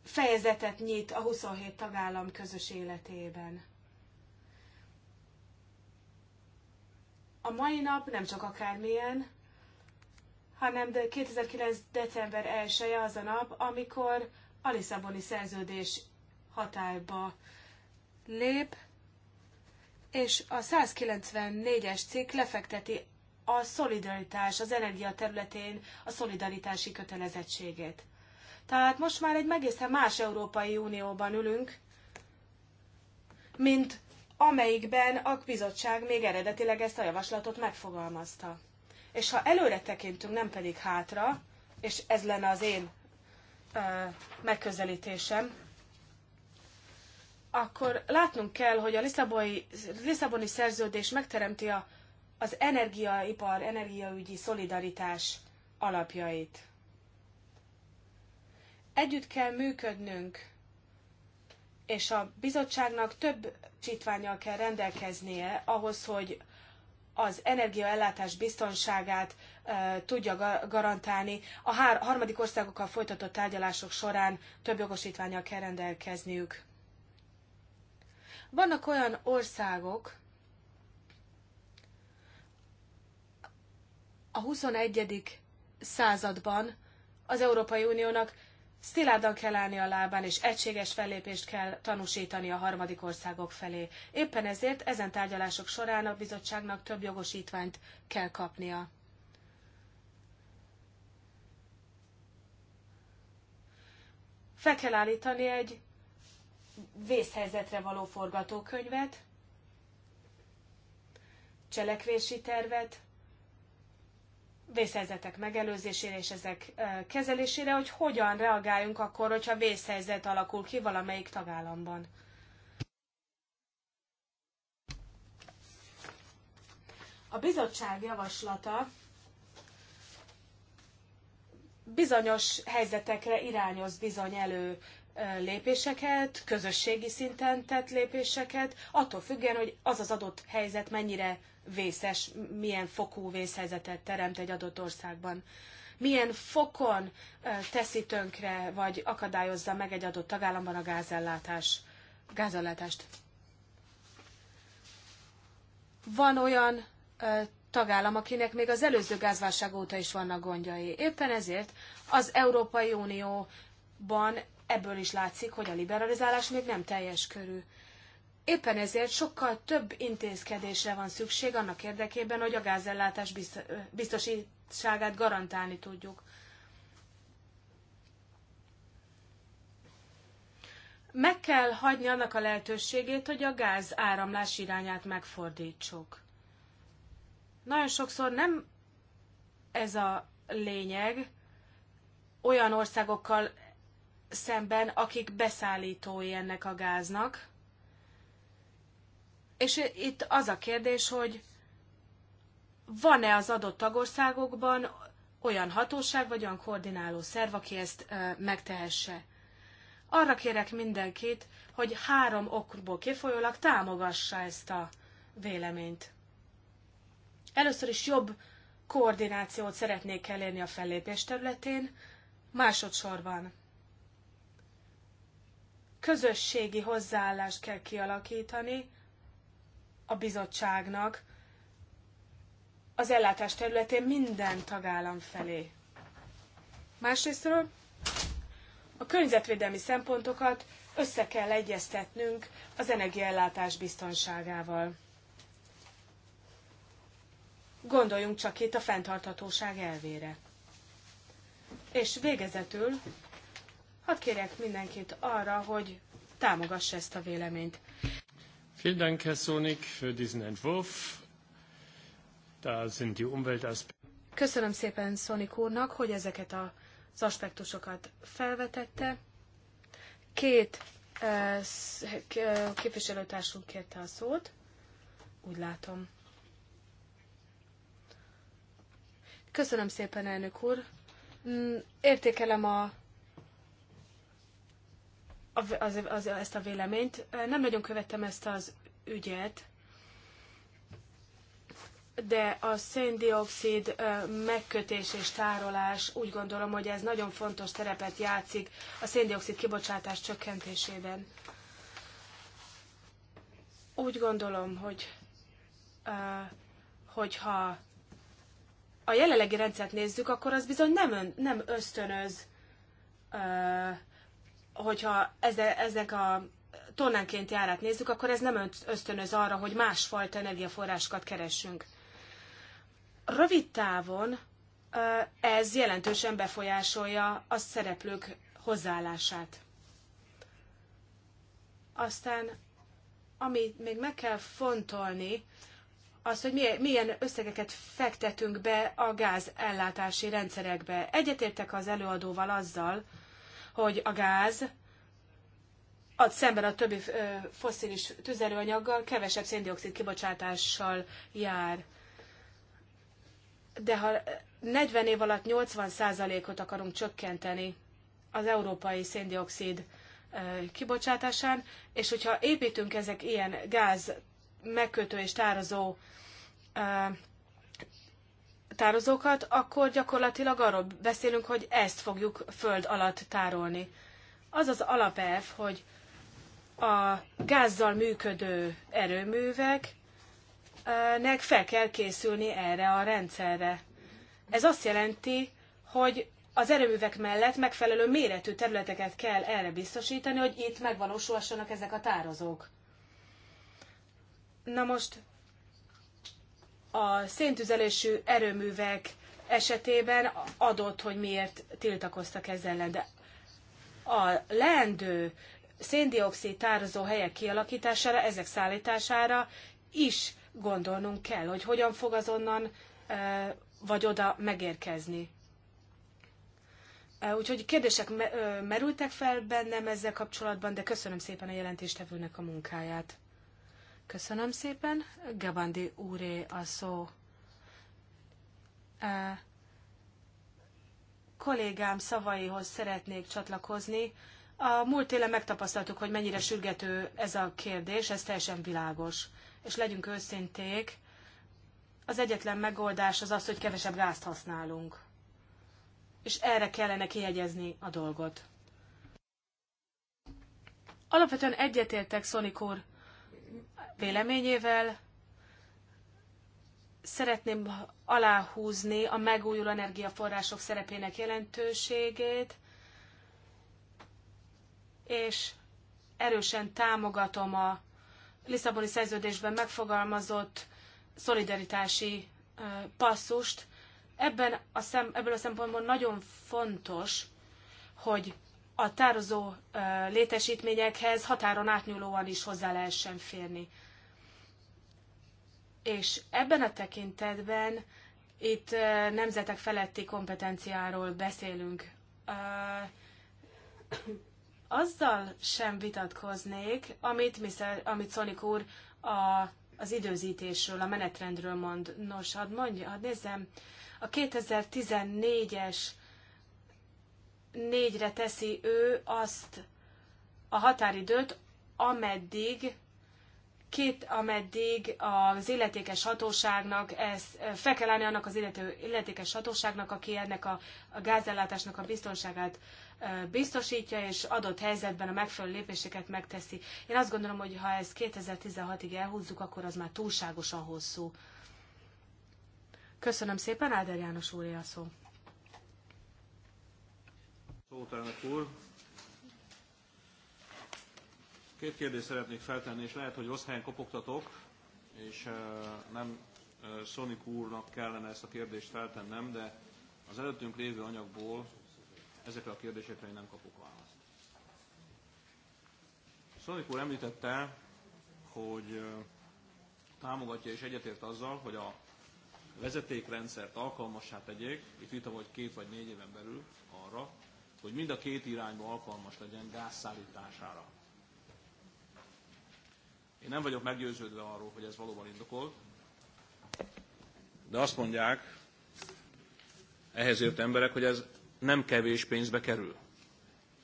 fejezetet nyit a 27 tagállam közös életében. A mai nap nem csak akármilyen, hanem de 2009. december 1 -e az a nap, amikor a Lisszaboni szerződés hatályba lép, és a 194-es cikk lefekteti a szolidaritás, az energia területén a szolidaritási kötelezettségét. Tehát most már egy egészen más Európai Unióban ülünk, mint amelyikben a bizottság még eredetileg ezt a javaslatot megfogalmazta. És ha előre tekintünk, nem pedig hátra, és ez lenne az én ö, megközelítésem, akkor látnunk kell, hogy a Lisszaboni, Lisszaboni szerződés megteremti a, az energiaipar, energiaügyi szolidaritás alapjait. Együtt kell működnünk, és a bizottságnak több csitványjal kell rendelkeznie ahhoz, hogy az energiaellátás biztonságát e, tudja garantálni. A hár, harmadik országokkal folytatott tárgyalások során több jogosítványjal kell rendelkezniük. Vannak olyan országok, a 21. században az Európai Uniónak szilárdan kell állni a lábán, és egységes fellépést kell tanúsítani a harmadik országok felé. Éppen ezért ezen tárgyalások során a bizottságnak több jogosítványt kell kapnia. Fel kell állítani egy vészhelyzetre való forgatókönyvet, cselekvési tervet, vészhelyzetek megelőzésére és ezek e, kezelésére, hogy hogyan reagáljunk akkor, hogyha vészhelyzet alakul ki valamelyik tagállamban. A bizottság javaslata bizonyos helyzetekre irányoz bizony elő lépéseket, közösségi szinten tett lépéseket, attól függően, hogy az az adott helyzet mennyire vészes, milyen fokú vészhelyzetet teremt egy adott országban. Milyen fokon teszi tönkre, vagy akadályozza meg egy adott tagállamban a gázellátás, gázellátást. Van olyan tagállam, akinek még az előző gázválság óta is vannak gondjai. Éppen ezért az Európai Unióban ebből is látszik, hogy a liberalizálás még nem teljes körű. Éppen ezért sokkal több intézkedésre van szükség annak érdekében, hogy a gázellátás biztosítságát garantálni tudjuk. Meg kell hagyni annak a lehetőségét, hogy a gáz áramlás irányát megfordítsuk. Nagyon sokszor nem ez a lényeg, olyan országokkal szemben, akik beszállítói ennek a gáznak. És itt az a kérdés, hogy van-e az adott tagországokban olyan hatóság vagy olyan koordináló szerv, aki ezt megtehesse. Arra kérek mindenkit, hogy három okból kifolyólag támogassa ezt a véleményt. Először is jobb koordinációt szeretnék elérni a fellépés területén, másodszorban közösségi hozzáállást kell kialakítani a bizottságnak az ellátás területén minden tagállam felé. Másrésztről a környezetvédelmi szempontokat össze kell egyeztetnünk az energiaellátás biztonságával. Gondoljunk csak itt a fenntarthatóság elvére. És végezetül hadd kérjek mindenkit arra, hogy támogassa ezt a véleményt. Vielen Dank, Herr Sonik, für diesen Entwurf. Da sind die Umweltaspekte. Köszönöm szépen Sonik úrnak, hogy ezeket az aspektusokat felvetette. Két eh, eh, képviselőtársunk kérte a szót, úgy látom. Köszönöm szépen, elnök úr. Mm, értékelem a az, az, az, ezt a véleményt. Nem nagyon követtem ezt az ügyet, de a széndiokszid megkötés és tárolás úgy gondolom, hogy ez nagyon fontos szerepet játszik a széndiokszid kibocsátás csökkentésében. Úgy gondolom, hogy hogyha a jelenlegi rendszert nézzük, akkor az bizony nem, ön, nem ösztönöz hogyha ezek a tonnánként járát nézzük, akkor ez nem ösztönöz arra, hogy másfajta energiaforrásokat keressünk. Rövid távon ez jelentősen befolyásolja a szereplők hozzáállását. Aztán, amit még meg kell fontolni, az, hogy milyen összegeket fektetünk be a gázellátási rendszerekbe. Egyetértek az előadóval azzal, hogy a gáz ad szemben a többi foszilis tüzelőanyaggal kevesebb széndiokszid kibocsátással jár. De ha 40 év alatt 80%-ot akarunk csökkenteni az európai széndiokszid kibocsátásán, és hogyha építünk ezek ilyen gáz megkötő és tározó tározókat, akkor gyakorlatilag arról beszélünk, hogy ezt fogjuk föld alatt tárolni. Az az alapelv, hogy a gázzal működő erőműveknek fel kell készülni erre a rendszerre. Ez azt jelenti, hogy az erőművek mellett megfelelő méretű területeket kell erre biztosítani, hogy itt megvalósulhassanak ezek a tározók. Na most a széntüzelésű erőművek esetében adott, hogy miért tiltakoztak ezzel ellen, de a leendő széndiokszid tározó helyek kialakítására, ezek szállítására is gondolnunk kell, hogy hogyan fog azonnan e, vagy oda megérkezni. E, úgyhogy kérdések merültek fel bennem ezzel kapcsolatban, de köszönöm szépen a jelentéstevőnek a munkáját. Köszönöm szépen. Gabandi úré a szó. E, kollégám szavaihoz szeretnék csatlakozni. A múlt télen megtapasztaltuk, hogy mennyire sürgető ez a kérdés, ez teljesen világos. És legyünk őszinték, az egyetlen megoldás az az, hogy kevesebb gázt használunk. És erre kellene kiegyezni a dolgot. Alapvetően egyetértek Szonik úr véleményével. Szeretném aláhúzni a megújuló energiaforrások szerepének jelentőségét, és erősen támogatom a Lisszaboni szerződésben megfogalmazott szolidaritási passzust. Ebben a szem, ebből a szempontból nagyon fontos, hogy a tározó létesítményekhez határon átnyúlóan is hozzá lehessen férni. És ebben a tekintetben itt nemzetek feletti kompetenciáról beszélünk. Azzal sem vitatkoznék, amit, Mr., amit Szonik úr a, az időzítésről, a menetrendről mond. Nos, hadd mondja, hadd nézzem, a 2014-es négyre teszi ő azt a határidőt, ameddig két, ameddig az illetékes hatóságnak, ez fel kell állni annak az illető, illetékes hatóságnak, aki ennek a, a gázellátásnak a biztonságát biztosítja, és adott helyzetben a megfelelő lépéseket megteszi. Én azt gondolom, hogy ha ezt 2016-ig elhúzzuk, akkor az már túlságosan hosszú. Köszönöm szépen, Áder János úr, a szó. Szót elnök úr, Két kérdést szeretnék feltenni, és lehet, hogy rossz helyen kopogtatok, és nem Sonic úrnak kellene ezt a kérdést feltennem, de az előttünk lévő anyagból ezekre a kérdésekre én nem kapok választ. Sonic úr említette, hogy támogatja és egyetért azzal, hogy a vezetékrendszert alkalmassá tegyék, itt vita vagy két vagy négy éven belül arra, hogy mind a két irányba alkalmas legyen gázszállítására. Én nem vagyok meggyőződve arról, hogy ez valóban indokolt, de azt mondják ehhez ért emberek, hogy ez nem kevés pénzbe kerül.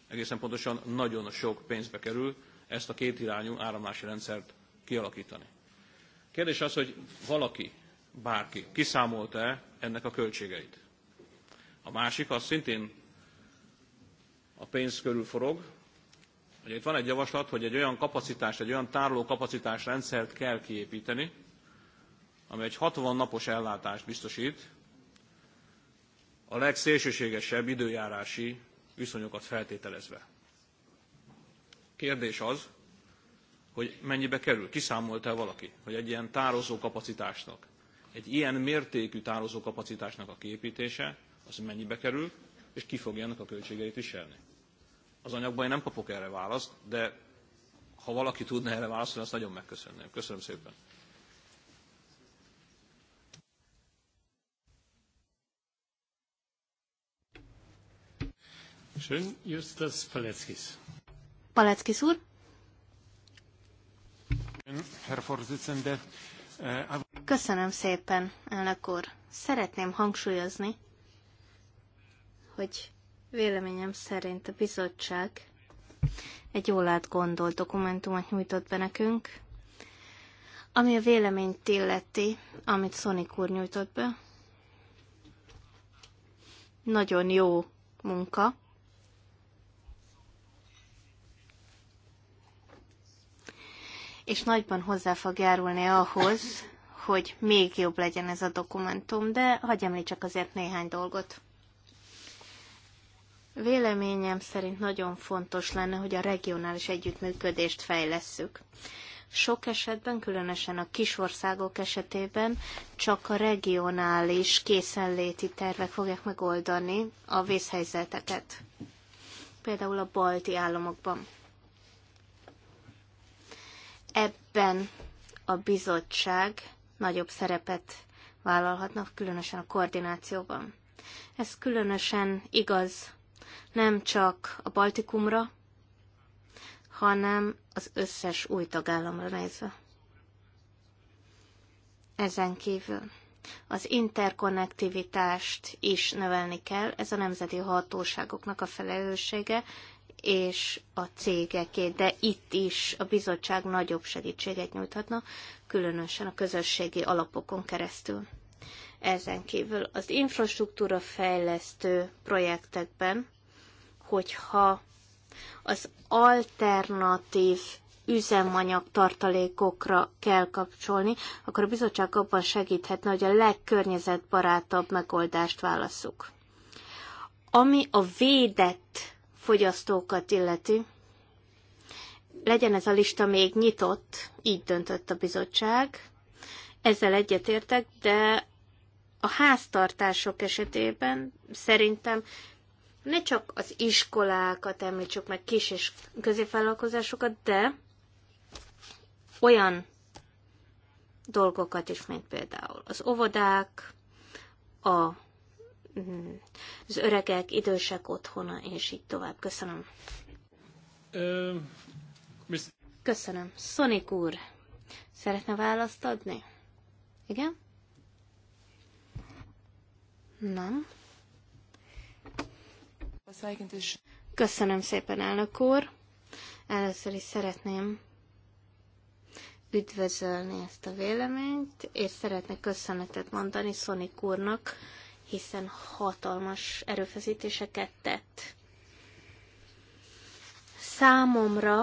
Egészen pontosan nagyon sok pénzbe kerül ezt a kétirányú áramlási rendszert kialakítani. Kérdés az, hogy valaki, bárki kiszámolta-e ennek a költségeit. A másik az szintén a pénz körül forog, Ugye itt van egy javaslat, hogy egy olyan kapacitás, egy olyan tároló kapacitás rendszert kell kiépíteni, ami egy 60 napos ellátást biztosít a legszélsőségesebb időjárási viszonyokat feltételezve. Kérdés az, hogy mennyibe kerül, kiszámolta -e valaki, hogy egy ilyen tározó kapacitásnak, egy ilyen mértékű tározó kapacitásnak a kiépítése, az mennyibe kerül, és ki fogja ennek a költségeit viselni. Az anyagban én nem kapok erre választ, de ha valaki tudna erre válaszolni, azt nagyon megköszönném. Köszönöm szépen. Schön, Justus Paleckis. Paleckis úr. Äh, Köszönöm szépen, elnök úr. Szeretném hangsúlyozni, hogy Véleményem szerint a bizottság egy jól átgondolt dokumentumot nyújtott be nekünk, ami a véleményt illeti, amit Sonic úr nyújtott be. Nagyon jó munka. És nagyban hozzá fog járulni ahhoz, hogy még jobb legyen ez a dokumentum, de hagyj említsek azért néhány dolgot. Véleményem szerint nagyon fontos lenne, hogy a regionális együttműködést fejlesszük. Sok esetben, különösen a kisországok esetében csak a regionális készenléti tervek fogják megoldani a vészhelyzeteket. Például a balti államokban. Ebben a bizottság nagyobb szerepet vállalhatnak, különösen a koordinációban. Ez különösen igaz nem csak a Baltikumra, hanem az összes új tagállamra nézve. Ezen kívül az interkonnektivitást is növelni kell, ez a nemzeti hatóságoknak a felelőssége, és a cégeké, de itt is a bizottság nagyobb segítséget nyújthatna, különösen a közösségi alapokon keresztül. Ezen kívül az infrastruktúra fejlesztő projektekben hogyha az alternatív üzemanyag tartalékokra kell kapcsolni, akkor a bizottság abban segíthetne, hogy a legkörnyezetbarátabb megoldást válasszuk. Ami a védett fogyasztókat illeti, legyen ez a lista még nyitott, így döntött a bizottság. Ezzel egyetértek, de a háztartások esetében szerintem ne csak az iskolákat említsük meg, kis és középvállalkozásokat, de olyan dolgokat is, mint például az óvodák, a, mm, az öregek, idősek otthona, és így tovább. Köszönöm. Köszönöm. Szonik úr, szeretne választ adni? Igen? Nem. Köszönöm szépen, elnök úr. Először is szeretném üdvözölni ezt a véleményt, és szeretnék köszönetet mondani Sonik úrnak, hiszen hatalmas erőfeszítéseket tett. Számomra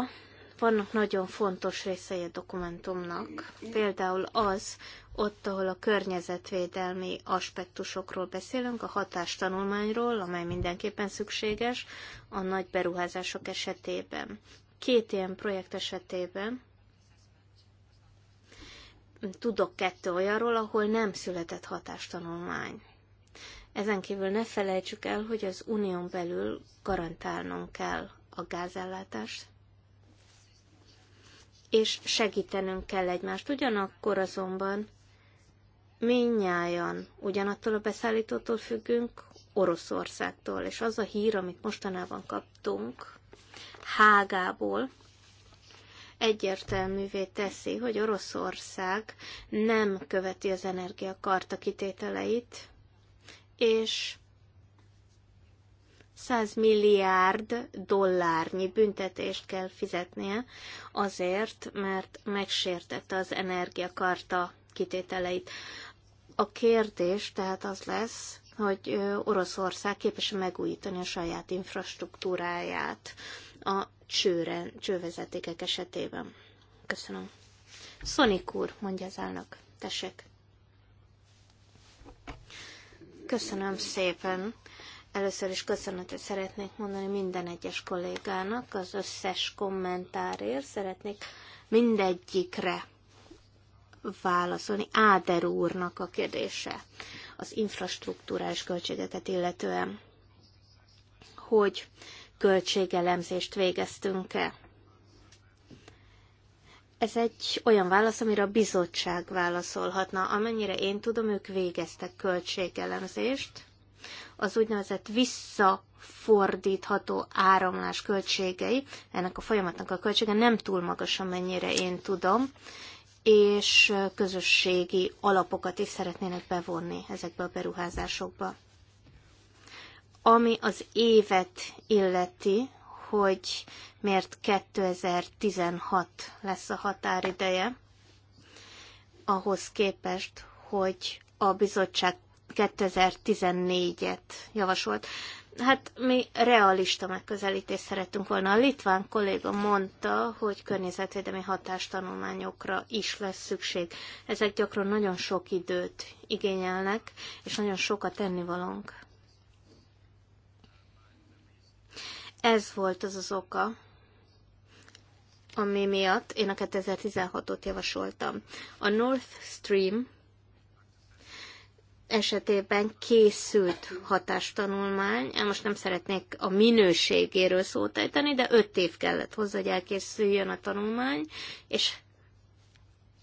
vannak nagyon fontos részei a dokumentumnak. Például az, ott, ahol a környezetvédelmi aspektusokról beszélünk, a hatástanulmányról, amely mindenképpen szükséges a nagy beruházások esetében. Két ilyen projekt esetében tudok kettő olyanról, ahol nem született hatástanulmány. Ezen kívül ne felejtsük el, hogy az unión belül garantálnunk kell a gázellátást, és segítenünk kell egymást. Ugyanakkor azonban Minnyáján, ugyanattól a beszállítótól függünk, Oroszországtól, és az a hír, amit mostanában kaptunk Hágából, egyértelművé teszi, hogy Oroszország nem követi az energiakarta kitételeit, és 100 milliárd dollárnyi büntetést kell fizetnie azért, mert megsértette az energiakarta kitételeit. A kérdés tehát az lesz, hogy Oroszország képes megújítani a saját infrastruktúráját a csőre, csővezetékek esetében. Köszönöm. Szonik úr, mondja az állnak. Tessék. Köszönöm szépen. Először is köszönetet szeretnék mondani minden egyes kollégának az összes kommentárért. Szeretnék mindegyikre válaszolni Áder úrnak a kérdése az infrastruktúrás költségeket illetően, hogy költségelemzést végeztünk-e. Ez egy olyan válasz, amire a bizottság válaszolhatna. Amennyire én tudom, ők végeztek költségelemzést. Az úgynevezett visszafordítható áramlás költségei, ennek a folyamatnak a költsége nem túl magas, amennyire én tudom, és közösségi alapokat is szeretnének bevonni ezekbe a beruházásokba. Ami az évet illeti, hogy miért 2016 lesz a határideje, ahhoz képest, hogy a bizottság 2014-et javasolt hát mi realista megközelítést szeretünk volna. A litván kolléga mondta, hogy környezetvédelmi hatástanulmányokra is lesz szükség. Ezek gyakran nagyon sok időt igényelnek, és nagyon sokat tennivalónk. Ez volt az az oka, ami miatt én a 2016-ot javasoltam. A North Stream esetében készült hatástanulmány, most nem szeretnék a minőségéről szót ejteni, de öt év kellett hozzá, hogy elkészüljön a tanulmány, és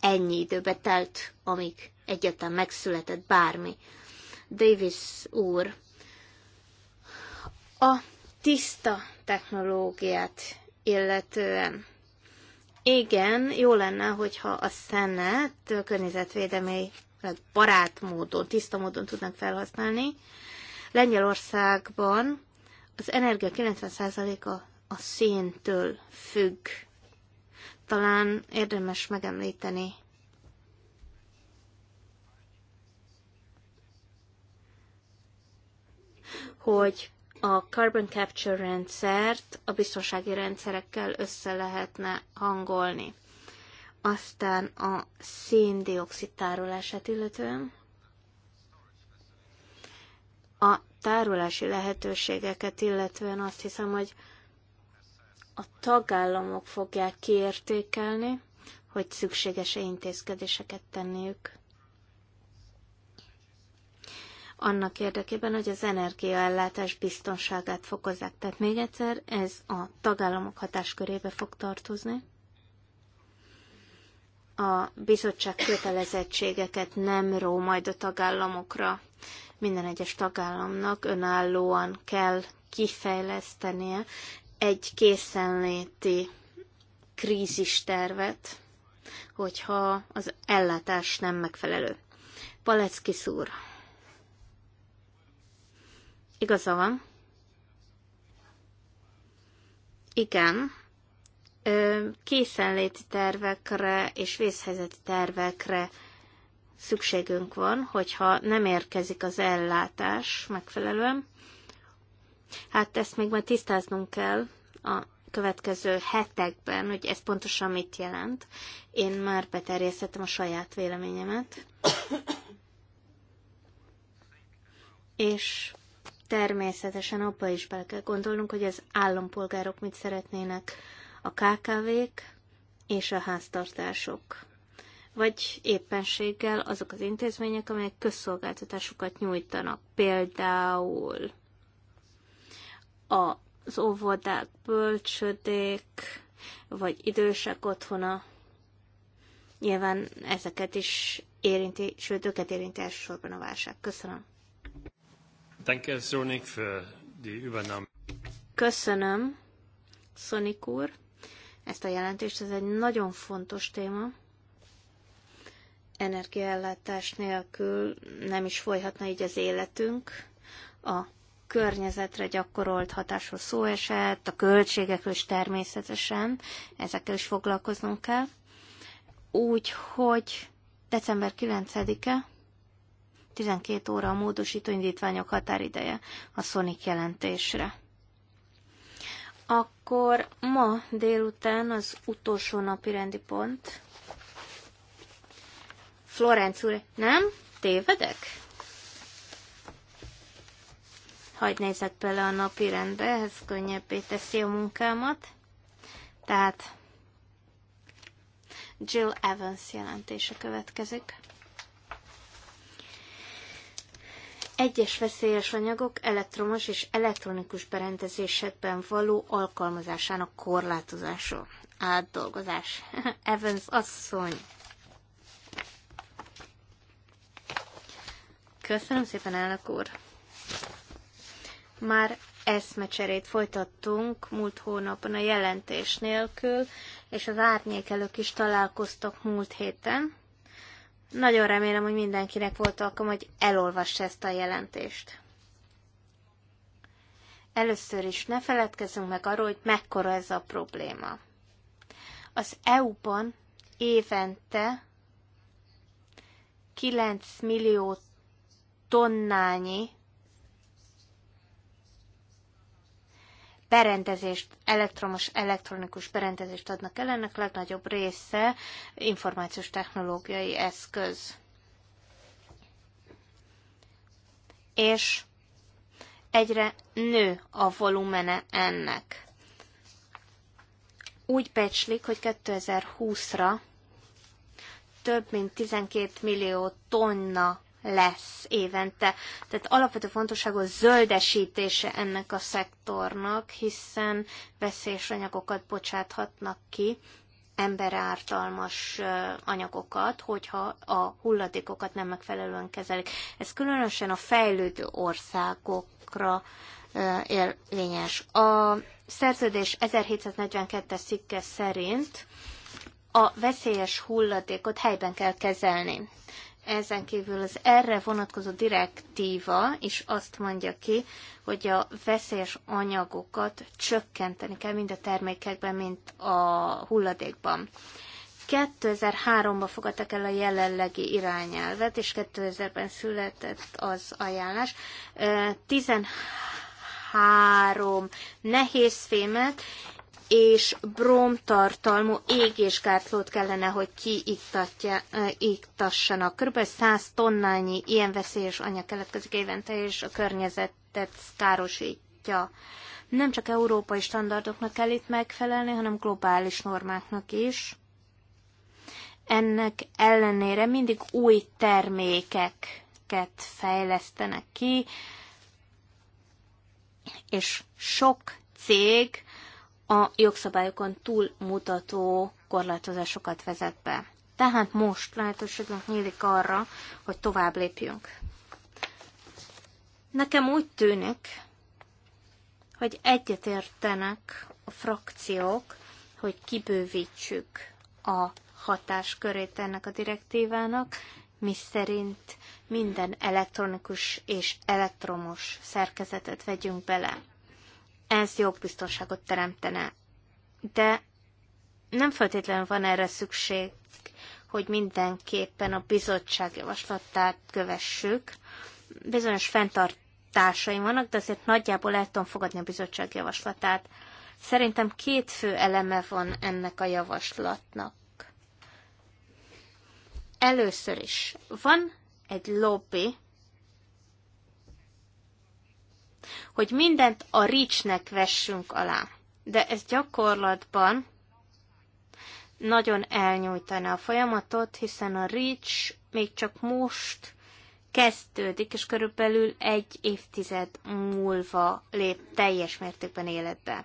ennyi időbe telt, amíg egyetem megszületett bármi. Davis úr, a tiszta technológiát illetően igen, jó lenne, hogyha a Szenet környezetvédelmi barát módon, tiszta módon tudnak felhasználni. Lengyelországban az energia 90%-a a széntől függ. Talán érdemes megemlíteni. hogy a carbon capture rendszert a biztonsági rendszerekkel össze lehetne hangolni. Aztán a széndiokszid tárolását illetően a tárolási lehetőségeket illetően azt hiszem, hogy a tagállamok fogják kiértékelni, hogy szükséges-e intézkedéseket tenniük. Annak érdekében, hogy az energiaellátás biztonságát fokozzák. Tehát még egyszer, ez a tagállamok hatáskörébe fog tartozni a bizottság kötelezettségeket nem ró majd a tagállamokra. Minden egyes tagállamnak önállóan kell kifejlesztenie egy készenléti krízistervet, hogyha az ellátás nem megfelelő. Palecki szúr. Igaza van. Igen, készenléti tervekre és vészhelyzeti tervekre szükségünk van, hogyha nem érkezik az ellátás megfelelően. Hát ezt még majd tisztáznunk kell a következő hetekben, hogy ez pontosan mit jelent. Én már beterjesztettem a saját véleményemet. És természetesen abba is bele kell gondolnunk, hogy az állampolgárok mit szeretnének a KKV-k és a háztartások, vagy éppenséggel azok az intézmények, amelyek közszolgáltatásokat nyújtanak, például az óvodák, bölcsödék, vagy idősek otthona. Nyilván ezeket is érinti, sőt, őket érinti elsősorban a válság. Köszönöm. Köszönöm, Sonic úr ezt a jelentést. Ez egy nagyon fontos téma. Energiaellátás nélkül nem is folyhatna így az életünk. A környezetre gyakorolt hatásról szó esett, a költségekről is természetesen, ezekkel is foglalkoznunk kell. Úgyhogy december 9-e, 12 óra a módosító indítványok határideje a Sonic jelentésre. Akkor ma délután az utolsó napi rendi pont. Florenc úr, nem? Tévedek? Hagy nézek bele a napi rendbe, ez könnyebbé teszi a munkámat. Tehát Jill Evans jelentése következik. egyes veszélyes anyagok elektromos és elektronikus berendezésekben való alkalmazásának korlátozása, átdolgozás. *laughs* Evans asszony. Köszönöm szépen, elnök úr. Már eszmecserét folytattunk múlt hónapban a jelentés nélkül, és az árnyékelők is találkoztak múlt héten nagyon remélem, hogy mindenkinek volt alkalom, hogy elolvassa ezt a jelentést. Először is ne feledkezzünk meg arról, hogy mekkora ez a probléma. Az EU-ban évente 9 millió tonnányi berendezést, elektromos, elektronikus berendezést adnak el, ennek legnagyobb része információs technológiai eszköz. És egyre nő a volumene ennek. Úgy becslik, hogy 2020-ra több mint 12 millió tonna lesz évente. Tehát alapvető fontosságú zöldesítése ennek a szektornak, hiszen veszélyes anyagokat bocsáthatnak ki, emberártalmas anyagokat, hogyha a hulladékokat nem megfelelően kezelik. Ez különösen a fejlődő országokra érvényes. A szerződés 1742-es szikke szerint a veszélyes hulladékot helyben kell kezelni. Ezen kívül az erre vonatkozó direktíva is azt mondja ki, hogy a veszélyes anyagokat csökkenteni kell mind a termékekben, mint a hulladékban. 2003-ban fogadtak el a jelenlegi irányelvet, és 2000-ben született az ajánlás. 13 nehéz fémet és bromtartalmú égésgátlót kellene, hogy kiiktassanak. Körülbelül 100 tonnányi ilyen veszélyes anyag keletkezik évente, és a környezetet károsítja. Nem csak európai standardoknak kell itt megfelelni, hanem globális normáknak is. Ennek ellenére mindig új termékeket fejlesztenek ki, és sok cég a jogszabályokon túlmutató korlátozásokat vezet be. Tehát most lehetőségünk nyílik arra, hogy tovább lépjünk. Nekem úgy tűnik, hogy egyetértenek a frakciók, hogy kibővítsük a hatáskörét ennek a direktívának, mi szerint minden elektronikus és elektromos szerkezetet vegyünk bele ez biztonságot teremtene. De nem feltétlenül van erre szükség, hogy mindenképpen a bizottság javaslatát kövessük. Bizonyos fenntartásaim vannak, de azért nagyjából lehet tudom fogadni a bizottság javaslatát. Szerintem két fő eleme van ennek a javaslatnak. Először is van egy lobby, hogy mindent a ricsnek vessünk alá. De ez gyakorlatban nagyon elnyújtana a folyamatot, hiszen a rics még csak most kezdődik, és körülbelül egy évtized múlva lép teljes mértékben életbe.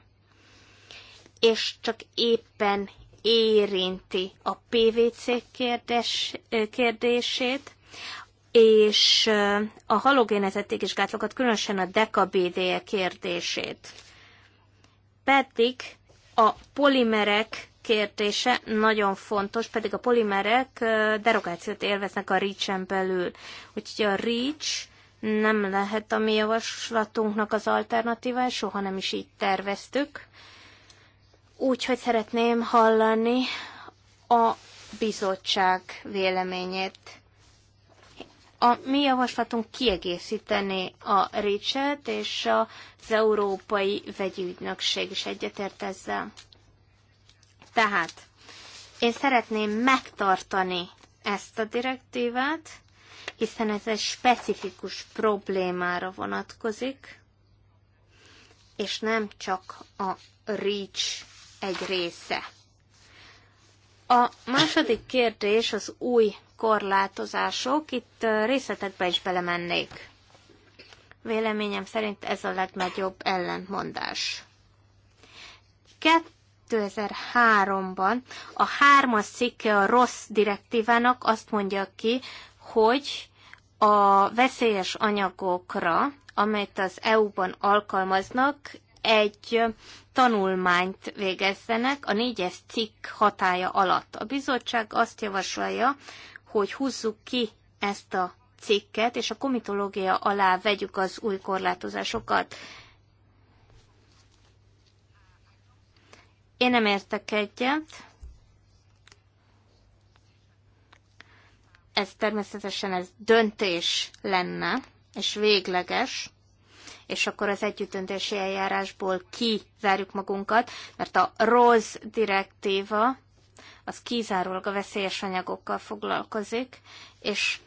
És csak éppen érinti a PVC kérdés, kérdését, és a halogénezették is gátlókat, különösen a dekabédéje kérdését. Pedig a polimerek kérdése nagyon fontos, pedig a polimerek derogációt élveznek a REACH-en belül. Úgyhogy a REACH nem lehet a mi javaslatunknak az alternatíva, soha nem is így terveztük. Úgyhogy szeretném hallani a bizottság véleményét. A mi javaslatunk kiegészíteni a reach et és az Európai Vegyi Ügynökség is egyetért ezzel. Tehát én szeretném megtartani ezt a direktívát, hiszen ez egy specifikus problémára vonatkozik, és nem csak a REACH egy része. A második kérdés az új korlátozások, itt részletekbe is belemennék. Véleményem szerint ez a legnagyobb ellentmondás. 2003-ban a hármas cikke a rossz direktívának azt mondja ki, hogy a veszélyes anyagokra, amelyet az EU-ban alkalmaznak, egy tanulmányt végezzenek a négyes cikk hatája alatt. A bizottság azt javasolja, hogy húzzuk ki ezt a cikket, és a komitológia alá vegyük az új korlátozásokat. Én nem értek egyet. Ez természetesen ez döntés lenne, és végleges, és akkor az együttöntési eljárásból kizárjuk magunkat, mert a ROSZ direktíva az kizárólag a veszélyes anyagokkal foglalkozik, és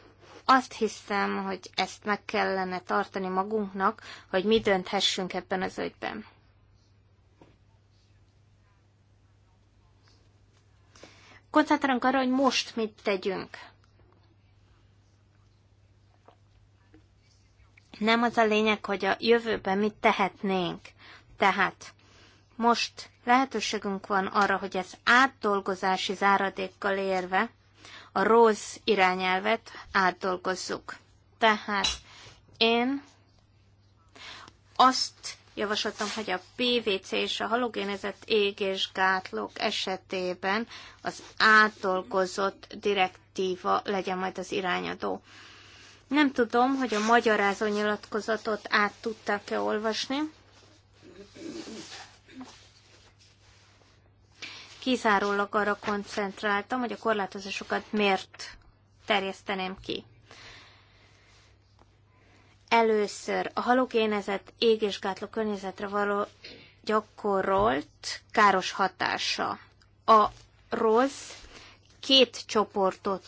azt hiszem, hogy ezt meg kellene tartani magunknak, hogy mi dönthessünk ebben az ügyben. Koncentrálunk arra, hogy most mit tegyünk. Nem az a lényeg, hogy a jövőben mit tehetnénk. Tehát most lehetőségünk van arra, hogy ez átdolgozási záradékkal érve a rossz irányelvet átdolgozzuk. Tehát én azt javasoltam, hogy a PVC és a halogénezett égésgátlók esetében az átdolgozott direktíva legyen majd az irányadó. Nem tudom, hogy a magyarázó nyilatkozatot át tudták-e olvasni kizárólag arra koncentráltam, hogy a korlátozásokat miért terjeszteném ki. Először a halogénezett égésgátló környezetre való gyakorolt káros hatása. A rossz két csoportot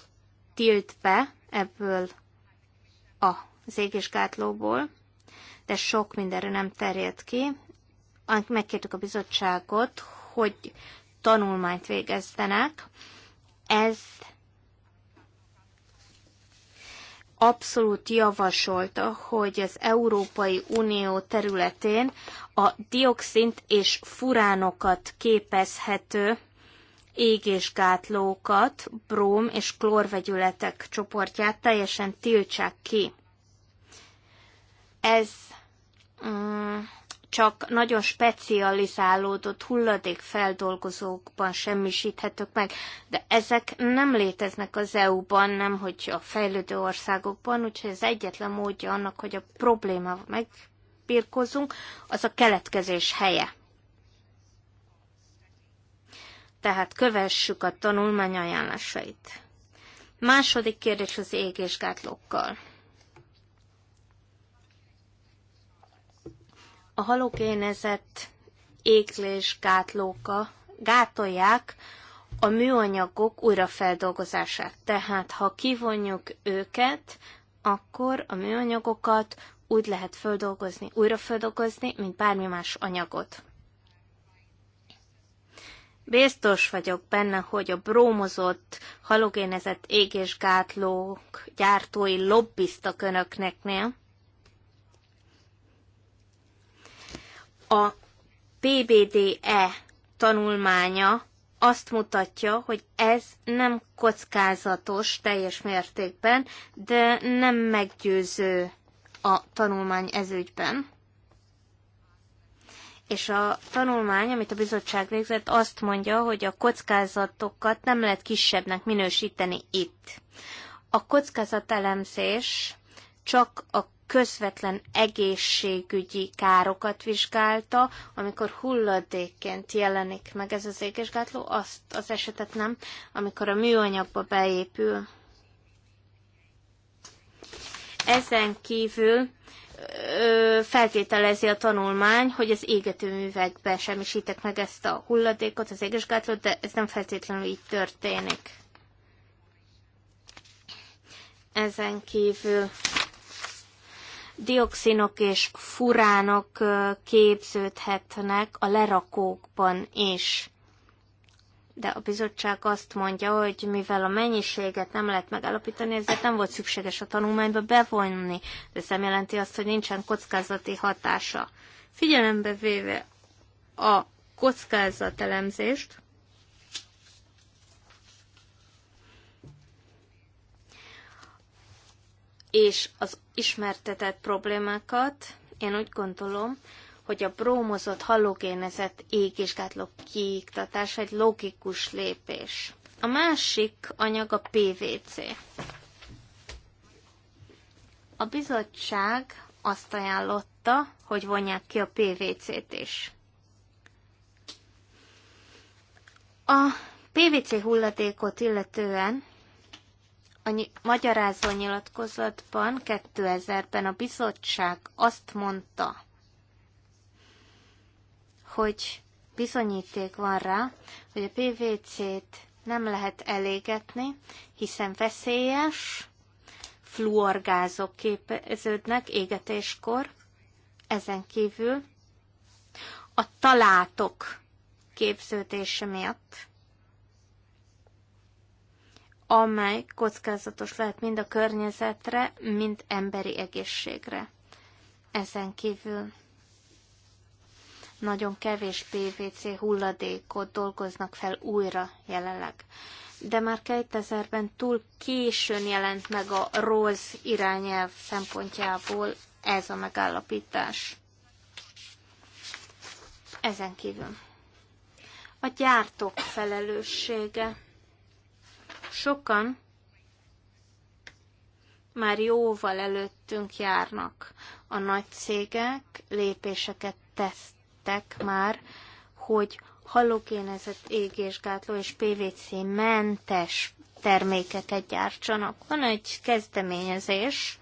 tilt be ebből az égésgátlóból, de sok mindenre nem terjed ki. Megkértük a bizottságot, hogy tanulmányt végeztenek. Ez abszolút javasolta, hogy az Európai Unió területén a dioxint és furánokat képezhető égésgátlókat, bróm és klórvegyületek csoportját teljesen tiltsák ki. Ez mm, csak nagyon specializálódott hulladékfeldolgozókban semmisíthetők meg, de ezek nem léteznek az EU-ban, nem hogy a fejlődő országokban, úgyhogy ez egyetlen módja annak, hogy a probléma megpirkozunk, az a keletkezés helye. Tehát kövessük a tanulmány ajánlásait. Második kérdés az égésgátlókkal. a halogénezett gátlóka gátolják a műanyagok újrafeldolgozását. Tehát, ha kivonjuk őket, akkor a műanyagokat úgy lehet földolgozni, újrafeldolgozni, mint bármi más anyagot. Biztos vagyok benne, hogy a brómozott, halogénezett égésgátlók gyártói lobbiztak nem? A PBDE tanulmánya azt mutatja, hogy ez nem kockázatos teljes mértékben, de nem meggyőző a tanulmány ezügyben. És a tanulmány, amit a bizottság végzett, azt mondja, hogy a kockázatokat nem lehet kisebbnek minősíteni itt. A kockázatelemzés csak a közvetlen egészségügyi károkat vizsgálta, amikor hulladékként jelenik meg ez az égésgátló, azt az esetet nem, amikor a műanyagba beépül. Ezen kívül ö, feltételezi a tanulmány, hogy az művekbe semmisítek meg ezt a hulladékot, az égésgátlót, de ez nem feltétlenül így történik. Ezen kívül dioxinok és furánok képződhetnek a lerakókban is. De a bizottság azt mondja, hogy mivel a mennyiséget nem lehet megállapítani, ezért nem volt szükséges a tanulmányba bevonni. De ez nem jelenti azt, hogy nincsen kockázati hatása. Figyelembe véve a kockázatelemzést, és az ismertetett problémákat. Én úgy gondolom, hogy a brómozott halogénezett égésgátló kiiktatása egy logikus lépés. A másik anyag a PVC. A bizottság azt ajánlotta, hogy vonják ki a PVC-t is. A PVC hulladékot illetően a ny- magyarázó nyilatkozatban 2000-ben a bizottság azt mondta, hogy bizonyíték van rá, hogy a PVC-t nem lehet elégetni, hiszen veszélyes, fluorgázok képeződnek égetéskor, ezen kívül a talátok képződése miatt amely kockázatos lehet mind a környezetre, mind emberi egészségre. Ezen kívül nagyon kevés PVC hulladékot dolgoznak fel újra jelenleg. De már 2000-ben túl későn jelent meg a ROZ irányelv szempontjából ez a megállapítás. Ezen kívül a gyártók felelőssége Sokan már jóval előttünk járnak. A nagy cégek lépéseket tesztek már, hogy halogénezett égésgátló és PVC mentes termékeket gyártsanak. Van egy kezdeményezés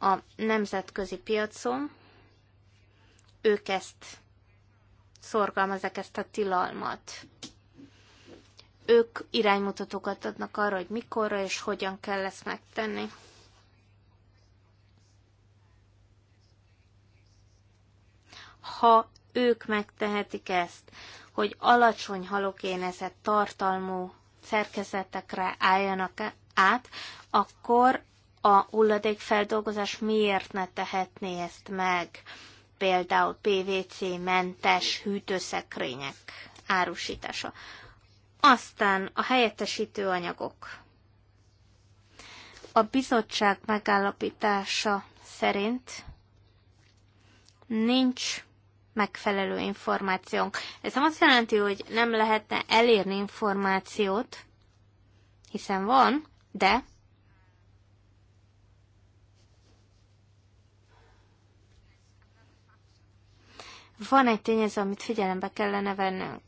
a nemzetközi piacon, ők ezt szorgalmazzák ezt a tilalmat ők iránymutatókat adnak arra, hogy mikorra és hogyan kell ezt megtenni. Ha ők megtehetik ezt, hogy alacsony halogénezett tartalmú szerkezetekre álljanak át, akkor a hulladékfeldolgozás miért ne tehetné ezt meg? Például PVC-mentes hűtőszekrények árusítása. Aztán a helyettesítő anyagok. A bizottság megállapítása szerint nincs megfelelő információnk. Ez nem azt jelenti, hogy nem lehetne elérni információt, hiszen van, de van egy tényező, amit figyelembe kellene vennünk.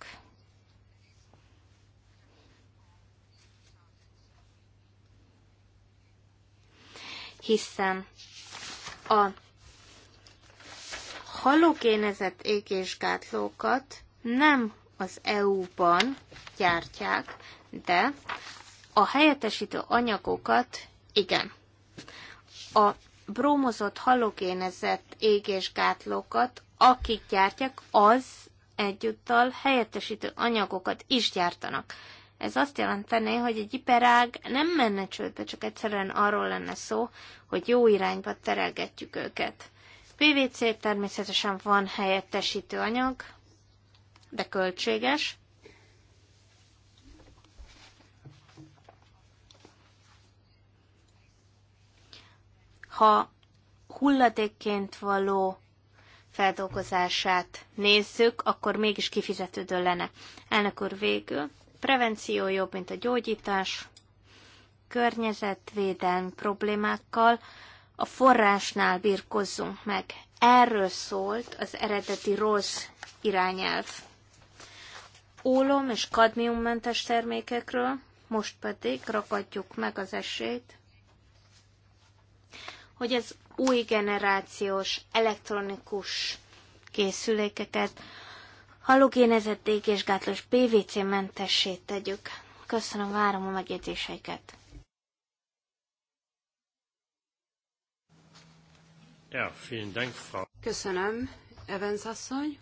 hiszen a halogénezett égésgátlókat nem az EU-ban gyártják, de a helyettesítő anyagokat igen. A brómozott halogénezett égésgátlókat, akik gyártják, az egyúttal helyettesítő anyagokat is gyártanak. Ez azt jelentené, hogy egy iperág nem menne csődbe, csak egyszerűen arról lenne szó, hogy jó irányba terelgetjük őket. PVC természetesen van helyettesítő anyag, de költséges. Ha hulladékként való feldolgozását nézzük, akkor mégis kifizetődő lenne. Elnök úr végül prevenció jobb, mint a gyógyítás, környezetvéden problémákkal a forrásnál birkozzunk meg. Erről szólt az eredeti rossz irányelv. Ólom és kadmiummentes termékekről, most pedig rakadjuk meg az esélyt, hogy az új generációs elektronikus készülékeket, halogénezették és gátlós PVC mentessé tegyük. Köszönöm, várom a megjegyzéseiket. Ja, vielen Dank, Frau. Köszönöm, Evans asszony.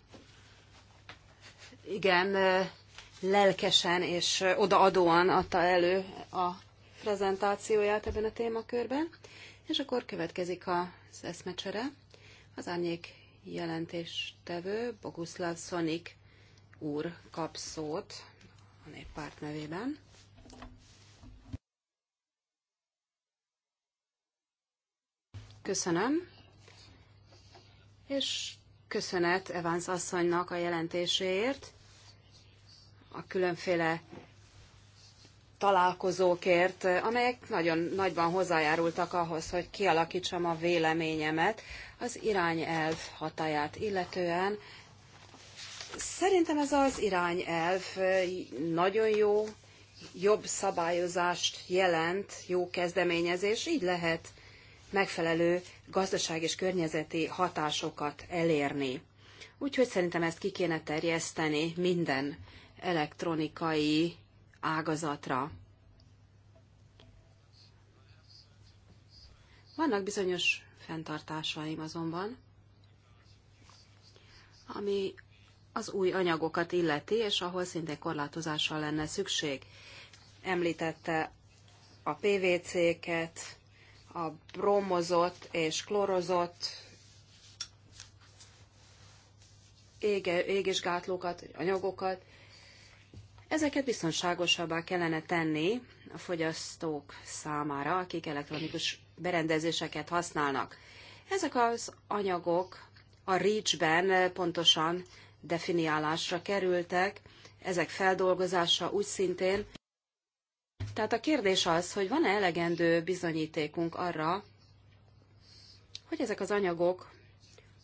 Igen, lelkesen és odaadóan adta elő a prezentációját ebben a témakörben. És akkor következik az eszmecsere. Az árnyék jelentéstevő Boguslav Szonik úr kap szót a néppárt nevében. Köszönöm. És köszönet Evans asszonynak a jelentéséért, a különféle találkozókért, amelyek nagyon nagyban hozzájárultak ahhoz, hogy kialakítsam a véleményemet az irányelv hatáját illetően, Szerintem ez az irányelv nagyon jó, jobb szabályozást jelent, jó kezdeményezés, így lehet megfelelő gazdaság és környezeti hatásokat elérni. Úgyhogy szerintem ezt ki kéne terjeszteni minden elektronikai ágazatra. Vannak bizonyos fenntartásaim azonban, ami az új anyagokat illeti, és ahol szintén korlátozással lenne szükség. Említette a PVC-ket, a bromozott és klorozott ége, égésgátlókat, anyagokat. Ezeket biztonságosabbá kellene tenni a fogyasztók számára, akik elektronikus berendezéseket használnak. Ezek az anyagok a REACH-ben pontosan definiálásra kerültek, ezek feldolgozása úgy szintén. Tehát a kérdés az, hogy van-e elegendő bizonyítékunk arra, hogy ezek az anyagok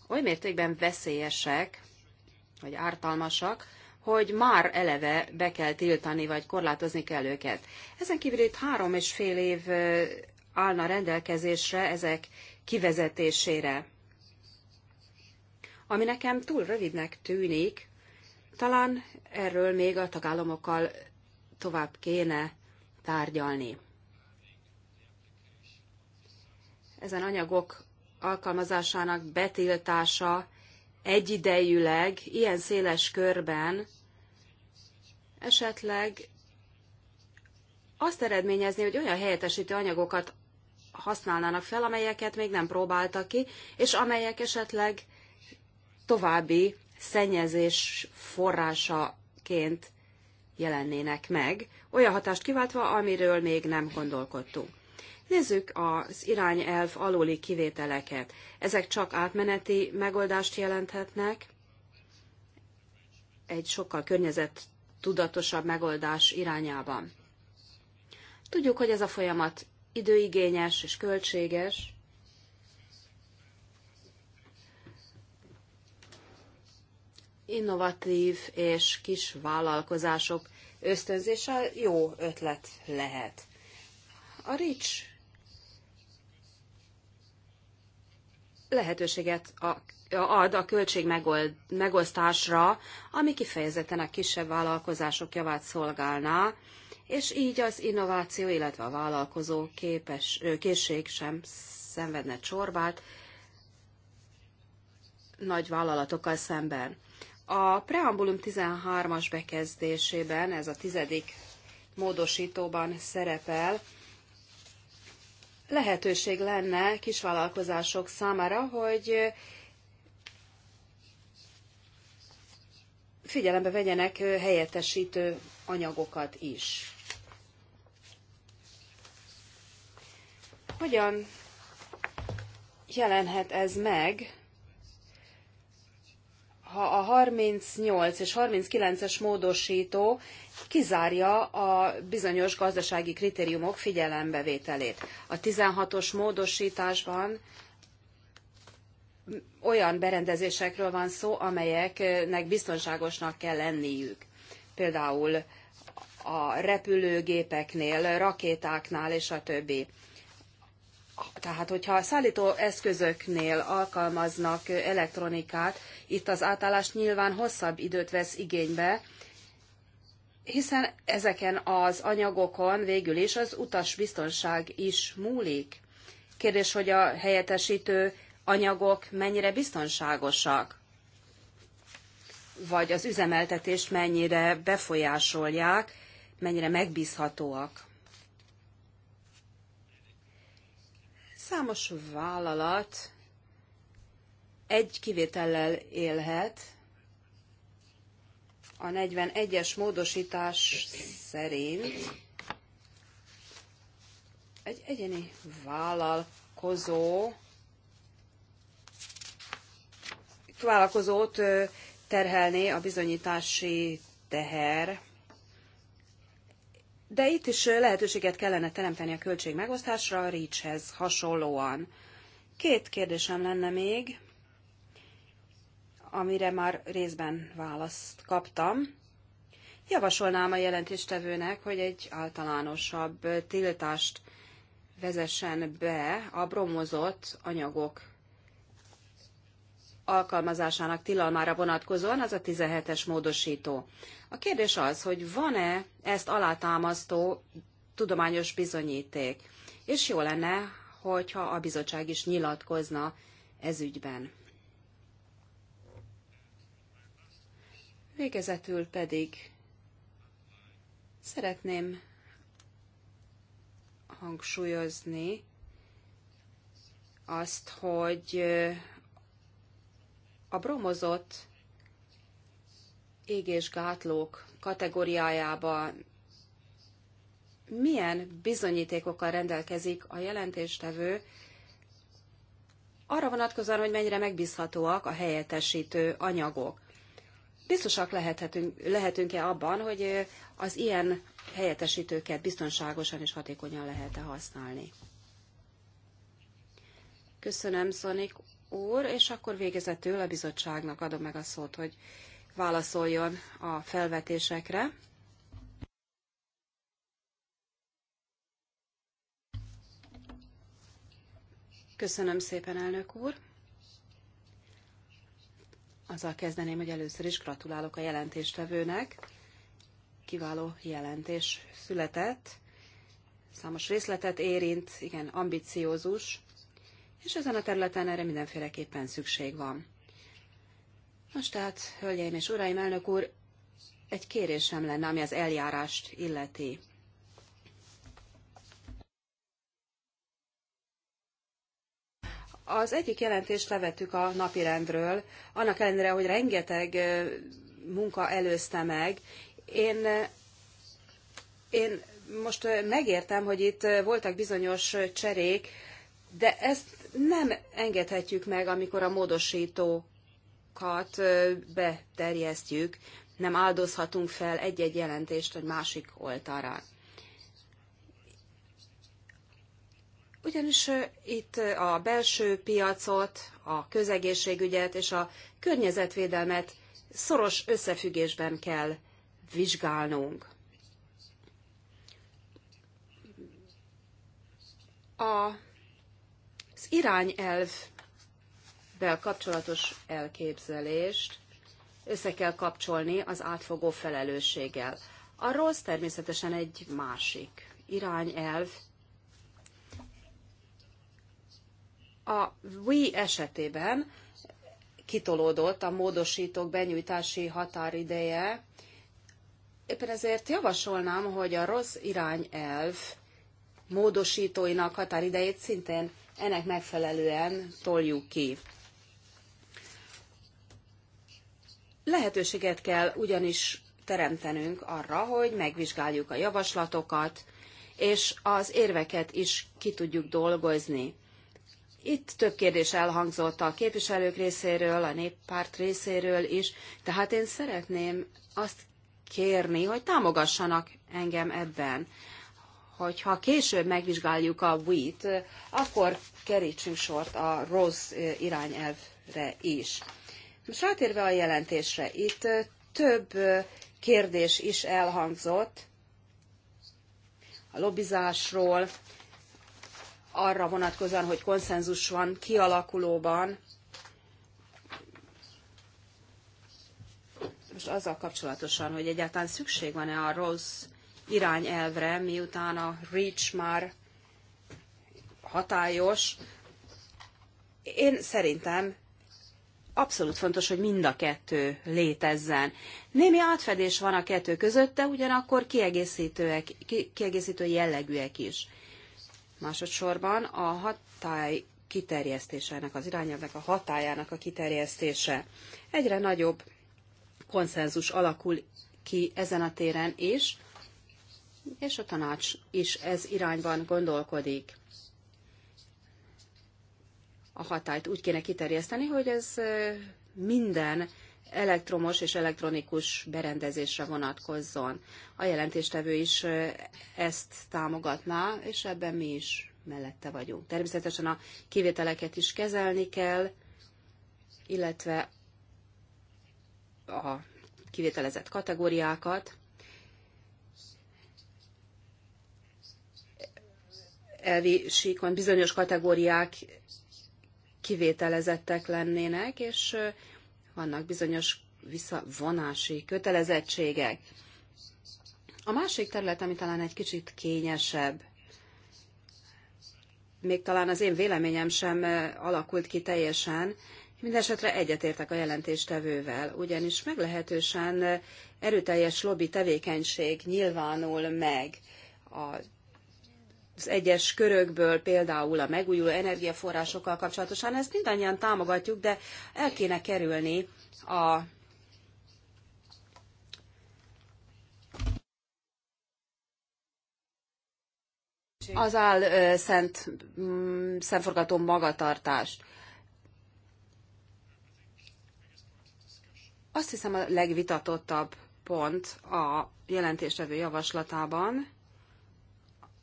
oly mértékben veszélyesek, vagy ártalmasak, hogy már eleve be kell tiltani, vagy korlátozni kell őket. Ezen kívül itt három és fél év állna rendelkezésre ezek kivezetésére ami nekem túl rövidnek tűnik, talán erről még a tagállamokkal tovább kéne tárgyalni. Ezen anyagok alkalmazásának betiltása egyidejűleg, ilyen széles körben esetleg azt eredményezni, hogy olyan helyettesítő anyagokat használnának fel, amelyeket még nem próbáltak ki, és amelyek esetleg további szennyezés forrásaként jelennének meg, olyan hatást kiváltva, amiről még nem gondolkodtunk. Nézzük az irányelv aluli kivételeket. Ezek csak átmeneti megoldást jelenthetnek, egy sokkal környezet tudatosabb megoldás irányában. Tudjuk, hogy ez a folyamat időigényes és költséges, innovatív és kis vállalkozások ösztönzése jó ötlet lehet. A RICS lehetőséget ad a költség megosztásra, ami kifejezetten a kisebb vállalkozások javát szolgálná, és így az innováció, illetve a vállalkozó képes, készség sem szenvedne csorbát nagy vállalatokkal szemben. A preambulum 13-as bekezdésében, ez a tizedik módosítóban szerepel, lehetőség lenne kisvállalkozások számára, hogy figyelembe vegyenek helyettesítő anyagokat is. Hogyan jelenhet ez meg ha a 38 és 39-es módosító kizárja a bizonyos gazdasági kritériumok figyelembevételét. A 16-os módosításban olyan berendezésekről van szó, amelyeknek biztonságosnak kell lenniük. Például a repülőgépeknél, rakétáknál és a többi tehát, hogyha a szállító eszközöknél alkalmaznak elektronikát, itt az átállás nyilván hosszabb időt vesz igénybe, hiszen ezeken az anyagokon végül is az utas biztonság is múlik. Kérdés, hogy a helyettesítő anyagok mennyire biztonságosak, vagy az üzemeltetést mennyire befolyásolják, mennyire megbízhatóak. Számos vállalat egy kivétellel élhet, a 41-es módosítás szerint egy egyéni vállalkozó vállalkozót terhelné a bizonyítási teher, de itt is lehetőséget kellene teremteni a költség megosztásra a REACH-hez hasonlóan. Két kérdésem lenne még, amire már részben választ kaptam. Javasolnám a jelentéstevőnek, hogy egy általánosabb tiltást vezessen be a bromozott anyagok alkalmazásának tilalmára vonatkozóan, az a 17-es módosító. A kérdés az, hogy van-e ezt alátámasztó tudományos bizonyíték, és jó lenne, hogyha a bizottság is nyilatkozna ez ügyben. Végezetül pedig szeretném hangsúlyozni azt, hogy a bromozott égésgátlók kategóriájába milyen bizonyítékokkal rendelkezik a jelentéstevő arra vonatkozóan, hogy mennyire megbízhatóak a helyettesítő anyagok. Biztosak lehetünk-e lehetünk -e abban, hogy eh, az ilyen helyettesítőket biztonságosan és hatékonyan lehet-e használni? Köszönöm, Szonik úr, és akkor végezetül a bizottságnak adom meg a szót, hogy válaszoljon a felvetésekre. Köszönöm szépen, elnök úr! Azzal kezdeném, hogy először is gratulálok a jelentéstevőnek. Kiváló jelentés született, számos részletet érint, igen, ambiciózus, és ezen a területen erre mindenféleképpen szükség van. Most tehát, hölgyeim és uraim, elnök úr, egy kérésem lenne, ami az eljárást illeti. Az egyik jelentést levettük a napirendről, annak ellenére, hogy rengeteg munka előzte meg. Én, én most megértem, hogy itt voltak bizonyos cserék, de ezt nem engedhetjük meg, amikor a módosítókat beterjesztjük, nem áldozhatunk fel egy-egy jelentést egy másik oltára. Ugyanis itt a belső piacot, a közegészségügyet és a környezetvédelmet szoros összefüggésben kell vizsgálnunk. A az irányelvvel kapcsolatos elképzelést össze kell kapcsolni az átfogó felelősséggel. A rossz természetesen egy másik irányelv. A WE esetében kitolódott a módosítók benyújtási határideje, éppen ezért javasolnám, hogy a rossz irányelv módosítóinak határidejét szintén ennek megfelelően toljuk ki. Lehetőséget kell ugyanis teremtenünk arra, hogy megvizsgáljuk a javaslatokat, és az érveket is ki tudjuk dolgozni. Itt több kérdés elhangzott a képviselők részéről, a néppárt részéről is, tehát én szeretném azt kérni, hogy támogassanak engem ebben hogyha később megvizsgáljuk a WIT, akkor kerítsünk sort a rossz irányelvre is. Most rátérve a jelentésre, itt több kérdés is elhangzott a lobbizásról, arra vonatkozóan, hogy konszenzus van kialakulóban. Most azzal kapcsolatosan, hogy egyáltalán szükség van-e a rossz irányelvre, miután a REACH már hatályos. Én szerintem abszolút fontos, hogy mind a kettő létezzen. Némi átfedés van a kettő között, de ugyanakkor kiegészítőek, kiegészítő jellegűek is. Másodszorban a hatály kiterjesztésének, az irányelvnek a hatájának a kiterjesztése. Egyre nagyobb konszenzus alakul ki ezen a téren is, és a tanács is ez irányban gondolkodik. A hatályt úgy kéne kiterjeszteni, hogy ez minden elektromos és elektronikus berendezésre vonatkozzon. A jelentéstevő is ezt támogatná, és ebben mi is mellette vagyunk. Természetesen a kivételeket is kezelni kell, illetve a kivételezett kategóriákat, elvi síkon bizonyos kategóriák kivételezettek lennének, és vannak bizonyos visszavonási kötelezettségek. A másik terület, ami talán egy kicsit kényesebb, még talán az én véleményem sem alakult ki teljesen, Mindenesetre egyetértek a jelentéstevővel, ugyanis meglehetősen erőteljes lobby tevékenység nyilvánul meg a az egyes körökből, például a megújuló energiaforrásokkal kapcsolatosan, ezt mindannyian támogatjuk, de el kéne kerülni a az áll szent mm, szemforgató magatartást. Azt hiszem a legvitatottabb pont a jelentéstevő javaslatában,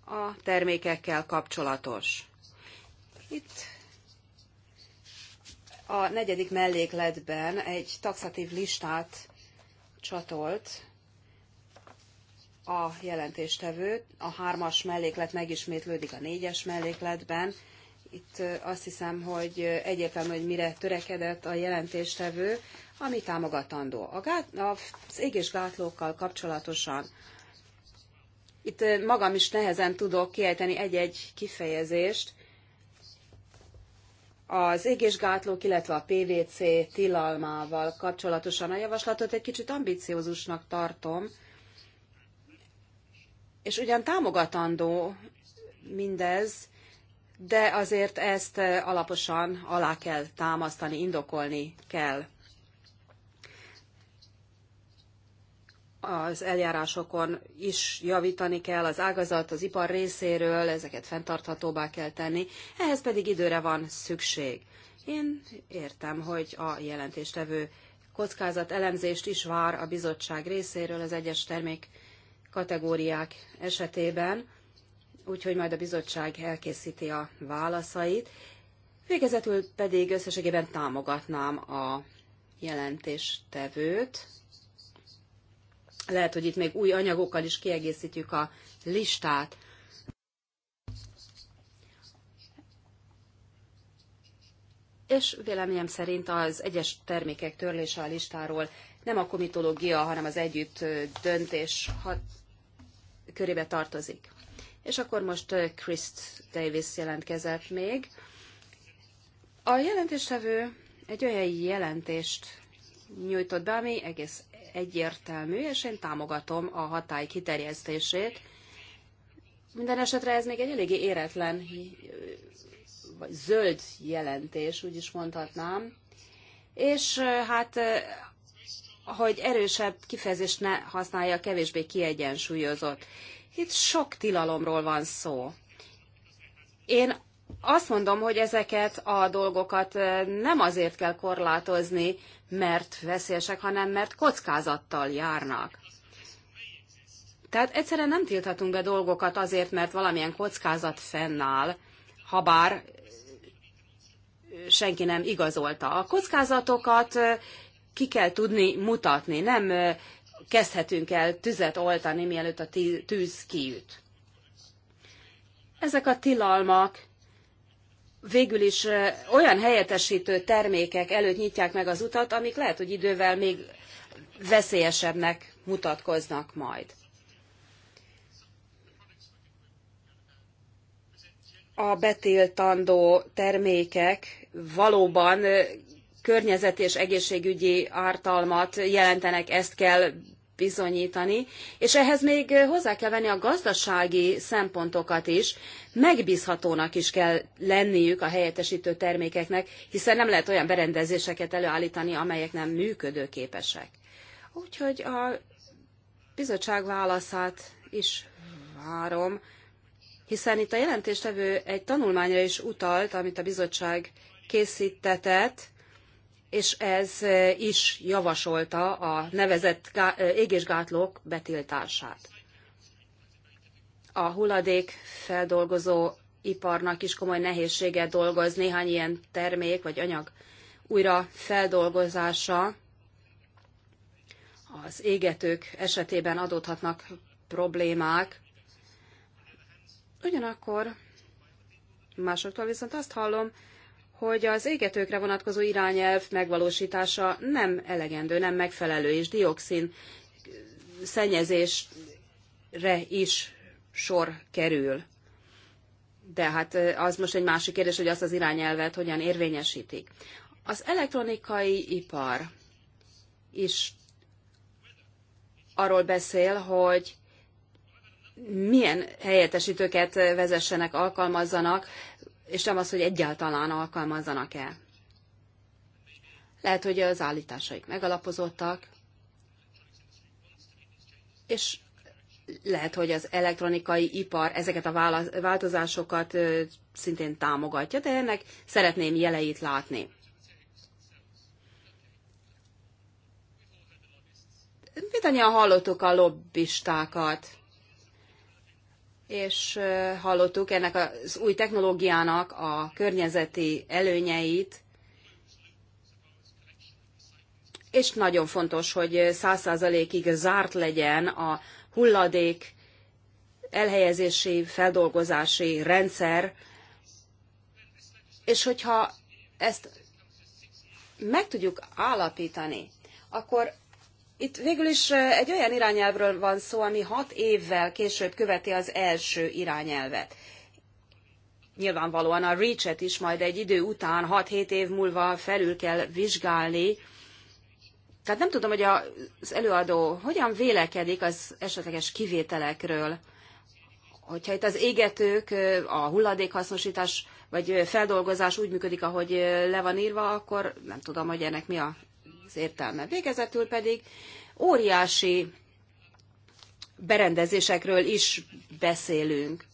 a termékekkel kapcsolatos. Itt a negyedik mellékletben egy taxatív listát csatolt a jelentéstevő. A hármas melléklet megismétlődik a négyes mellékletben. Itt azt hiszem, hogy egyértelmű, hogy mire törekedett a jelentéstevő, ami támogatandó. A gát, az égésgátlókkal kapcsolatosan itt eh, magam is nehezen tudok kiejteni egy-egy kifejezést. Az égésgátlók, illetve a PVC tilalmával kapcsolatosan a javaslatot egy kicsit ambiciózusnak tartom, és ugyan támogatandó mindez, de azért ezt eh, alaposan alá kell támasztani, indokolni kell. az eljárásokon is javítani kell, az ágazat, az ipar részéről, ezeket fenntarthatóbbá kell tenni, ehhez pedig időre van szükség. Én értem, hogy a jelentéstevő kockázat elemzést is vár a bizottság részéről az egyes termék kategóriák esetében, úgyhogy majd a bizottság elkészíti a válaszait. Végezetül pedig összességében támogatnám a jelentéstevőt, lehet, hogy itt még új anyagokkal is kiegészítjük a listát. És véleményem szerint az egyes termékek törlése a listáról nem a komitológia, hanem az együtt döntés hat körébe tartozik. És akkor most Chris Davis jelentkezett még. A jelentéstevő egy olyan jelentést nyújtott be, ami egész egyértelmű, és én támogatom a hatály kiterjesztését. Minden esetre ez még egy eléggé éretlen, vagy zöld jelentés, úgy is mondhatnám. És hát, hogy erősebb kifejezést ne használja, kevésbé kiegyensúlyozott. Itt sok tilalomról van szó. Én azt mondom, hogy ezeket a dolgokat eh, nem azért kell korlátozni, mert veszélyesek, hanem mert kockázattal járnak. Tehát egyszerűen nem tilthatunk be dolgokat azért, mert valamilyen kockázat fennáll, bár senki nem igazolta. A kockázatokat ki kell tudni mutatni, nem kezdhetünk el tüzet oltani, mielőtt a tűz kiüt. Ezek a tilalmak végül is olyan helyettesítő termékek előtt nyitják meg az utat, amik lehet, hogy idővel még veszélyesebbnek mutatkoznak majd. A betiltandó termékek valóban környezet és egészségügyi ártalmat jelentenek, ezt kell bizonyítani, és ehhez még eh, hozzá kell venni a gazdasági szempontokat is, megbízhatónak is kell lenniük a helyettesítő termékeknek, hiszen nem lehet olyan berendezéseket előállítani, amelyek nem működőképesek. Úgyhogy a bizottság válaszát is várom, hiszen itt a jelentéstevő egy tanulmányra is utalt, amit a bizottság készítetett, és ez eh, is javasolta a nevezett eh, égésgátlók betiltását. A hulladék feldolgozó iparnak is komoly nehézsége dolgoz néhány ilyen termék vagy anyag újra feldolgozása az égetők esetében adódhatnak problémák. Ugyanakkor másoktól viszont azt hallom, hogy az égetőkre vonatkozó irányelv megvalósítása nem elegendő, nem megfelelő, és dioxin szennyezésre is sor kerül. De hát eh, az most egy másik kérdés, hogy azt az irányelvet hogyan érvényesítik. Az elektronikai ipar is arról beszél, hogy milyen helyettesítőket vezessenek, alkalmazzanak, és nem az, hogy egyáltalán alkalmazzanak-e. Lehet, hogy az állításaik megalapozottak, és lehet, hogy az elektronikai ipar ezeket a változásokat szintén támogatja, de ennek szeretném jeleit látni. Mindannyian hallottuk a lobbistákat és hallottuk ennek az új technológiának a környezeti előnyeit, és nagyon fontos, hogy száz százalékig zárt legyen a hulladék elhelyezési, feldolgozási rendszer, és hogyha ezt meg tudjuk állapítani, akkor itt végül is egy olyan irányelvről van szó, ami hat évvel később követi az első irányelvet. Nyilvánvalóan a REACH-et is majd egy idő után, 6-7 év múlva felül kell vizsgálni. Tehát nem tudom, hogy az előadó hogyan vélekedik az esetleges kivételekről. Hogyha itt az égetők, a hulladékhasznosítás vagy feldolgozás úgy működik, ahogy le van írva, akkor nem tudom, hogy ennek mi a az értelme. Végezetül pedig óriási berendezésekről is beszélünk.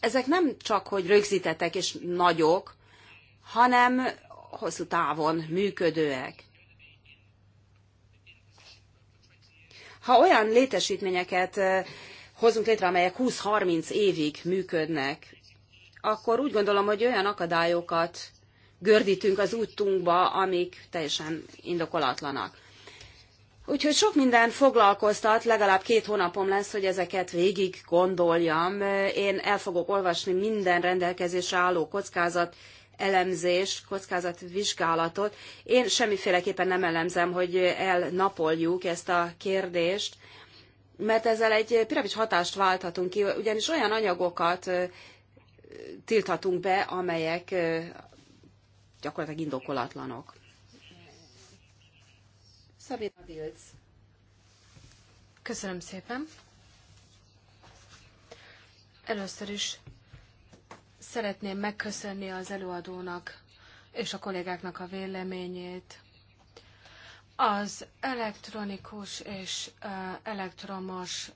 Ezek nem csak, hogy rögzítettek és nagyok, hanem hosszú távon működőek. Ha olyan létesítményeket eh, hozunk létre, amelyek 20-30 évig működnek, akkor úgy gondolom, hogy olyan akadályokat gördítünk az útunkba, amik teljesen indokolatlanak. Úgyhogy sok minden foglalkoztat, legalább két hónapom lesz, hogy ezeket végig gondoljam. Én el fogok olvasni minden rendelkezésre álló kockázat elemzést, kockázatvizsgálatot. Én semmiféleképpen nem elemzem, hogy elnapoljuk ezt a kérdést, mert ezzel egy piramis hatást válthatunk ki, ugyanis olyan anyagokat tilthatunk be, amelyek gyakorlatilag indokolatlanok. Szabina Bilc. Köszönöm szépen. Először is szeretném megköszönni az előadónak és a kollégáknak a véleményét. Az elektronikus és elektromos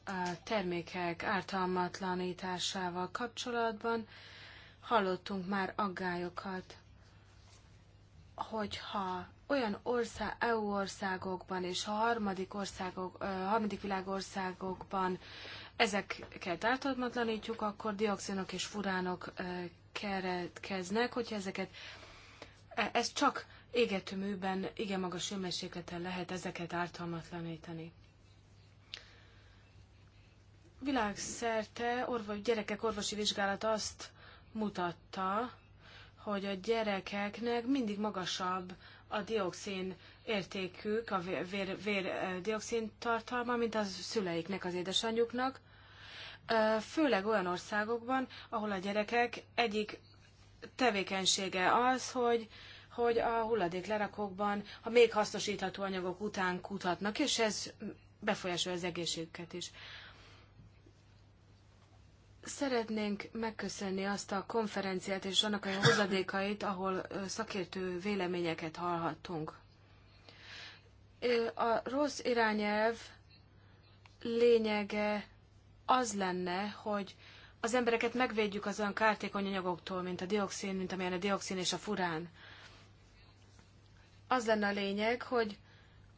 termékek ártalmatlanításával kapcsolatban hallottunk már aggályokat hogyha olyan ország, EU országokban és a harmadik, országok, harmadik világországokban ezeket ártatlanítjuk, akkor dioxinok és furánok keretkeznek, hogyha ezeket, e, ez csak égetőműben igen magas hőmérsékleten lehet ezeket ártalmatlanítani. Világszerte orvos, gyerekek orvosi vizsgálata azt mutatta, hogy a gyerekeknek mindig magasabb a dioxin értékük, a vér, vér, dioxin tartalma, mint a szüleiknek, az édesanyjuknak, főleg olyan országokban, ahol a gyerekek egyik tevékenysége az, hogy, hogy a hulladéklerakókban a még hasznosítható anyagok után kutatnak, és ez befolyásolja az egészségüket is. Szeretnénk megköszönni azt a konferenciát és annak a hozadékait, ahol szakértő véleményeket hallhattunk. A rossz irányelv lényege az lenne, hogy az embereket megvédjük az olyan kártékony anyagoktól, mint a dioxin, mint amilyen a dioxin és a furán. Az lenne a lényeg, hogy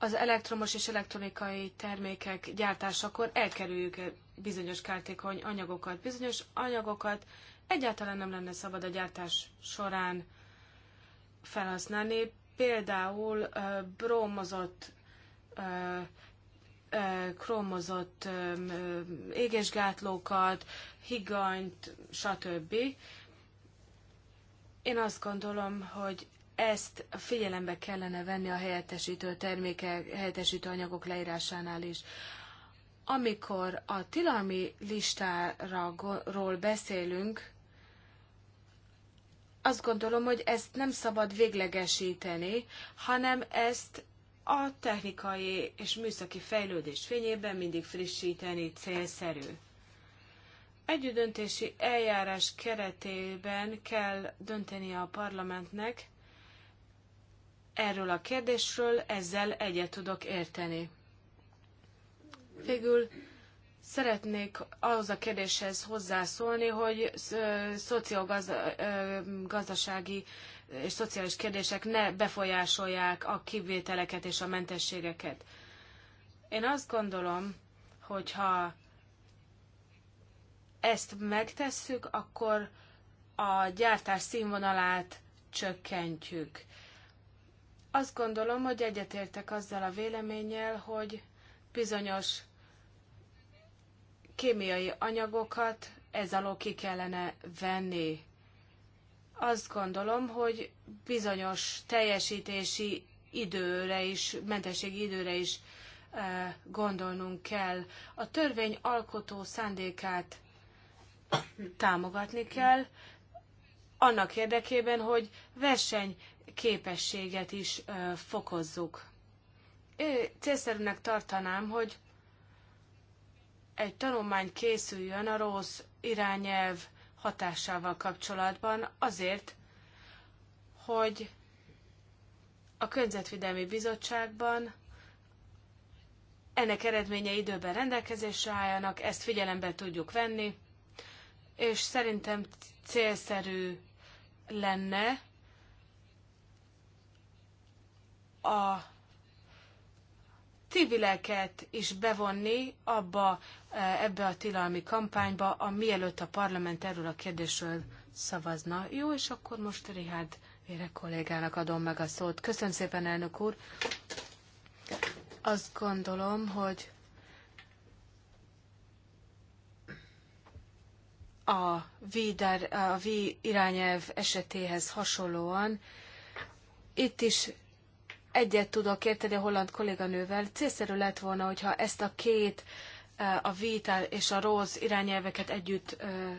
az elektromos és elektronikai termékek gyártásakor elkerüljük bizonyos kártékony anyagokat. Bizonyos anyagokat egyáltalán nem lenne szabad a gyártás során felhasználni. Például uh, brómozott, uh, uh, krómozott um, égésgátlókat, higanyt, stb. Én azt gondolom, hogy ezt figyelembe kellene venni a helyettesítő termékek, helyettesítő anyagok leírásánál is. Amikor a tilalmi listáról beszélünk, azt gondolom, hogy ezt nem szabad véglegesíteni, hanem ezt a technikai és műszaki fejlődés fényében mindig frissíteni célszerű. Együttdöntési eljárás keretében kell dönteni a parlamentnek, erről a kérdésről, ezzel egyet tudok érteni. Végül szeretnék ahhoz a kérdéshez hozzászólni, hogy szociogazdasági és szociális kérdések ne befolyásolják a kivételeket és a mentességeket. Én azt gondolom, hogyha ezt megtesszük, akkor a gyártás színvonalát csökkentjük. Azt gondolom, hogy egyetértek azzal a véleménnyel, hogy bizonyos kémiai anyagokat ez alól ki kellene venni. Azt gondolom, hogy bizonyos teljesítési időre is, mentességi időre is e, gondolnunk kell. A törvény alkotó szándékát támogatni kell, annak érdekében, hogy verseny képességet is fokozzuk. Célszerűnek tartanám, hogy egy tanulmány készüljön a rossz irányelv hatásával kapcsolatban azért, hogy a Környezetvédelmi Bizottságban ennek eredménye időben rendelkezésre álljanak, ezt figyelembe tudjuk venni, és szerintem célszerű lenne a civileket is bevonni abba, e, ebbe a tilalmi kampányba, a mielőtt a parlament erről a kérdésről szavazna. Jó, és akkor most Rihád Vére kollégának adom meg a szót. Köszönöm szépen, elnök úr. Azt gondolom, hogy a V, a v irányelv esetéhez hasonlóan itt is egyet tudok érteni a holland kolléganővel. Célszerű lett volna, hogyha ezt a két, eh, a Vital és a róz irányelveket együtt eh,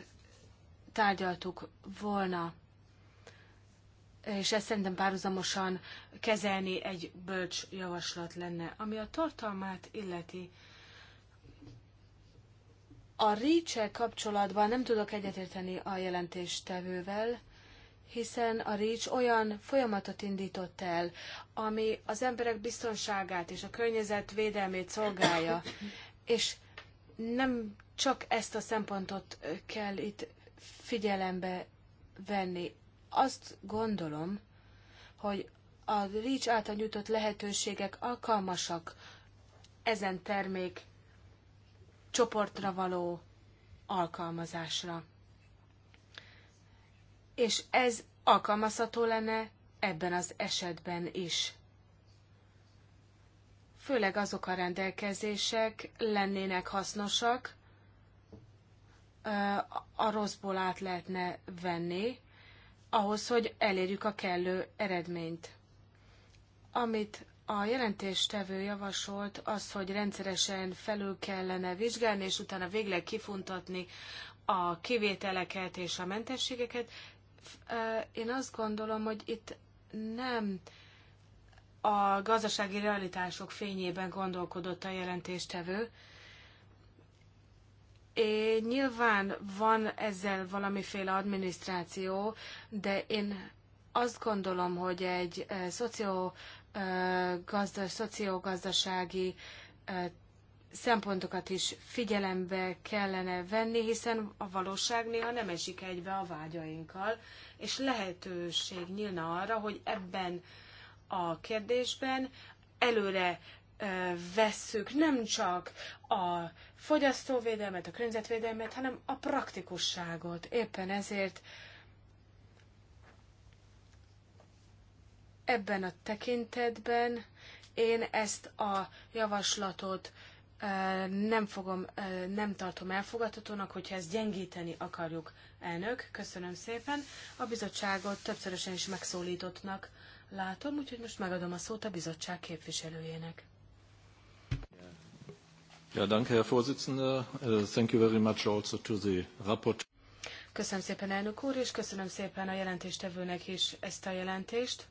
tárgyaltuk volna. És ezt szerintem párhuzamosan kezelni egy bölcs javaslat lenne. Ami a tartalmát illeti, a reach kapcsolatban nem tudok egyetérteni a jelentéstevővel, hiszen a Rics olyan folyamatot indított el, ami az emberek biztonságát és a környezet védelmét szolgálja, és nem csak ezt a szempontot kell itt figyelembe venni. Azt gondolom, hogy a Rics által nyújtott lehetőségek alkalmasak ezen termék csoportra való alkalmazásra és ez alkalmazható lenne ebben az esetben is. Főleg azok a rendelkezések lennének hasznosak, a rosszból át lehetne venni, ahhoz, hogy elérjük a kellő eredményt. Amit a jelentéstevő javasolt, az, hogy rendszeresen felül kellene vizsgálni, és utána végleg kifuntatni a kivételeket és a mentességeket, én azt gondolom, hogy itt nem a gazdasági realitások fényében gondolkodott a jelentéstevő. É, nyilván van ezzel valamiféle adminisztráció, de én azt gondolom, hogy egy szociogazdasági szempontokat is figyelembe kellene venni, hiszen a valóság néha nem esik egybe a vágyainkkal, és lehetőség nyílna arra, hogy ebben a kérdésben előre vesszük nem csak a fogyasztóvédelmet, a környezetvédelmet, hanem a praktikusságot. Éppen ezért ebben a tekintetben én ezt a javaslatot nem fogom, nem tartom elfogadhatónak, hogyha ezt gyengíteni akarjuk. Elnök, köszönöm szépen. A bizottságot többszörösen is megszólítottnak látom, úgyhogy most megadom a szót a bizottság képviselőjének. Ja, danke, Herr Vorsitzender. Äh, thank you very much also to the rapport. Köszönöm szépen, elnök úr, és köszönöm szépen a jelentéstevőnek is ezt a jelentést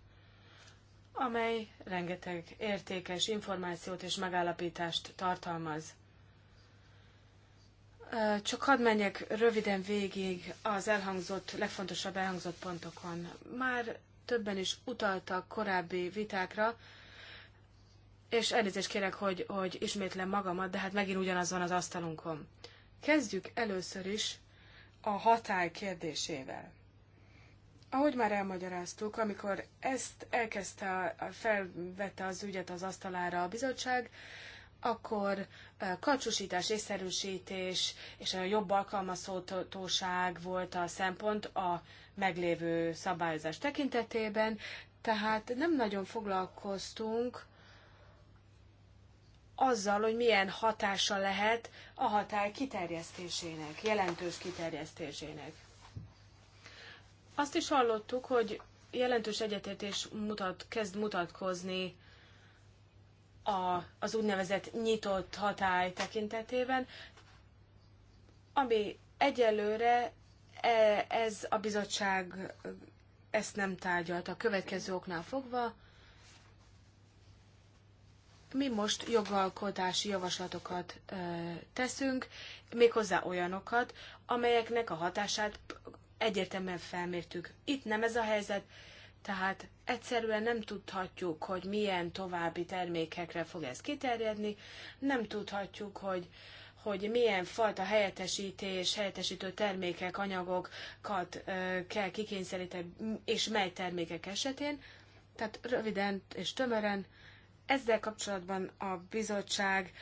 amely rengeteg értékes információt és megállapítást tartalmaz. Csak hadd menjek röviden végig az elhangzott, legfontosabb elhangzott pontokon. Már többen is utaltak korábbi vitákra, és elnézést kérek, hogy, hogy ismétlem magamat, de hát megint ugyanaz van az asztalunkon. Kezdjük először is a hatály kérdésével. Ahogy már elmagyaráztuk, amikor ezt elkezdte, felvette az ügyet az asztalára a bizottság, akkor és észszerűsítés és a jobb alkalmazhatóság volt a szempont a meglévő szabályozás tekintetében, tehát nem nagyon foglalkoztunk azzal, hogy milyen hatása lehet a hatály kiterjesztésének, jelentős kiterjesztésének. Azt is hallottuk, hogy jelentős egyetértés mutat, kezd mutatkozni a, az úgynevezett nyitott hatály tekintetében, ami egyelőre e, ez a bizottság ezt nem tárgyalta. A következő oknál fogva mi most jogalkotási javaslatokat ö, e, teszünk, méghozzá olyanokat, amelyeknek a hatását egyértelműen felmértük. Itt nem ez a helyzet, tehát egyszerűen nem tudhatjuk, hogy milyen további termékekre fog ez kiterjedni, nem tudhatjuk, hogy hogy milyen fajta helyettesítés, helyettesítő termékek, anyagokat ö, kell kikényszeríteni, és mely termékek esetén. Tehát röviden és tömören ezzel kapcsolatban a bizottság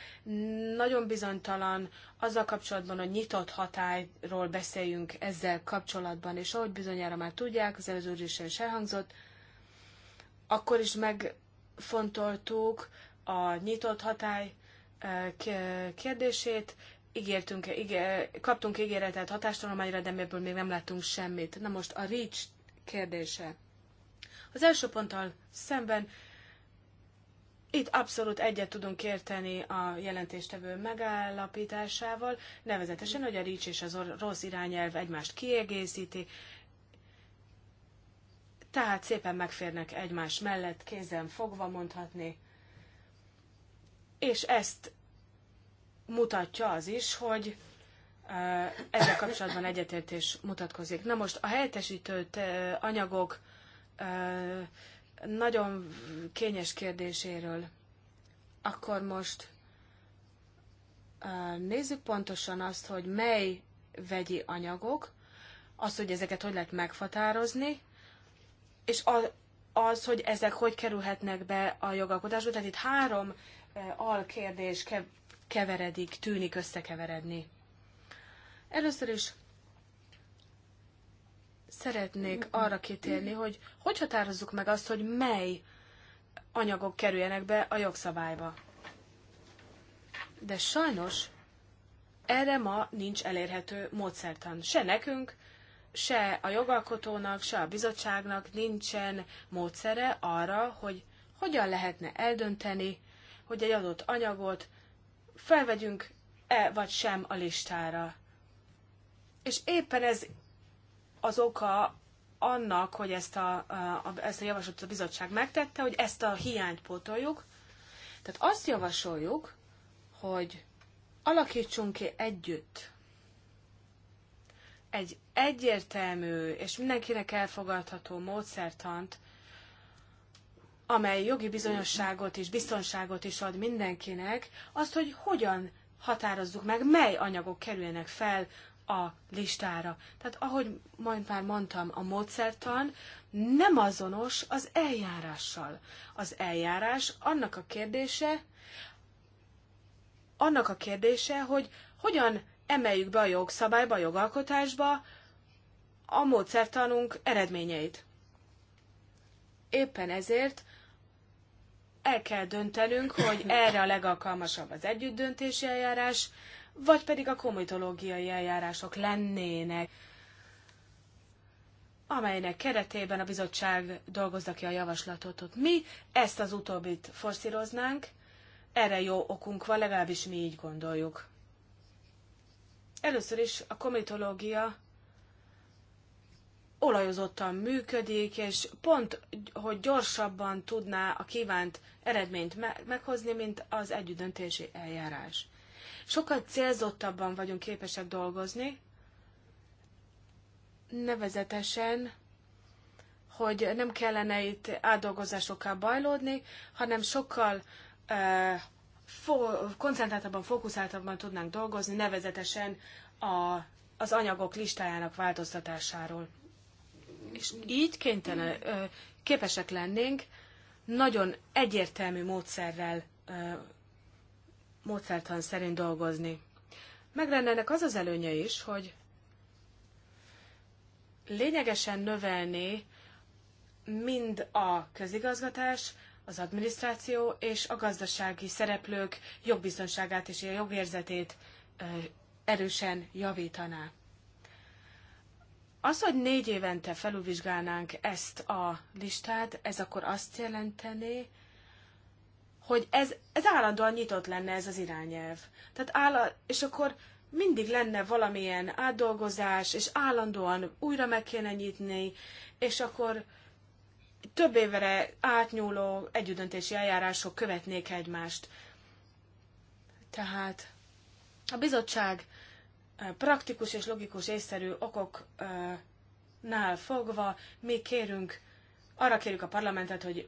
nagyon bizonytalan, azzal kapcsolatban, a nyitott hatályról beszéljünk ezzel kapcsolatban, és ahogy bizonyára már tudják, az előző is elhangzott, akkor is megfontoltuk a nyitott hatály eh, kérdését, ígértünk, ígér, kaptunk ígéretet hatástalományra, de ebből még nem láttunk semmit. Na most a REACH kérdése. Az első ponttal szemben itt abszolút egyet tudunk érteni a jelentéstevő megállapításával, nevezetesen, hogy a rics és az rossz irányelv egymást kiegészíti, tehát szépen megférnek egymás mellett, kézen fogva mondhatni. És ezt mutatja az is, hogy ezzel kapcsolatban egyetértés mutatkozik. Na most a helyettesítő anyagok nagyon kényes kérdéséről. Akkor most nézzük pontosan azt, hogy mely vegyi anyagok, az, hogy ezeket hogy lehet meghatározni, és az, hogy ezek hogy kerülhetnek be a jogalkotásba. Tehát itt három alkérdés keveredik, tűnik összekeveredni. Először is szeretnék arra kitérni, hogy hogy határozzuk meg azt, hogy mely anyagok kerüljenek be a jogszabályba. De sajnos erre ma nincs elérhető módszertan. Se nekünk, se a jogalkotónak, se a bizottságnak nincsen módszere arra, hogy hogyan lehetne eldönteni, hogy egy adott anyagot felvegyünk-e vagy sem a listára. És éppen ez az oka annak, hogy ezt a, a, ezt a javaslatot a bizottság megtette, hogy ezt a hiányt pótoljuk. Tehát azt javasoljuk, hogy alakítsunk ki együtt egy egyértelmű és mindenkinek elfogadható módszertant, amely jogi bizonyosságot és biztonságot is ad mindenkinek, azt, hogy hogyan határozzuk meg, mely anyagok kerülnek fel a listára. Tehát ahogy majd már mondtam, a módszertan nem azonos az eljárással. Az eljárás annak a kérdése, annak a kérdése, hogy hogyan emeljük be a jogszabályba, a jogalkotásba a módszertanunk eredményeit. Éppen ezért el kell döntenünk, hogy erre a legalkalmasabb az együttdöntési eljárás, vagy pedig a komitológiai eljárások lennének, amelynek keretében a bizottság dolgozza ki a javaslatot. Mi ezt az utóbbit forszíroznánk, erre jó okunk van, legalábbis mi így gondoljuk. Először is a komitológia olajozottan működik, és pont, hogy gyorsabban tudná a kívánt eredményt meghozni, mint az együttdöntési eljárás sokkal célzottabban vagyunk képesek dolgozni, nevezetesen, hogy nem kellene itt átdolgozásokkal bajlódni, hanem sokkal uh, fo- koncentráltabban, fókuszáltabban tudnánk dolgozni, nevezetesen a, az anyagok listájának változtatásáról. És így kénytelen, uh, képesek lennénk nagyon egyértelmű módszerrel uh, módszertan szerint dolgozni. Meg lenne ennek az az előnye is, hogy lényegesen növelni mind a közigazgatás, az adminisztráció és a gazdasági szereplők jogbiztonságát és a jogérzetét erősen javítaná. Az, hogy négy évente felülvizsgálnánk ezt a listát, ez akkor azt jelenteni, hogy ez, ez állandóan nyitott lenne ez az irányelv. Tehát áll, és akkor mindig lenne valamilyen átdolgozás, és állandóan újra meg kéne nyitni, és akkor több évre átnyúló együttdöntési eljárások követnék egymást. Tehát a bizottság praktikus és logikus észszerű okoknál fogva mi kérünk arra kérjük a parlamentet, hogy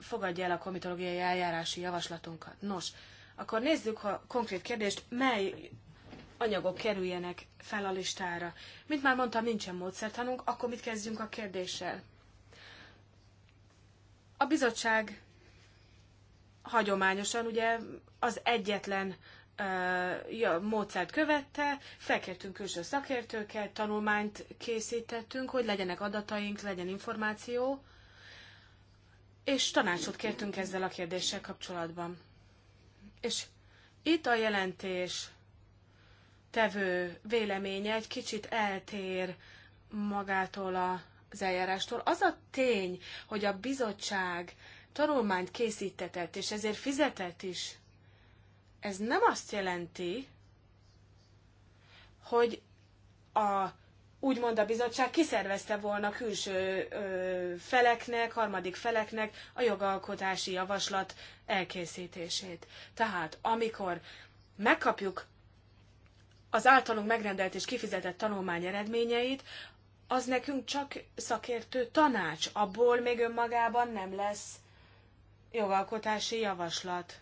fogadja el a komitológiai eljárási javaslatunkat. Nos, akkor nézzük a konkrét kérdést, mely anyagok kerüljenek fel a listára. Mint már mondtam, nincsen módszertanunk, akkor mit kezdjünk a kérdéssel? A bizottság hagyományosan ugye az egyetlen ja, módszert követte, felkértünk külső szakértőket, tanulmányt készítettünk, hogy legyenek adataink, legyen információ, és tanácsot kértünk ezzel a kérdéssel kapcsolatban. És itt a jelentés tevő véleménye egy kicsit eltér magától a, az eljárástól. Az a tény, hogy a bizottság tanulmányt készítetett, és ezért fizetett is ez nem azt jelenti, hogy a úgymond a bizottság kiszervezte volna külső ö, feleknek, harmadik feleknek a jogalkotási javaslat elkészítését. Tehát amikor megkapjuk az általunk megrendelt és kifizetett tanulmány eredményeit, az nekünk csak szakértő tanács, abból még önmagában nem lesz jogalkotási javaslat.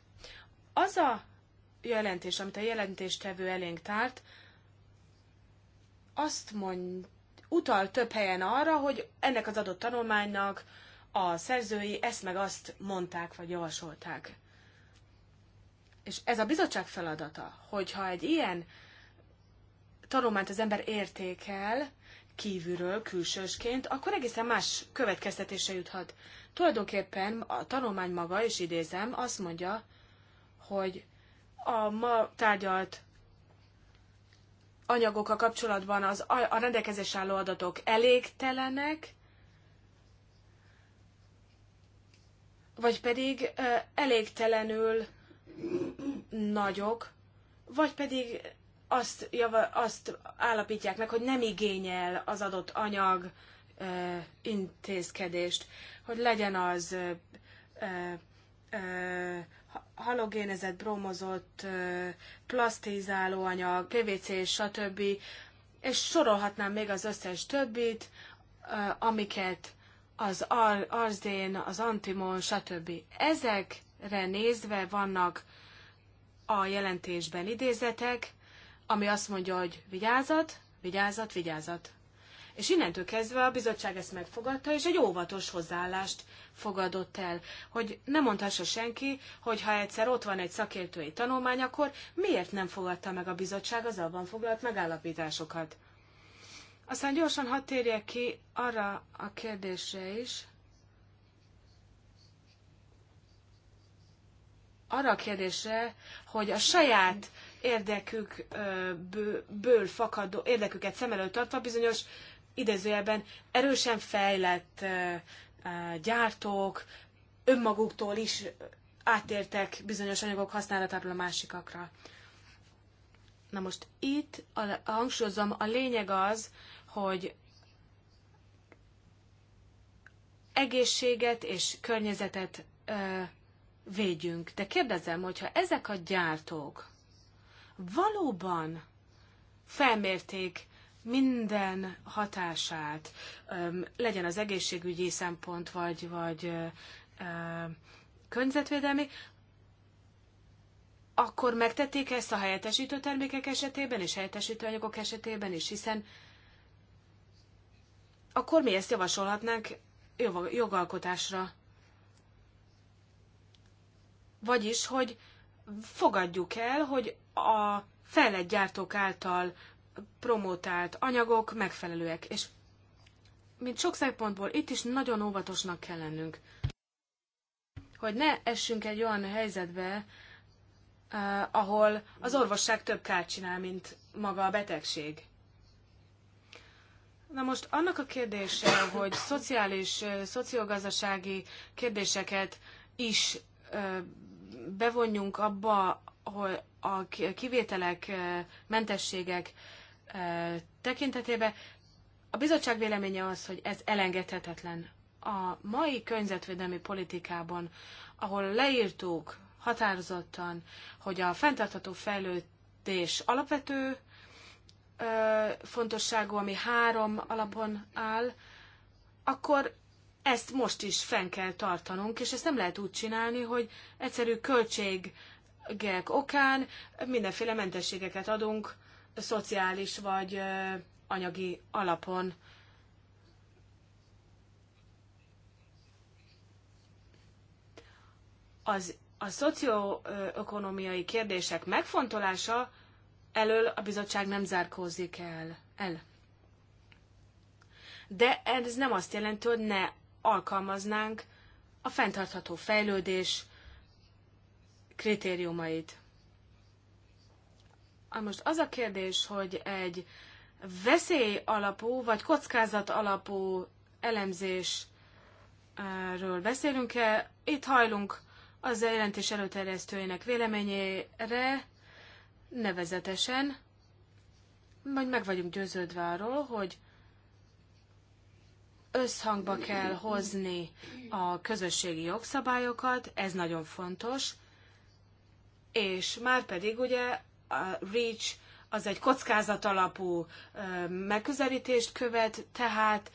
Az a jelentés, amit a jelentéstevő elénk tárt, azt mond, utal több helyen arra, hogy ennek az adott tanulmánynak a szerzői ezt meg azt mondták, vagy javasolták. És ez a bizottság feladata, hogyha egy ilyen tanulmányt az ember értékel kívülről, külsősként, akkor egészen más következtetése juthat. Tulajdonképpen a tanulmány maga, és idézem, azt mondja, hogy a ma tárgyalt anyagokkal kapcsolatban az, a rendelkezés álló adatok elégtelenek, vagy pedig elégtelenül nagyok, vagy pedig azt, java, azt állapítják meg, hogy nem igényel az adott anyag ö, intézkedést, hogy legyen az ö, ö, halogénezett, bromozott, plastizáló anyag, PVC, stb. És sorolhatnám még az összes többit, amiket az ar- arzén, az antimon, stb. Ezekre nézve vannak a jelentésben idézetek, ami azt mondja, hogy vigyázat, vigyázat, vigyázat. És innentől kezdve a bizottság ezt megfogadta, és egy óvatos hozzáállást fogadott el. Hogy ne mondhassa senki, hogy ha egyszer ott van egy szakértői tanulmány, akkor miért nem fogadta meg a bizottság az abban foglalt megállapításokat? Aztán gyorsan hadd térjek ki arra a kérdésre is, arra a kérdésre, hogy a saját érdekükből fakadó, érdeküket szem előtt tartva bizonyos idézőjelben erősen fejlett gyártók önmaguktól is átértek bizonyos anyagok használatáról a másikakra. Na most itt a, a hangsúlyozom, a lényeg az, hogy egészséget és környezetet ö, védjünk. De kérdezem, hogyha ezek a gyártók valóban felmérték minden hatását, legyen az egészségügyi szempont, vagy, vagy környezetvédelmi, akkor megtették ezt a helyettesítő termékek esetében és helyettesítő anyagok esetében is, hiszen akkor mi ezt javasolhatnánk jogalkotásra. Vagyis, hogy fogadjuk el, hogy a fejlett gyártók által promotált anyagok megfelelőek, és mint sok szempontból itt is nagyon óvatosnak kell lennünk, hogy ne essünk egy olyan helyzetbe, uh, ahol az orvosság több kárt csinál, mint maga a betegség. Na most annak a kérdése, hogy szociális, eh, szociogazdasági kérdéseket is uh, bevonjunk abba, hogy a kivételek, mentességek tekintetében. A bizottság véleménye az, hogy ez elengedhetetlen. A mai környezetvédelmi politikában, ahol leírtuk határozottan, hogy a fenntartható fejlődés alapvető ö, fontosságú, ami három alapon áll, akkor ezt most is fenn kell tartanunk, és ezt nem lehet úgy csinálni, hogy egyszerű költségek okán mindenféle mentességeket adunk szociális vagy anyagi alapon. Az, a szocioökonomiai kérdések megfontolása elől a bizottság nem zárkózik el. el. De ez nem azt jelenti, hogy ne alkalmaznánk a fenntartható fejlődés kritériumait. Most az a kérdés, hogy egy veszély alapú vagy kockázat alapú elemzésről beszélünk-e? Itt hajlunk az jelentés előterjesztőjének véleményére, nevezetesen, vagy meg vagyunk győződve arról, hogy összhangba kell hozni a közösségi jogszabályokat, ez nagyon fontos, és már pedig ugye a REACH az egy alapú megközelítést követ, tehát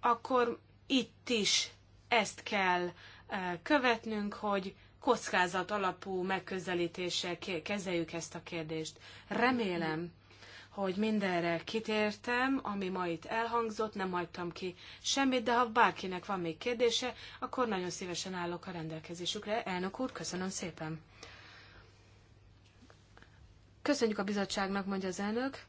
akkor itt is ezt kell követnünk, hogy kockázat alapú megközelítéssel kezeljük ezt a kérdést. Remélem, hogy mindenre kitértem, ami ma itt elhangzott, nem hagytam ki semmit, de ha bárkinek van még kérdése, akkor nagyon szívesen állok a rendelkezésükre. Elnök úr, köszönöm szépen! Köszönjük a bizottságnak, mondja az elnök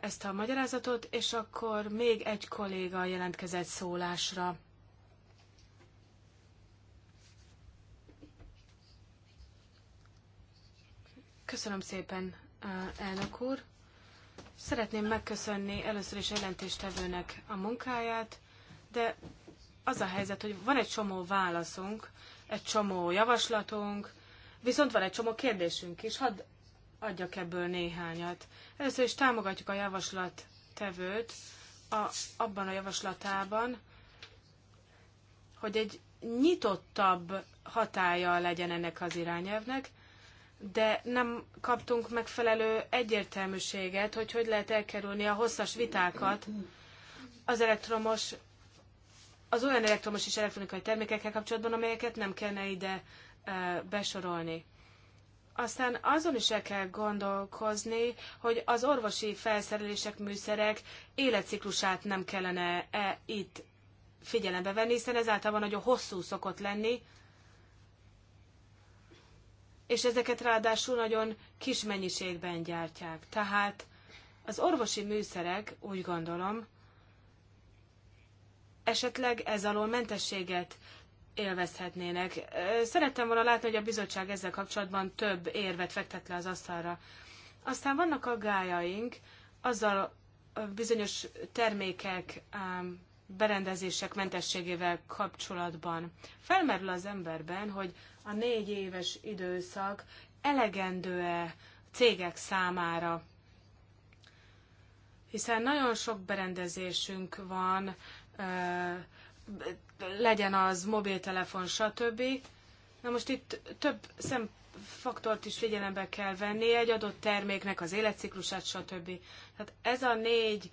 ezt a magyarázatot, és akkor még egy kolléga jelentkezett szólásra. Köszönöm szépen, elnök úr. Szeretném megköszönni először is jelentéstevőnek a munkáját, de az a helyzet, hogy van egy csomó válaszunk, egy csomó javaslatunk, viszont van egy csomó kérdésünk is. Hadd adjak ebből néhányat. Először is támogatjuk a javaslat tevőt a, abban a javaslatában, hogy egy nyitottabb hatája legyen ennek az irányelvnek, de nem kaptunk megfelelő egyértelműséget, hogy hogy lehet elkerülni a hosszas vitákat az elektromos, az olyan elektromos és elektronikai termékekkel kapcsolatban, amelyeket nem kellene ide eh, besorolni. Aztán azon is el kell gondolkozni, hogy az orvosi felszerelések, műszerek életciklusát nem kellene -e itt figyelembe venni, hiszen ez általában nagyon hosszú szokott lenni, és ezeket ráadásul nagyon kis mennyiségben gyártják. Tehát az orvosi műszerek, úgy gondolom, esetleg ez alól mentességet élvezhetnének. Szerettem volna látni, hogy a bizottság ezzel kapcsolatban több érvet fektet le az asztalra. Aztán vannak aggájaink azzal a bizonyos termékek, berendezések mentességével kapcsolatban. Felmerül az emberben, hogy a négy éves időszak elegendő-e cégek számára, hiszen nagyon sok berendezésünk van, legyen az mobiltelefon, stb. Na most itt több szemfaktort is figyelembe kell venni, egy adott terméknek az életciklusát, stb. Tehát ez a négy,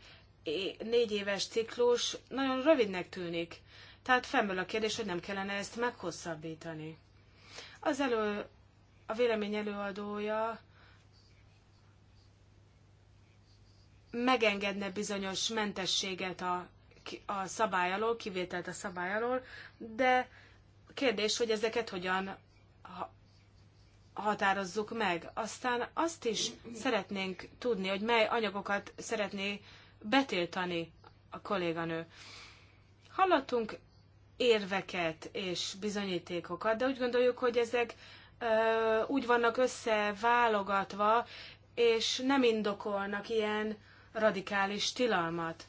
négy éves ciklus nagyon rövidnek tűnik. Tehát felmerül a kérdés, hogy nem kellene ezt meghosszabbítani. Az elő, a vélemény előadója megengedne bizonyos mentességet a a szabály alól, kivételt a szabály alól, de kérdés, hogy ezeket hogyan határozzuk meg. Aztán azt is szeretnénk tudni, hogy mely anyagokat szeretné betiltani a kolléganő. Hallottunk érveket és bizonyítékokat, de úgy gondoljuk, hogy ezek ö, úgy vannak összeválogatva, és nem indokolnak ilyen radikális tilalmat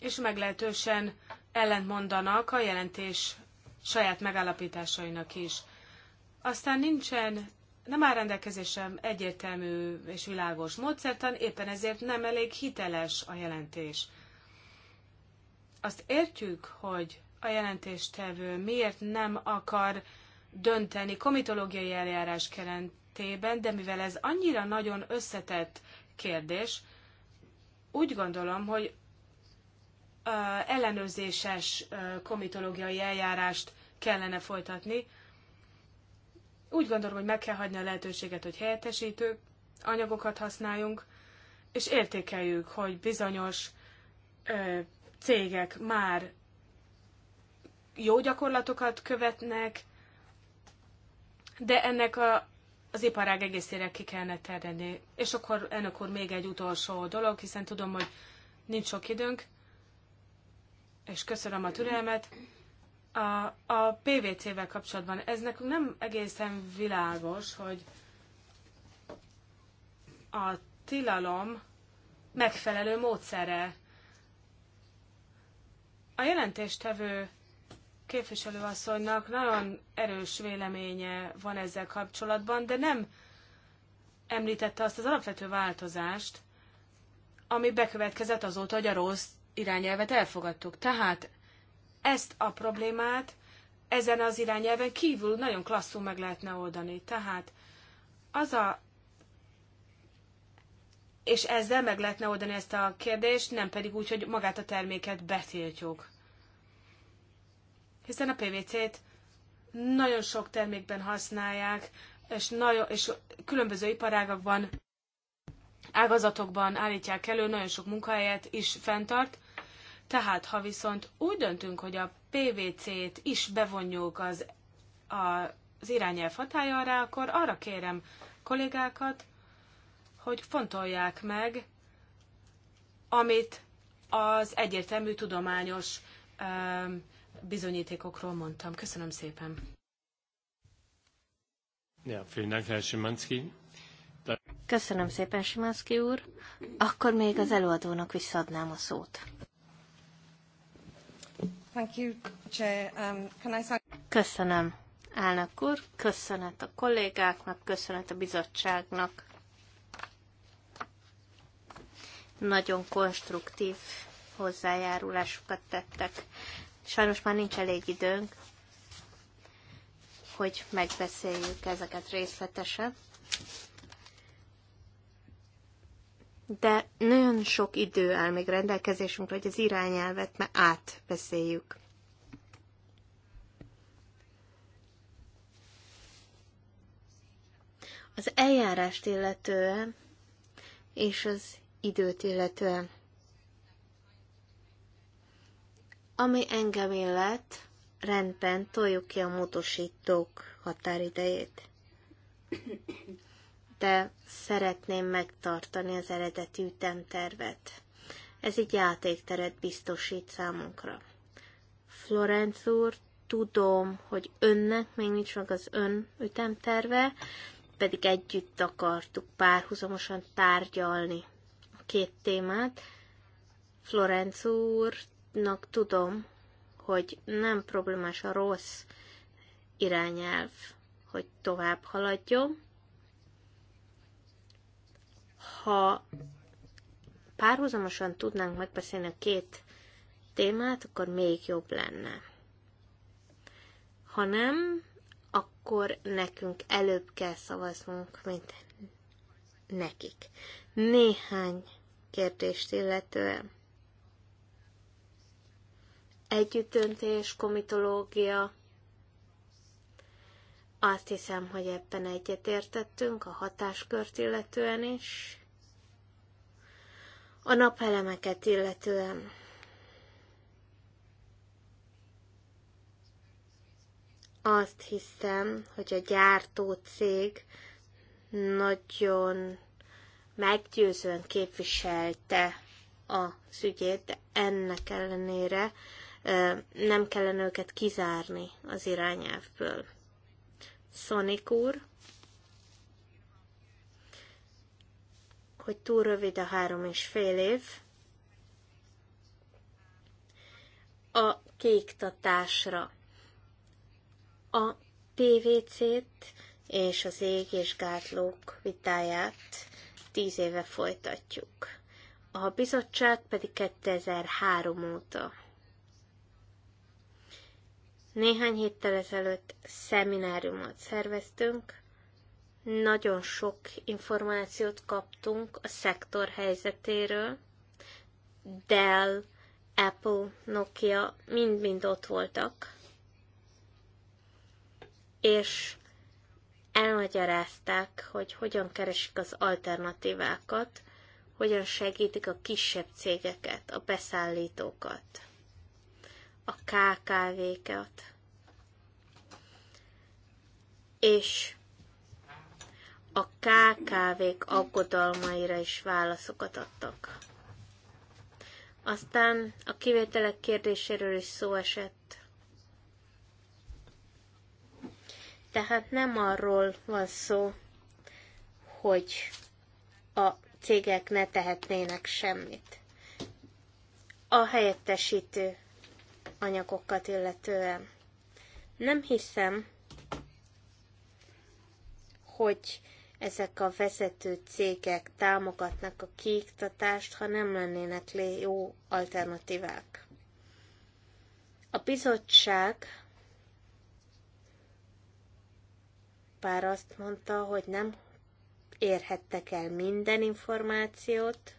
és meglehetősen ellentmondanak a jelentés saját megállapításainak is. Aztán nincsen, nem áll rendelkezésem egyértelmű és világos módszertan, éppen ezért nem elég hiteles a jelentés. Azt értjük, hogy a jelentéstevő miért nem akar dönteni komitológiai eljárás keretében, de mivel ez annyira nagyon összetett kérdés, úgy gondolom, hogy ellenőrzéses komitológiai eljárást kellene folytatni. Úgy gondolom, hogy meg kell hagyni a lehetőséget, hogy helyettesítő anyagokat használjunk, és értékeljük, hogy bizonyos ö, cégek már jó gyakorlatokat követnek, de ennek a, az iparág egészére ki kellene terjedni. És akkor ennek úr még egy utolsó dolog, hiszen tudom, hogy nincs sok időnk és köszönöm a türelmet. A, a PVC-vel kapcsolatban ez nekünk nem egészen világos, hogy a tilalom megfelelő módszere. A jelentéstevő képviselőasszonynak nagyon erős véleménye van ezzel kapcsolatban, de nem említette azt az alapvető változást, ami bekövetkezett azóta, hogy a rossz irányelvet elfogadtuk. Tehát ezt a problémát ezen az irányelven kívül nagyon klasszul meg lehetne oldani. Tehát az a és ezzel meg lehetne oldani ezt a kérdést, nem pedig úgy, hogy magát a terméket betiltjuk. Hiszen a PVC-t nagyon sok termékben használják, és, nagyon, és különböző iparágakban ágazatokban állítják elő, nagyon sok munkahelyet is fenntart. Tehát, ha viszont úgy döntünk, hogy a PVC-t is bevonjuk az, a, az irányelv hatájára, akkor arra kérem kollégákat, hogy fontolják meg, amit az egyértelmű tudományos ö, bizonyítékokról mondtam. Köszönöm szépen. Ja, vielen Dank, Herr Szymanski. Köszönöm szépen, Simanszki úr. Akkor még az előadónak visszaadnám a szót. Thank you, Chair. Um, can I... Köszönöm, elnök úr. Köszönet a kollégáknak, köszönet a bizottságnak. Nagyon konstruktív hozzájárulásukat tettek. Sajnos már nincs elég időnk, hogy megbeszéljük ezeket részletesen de nagyon sok idő áll még rendelkezésünkre, hogy az irányelvet már átbeszéljük. Az eljárást illetően és az időt illetően. Ami engem illet, rendben toljuk ki a módosítók határidejét de szeretném megtartani az eredeti ütemtervet. Ez egy játékteret biztosít számunkra. Florenc úr, tudom, hogy önnek még nincs meg az ön ütemterve, pedig együtt akartuk párhuzamosan tárgyalni a két témát. Florenc úrnak tudom, hogy nem problémás a rossz irányelv, hogy tovább haladjon, ha párhuzamosan tudnánk megbeszélni a két témát, akkor még jobb lenne. Ha nem, akkor nekünk előbb kell szavaznunk, mint nekik. Néhány kérdést illetően. Együttöntés, komitológia, azt hiszem, hogy ebben egyetértettünk a hatáskört illetően is. A napelemeket illetően. Azt hiszem, hogy a gyártó cég nagyon meggyőzően képviselte a ügyét, de ennek ellenére nem kellene őket kizárni az irányelvből. Sonic úr, hogy túl rövid a három és fél év. A kéktatásra a PVC-t és az ég és gátlók vitáját tíz éve folytatjuk. A bizottság pedig 2003 óta néhány héttel ezelőtt szemináriumot szerveztünk, nagyon sok információt kaptunk a szektor helyzetéről. Dell, Apple, Nokia mind-mind ott voltak, és elmagyarázták, hogy hogyan keresik az alternatívákat, hogyan segítik a kisebb cégeket, a beszállítókat a KKV-ket. És a KKV-k aggodalmaira is válaszokat adtak. Aztán a kivételek kérdéséről is szó esett. Tehát nem arról van szó, hogy a cégek ne tehetnének semmit. A helyettesítő anyagokat illetően. Nem hiszem, hogy ezek a vezető cégek támogatnak a kiiktatást, ha nem lennének lé jó alternatívák. A bizottság pár azt mondta, hogy nem érhettek el minden információt,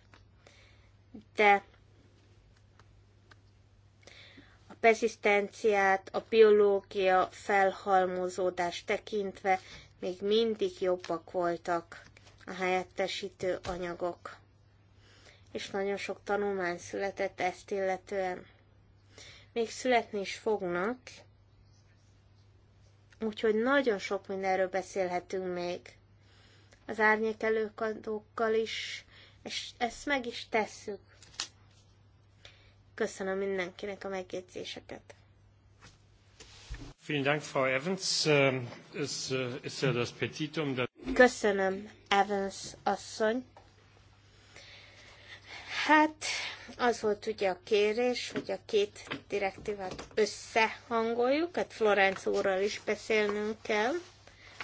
de perszisztenciát, a biológia felhalmozódást tekintve még mindig jobbak voltak a helyettesítő anyagok. És nagyon sok tanulmány született ezt illetően. Még születni is fognak, úgyhogy nagyon sok mindenről beszélhetünk még. Az árnyékelőkadókkal is, és ezt meg is tesszük. Köszönöm mindenkinek a megjegyzéseket. Evans. Ähm, äh, Petitum, Köszönöm, Evans asszony. Hát, az volt ugye a kérés, hogy a két direktívát összehangoljuk, hát Florence úrral is beszélnünk kell,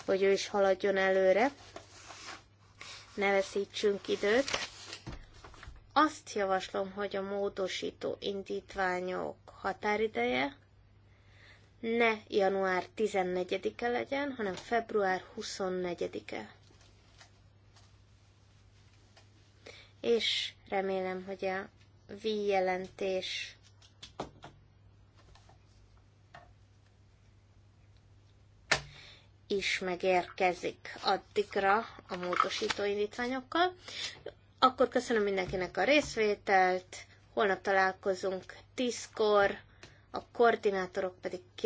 hogy ő is haladjon előre, ne veszítsünk időt. Azt javaslom, hogy a módosító indítványok határideje ne január 14-e legyen, hanem február 24-e. És remélem, hogy a víjjelentés is megérkezik addigra a módosító indítványokkal. Akkor köszönöm mindenkinek a részvételt, holnap találkozunk 10-kor, a koordinátorok pedig 9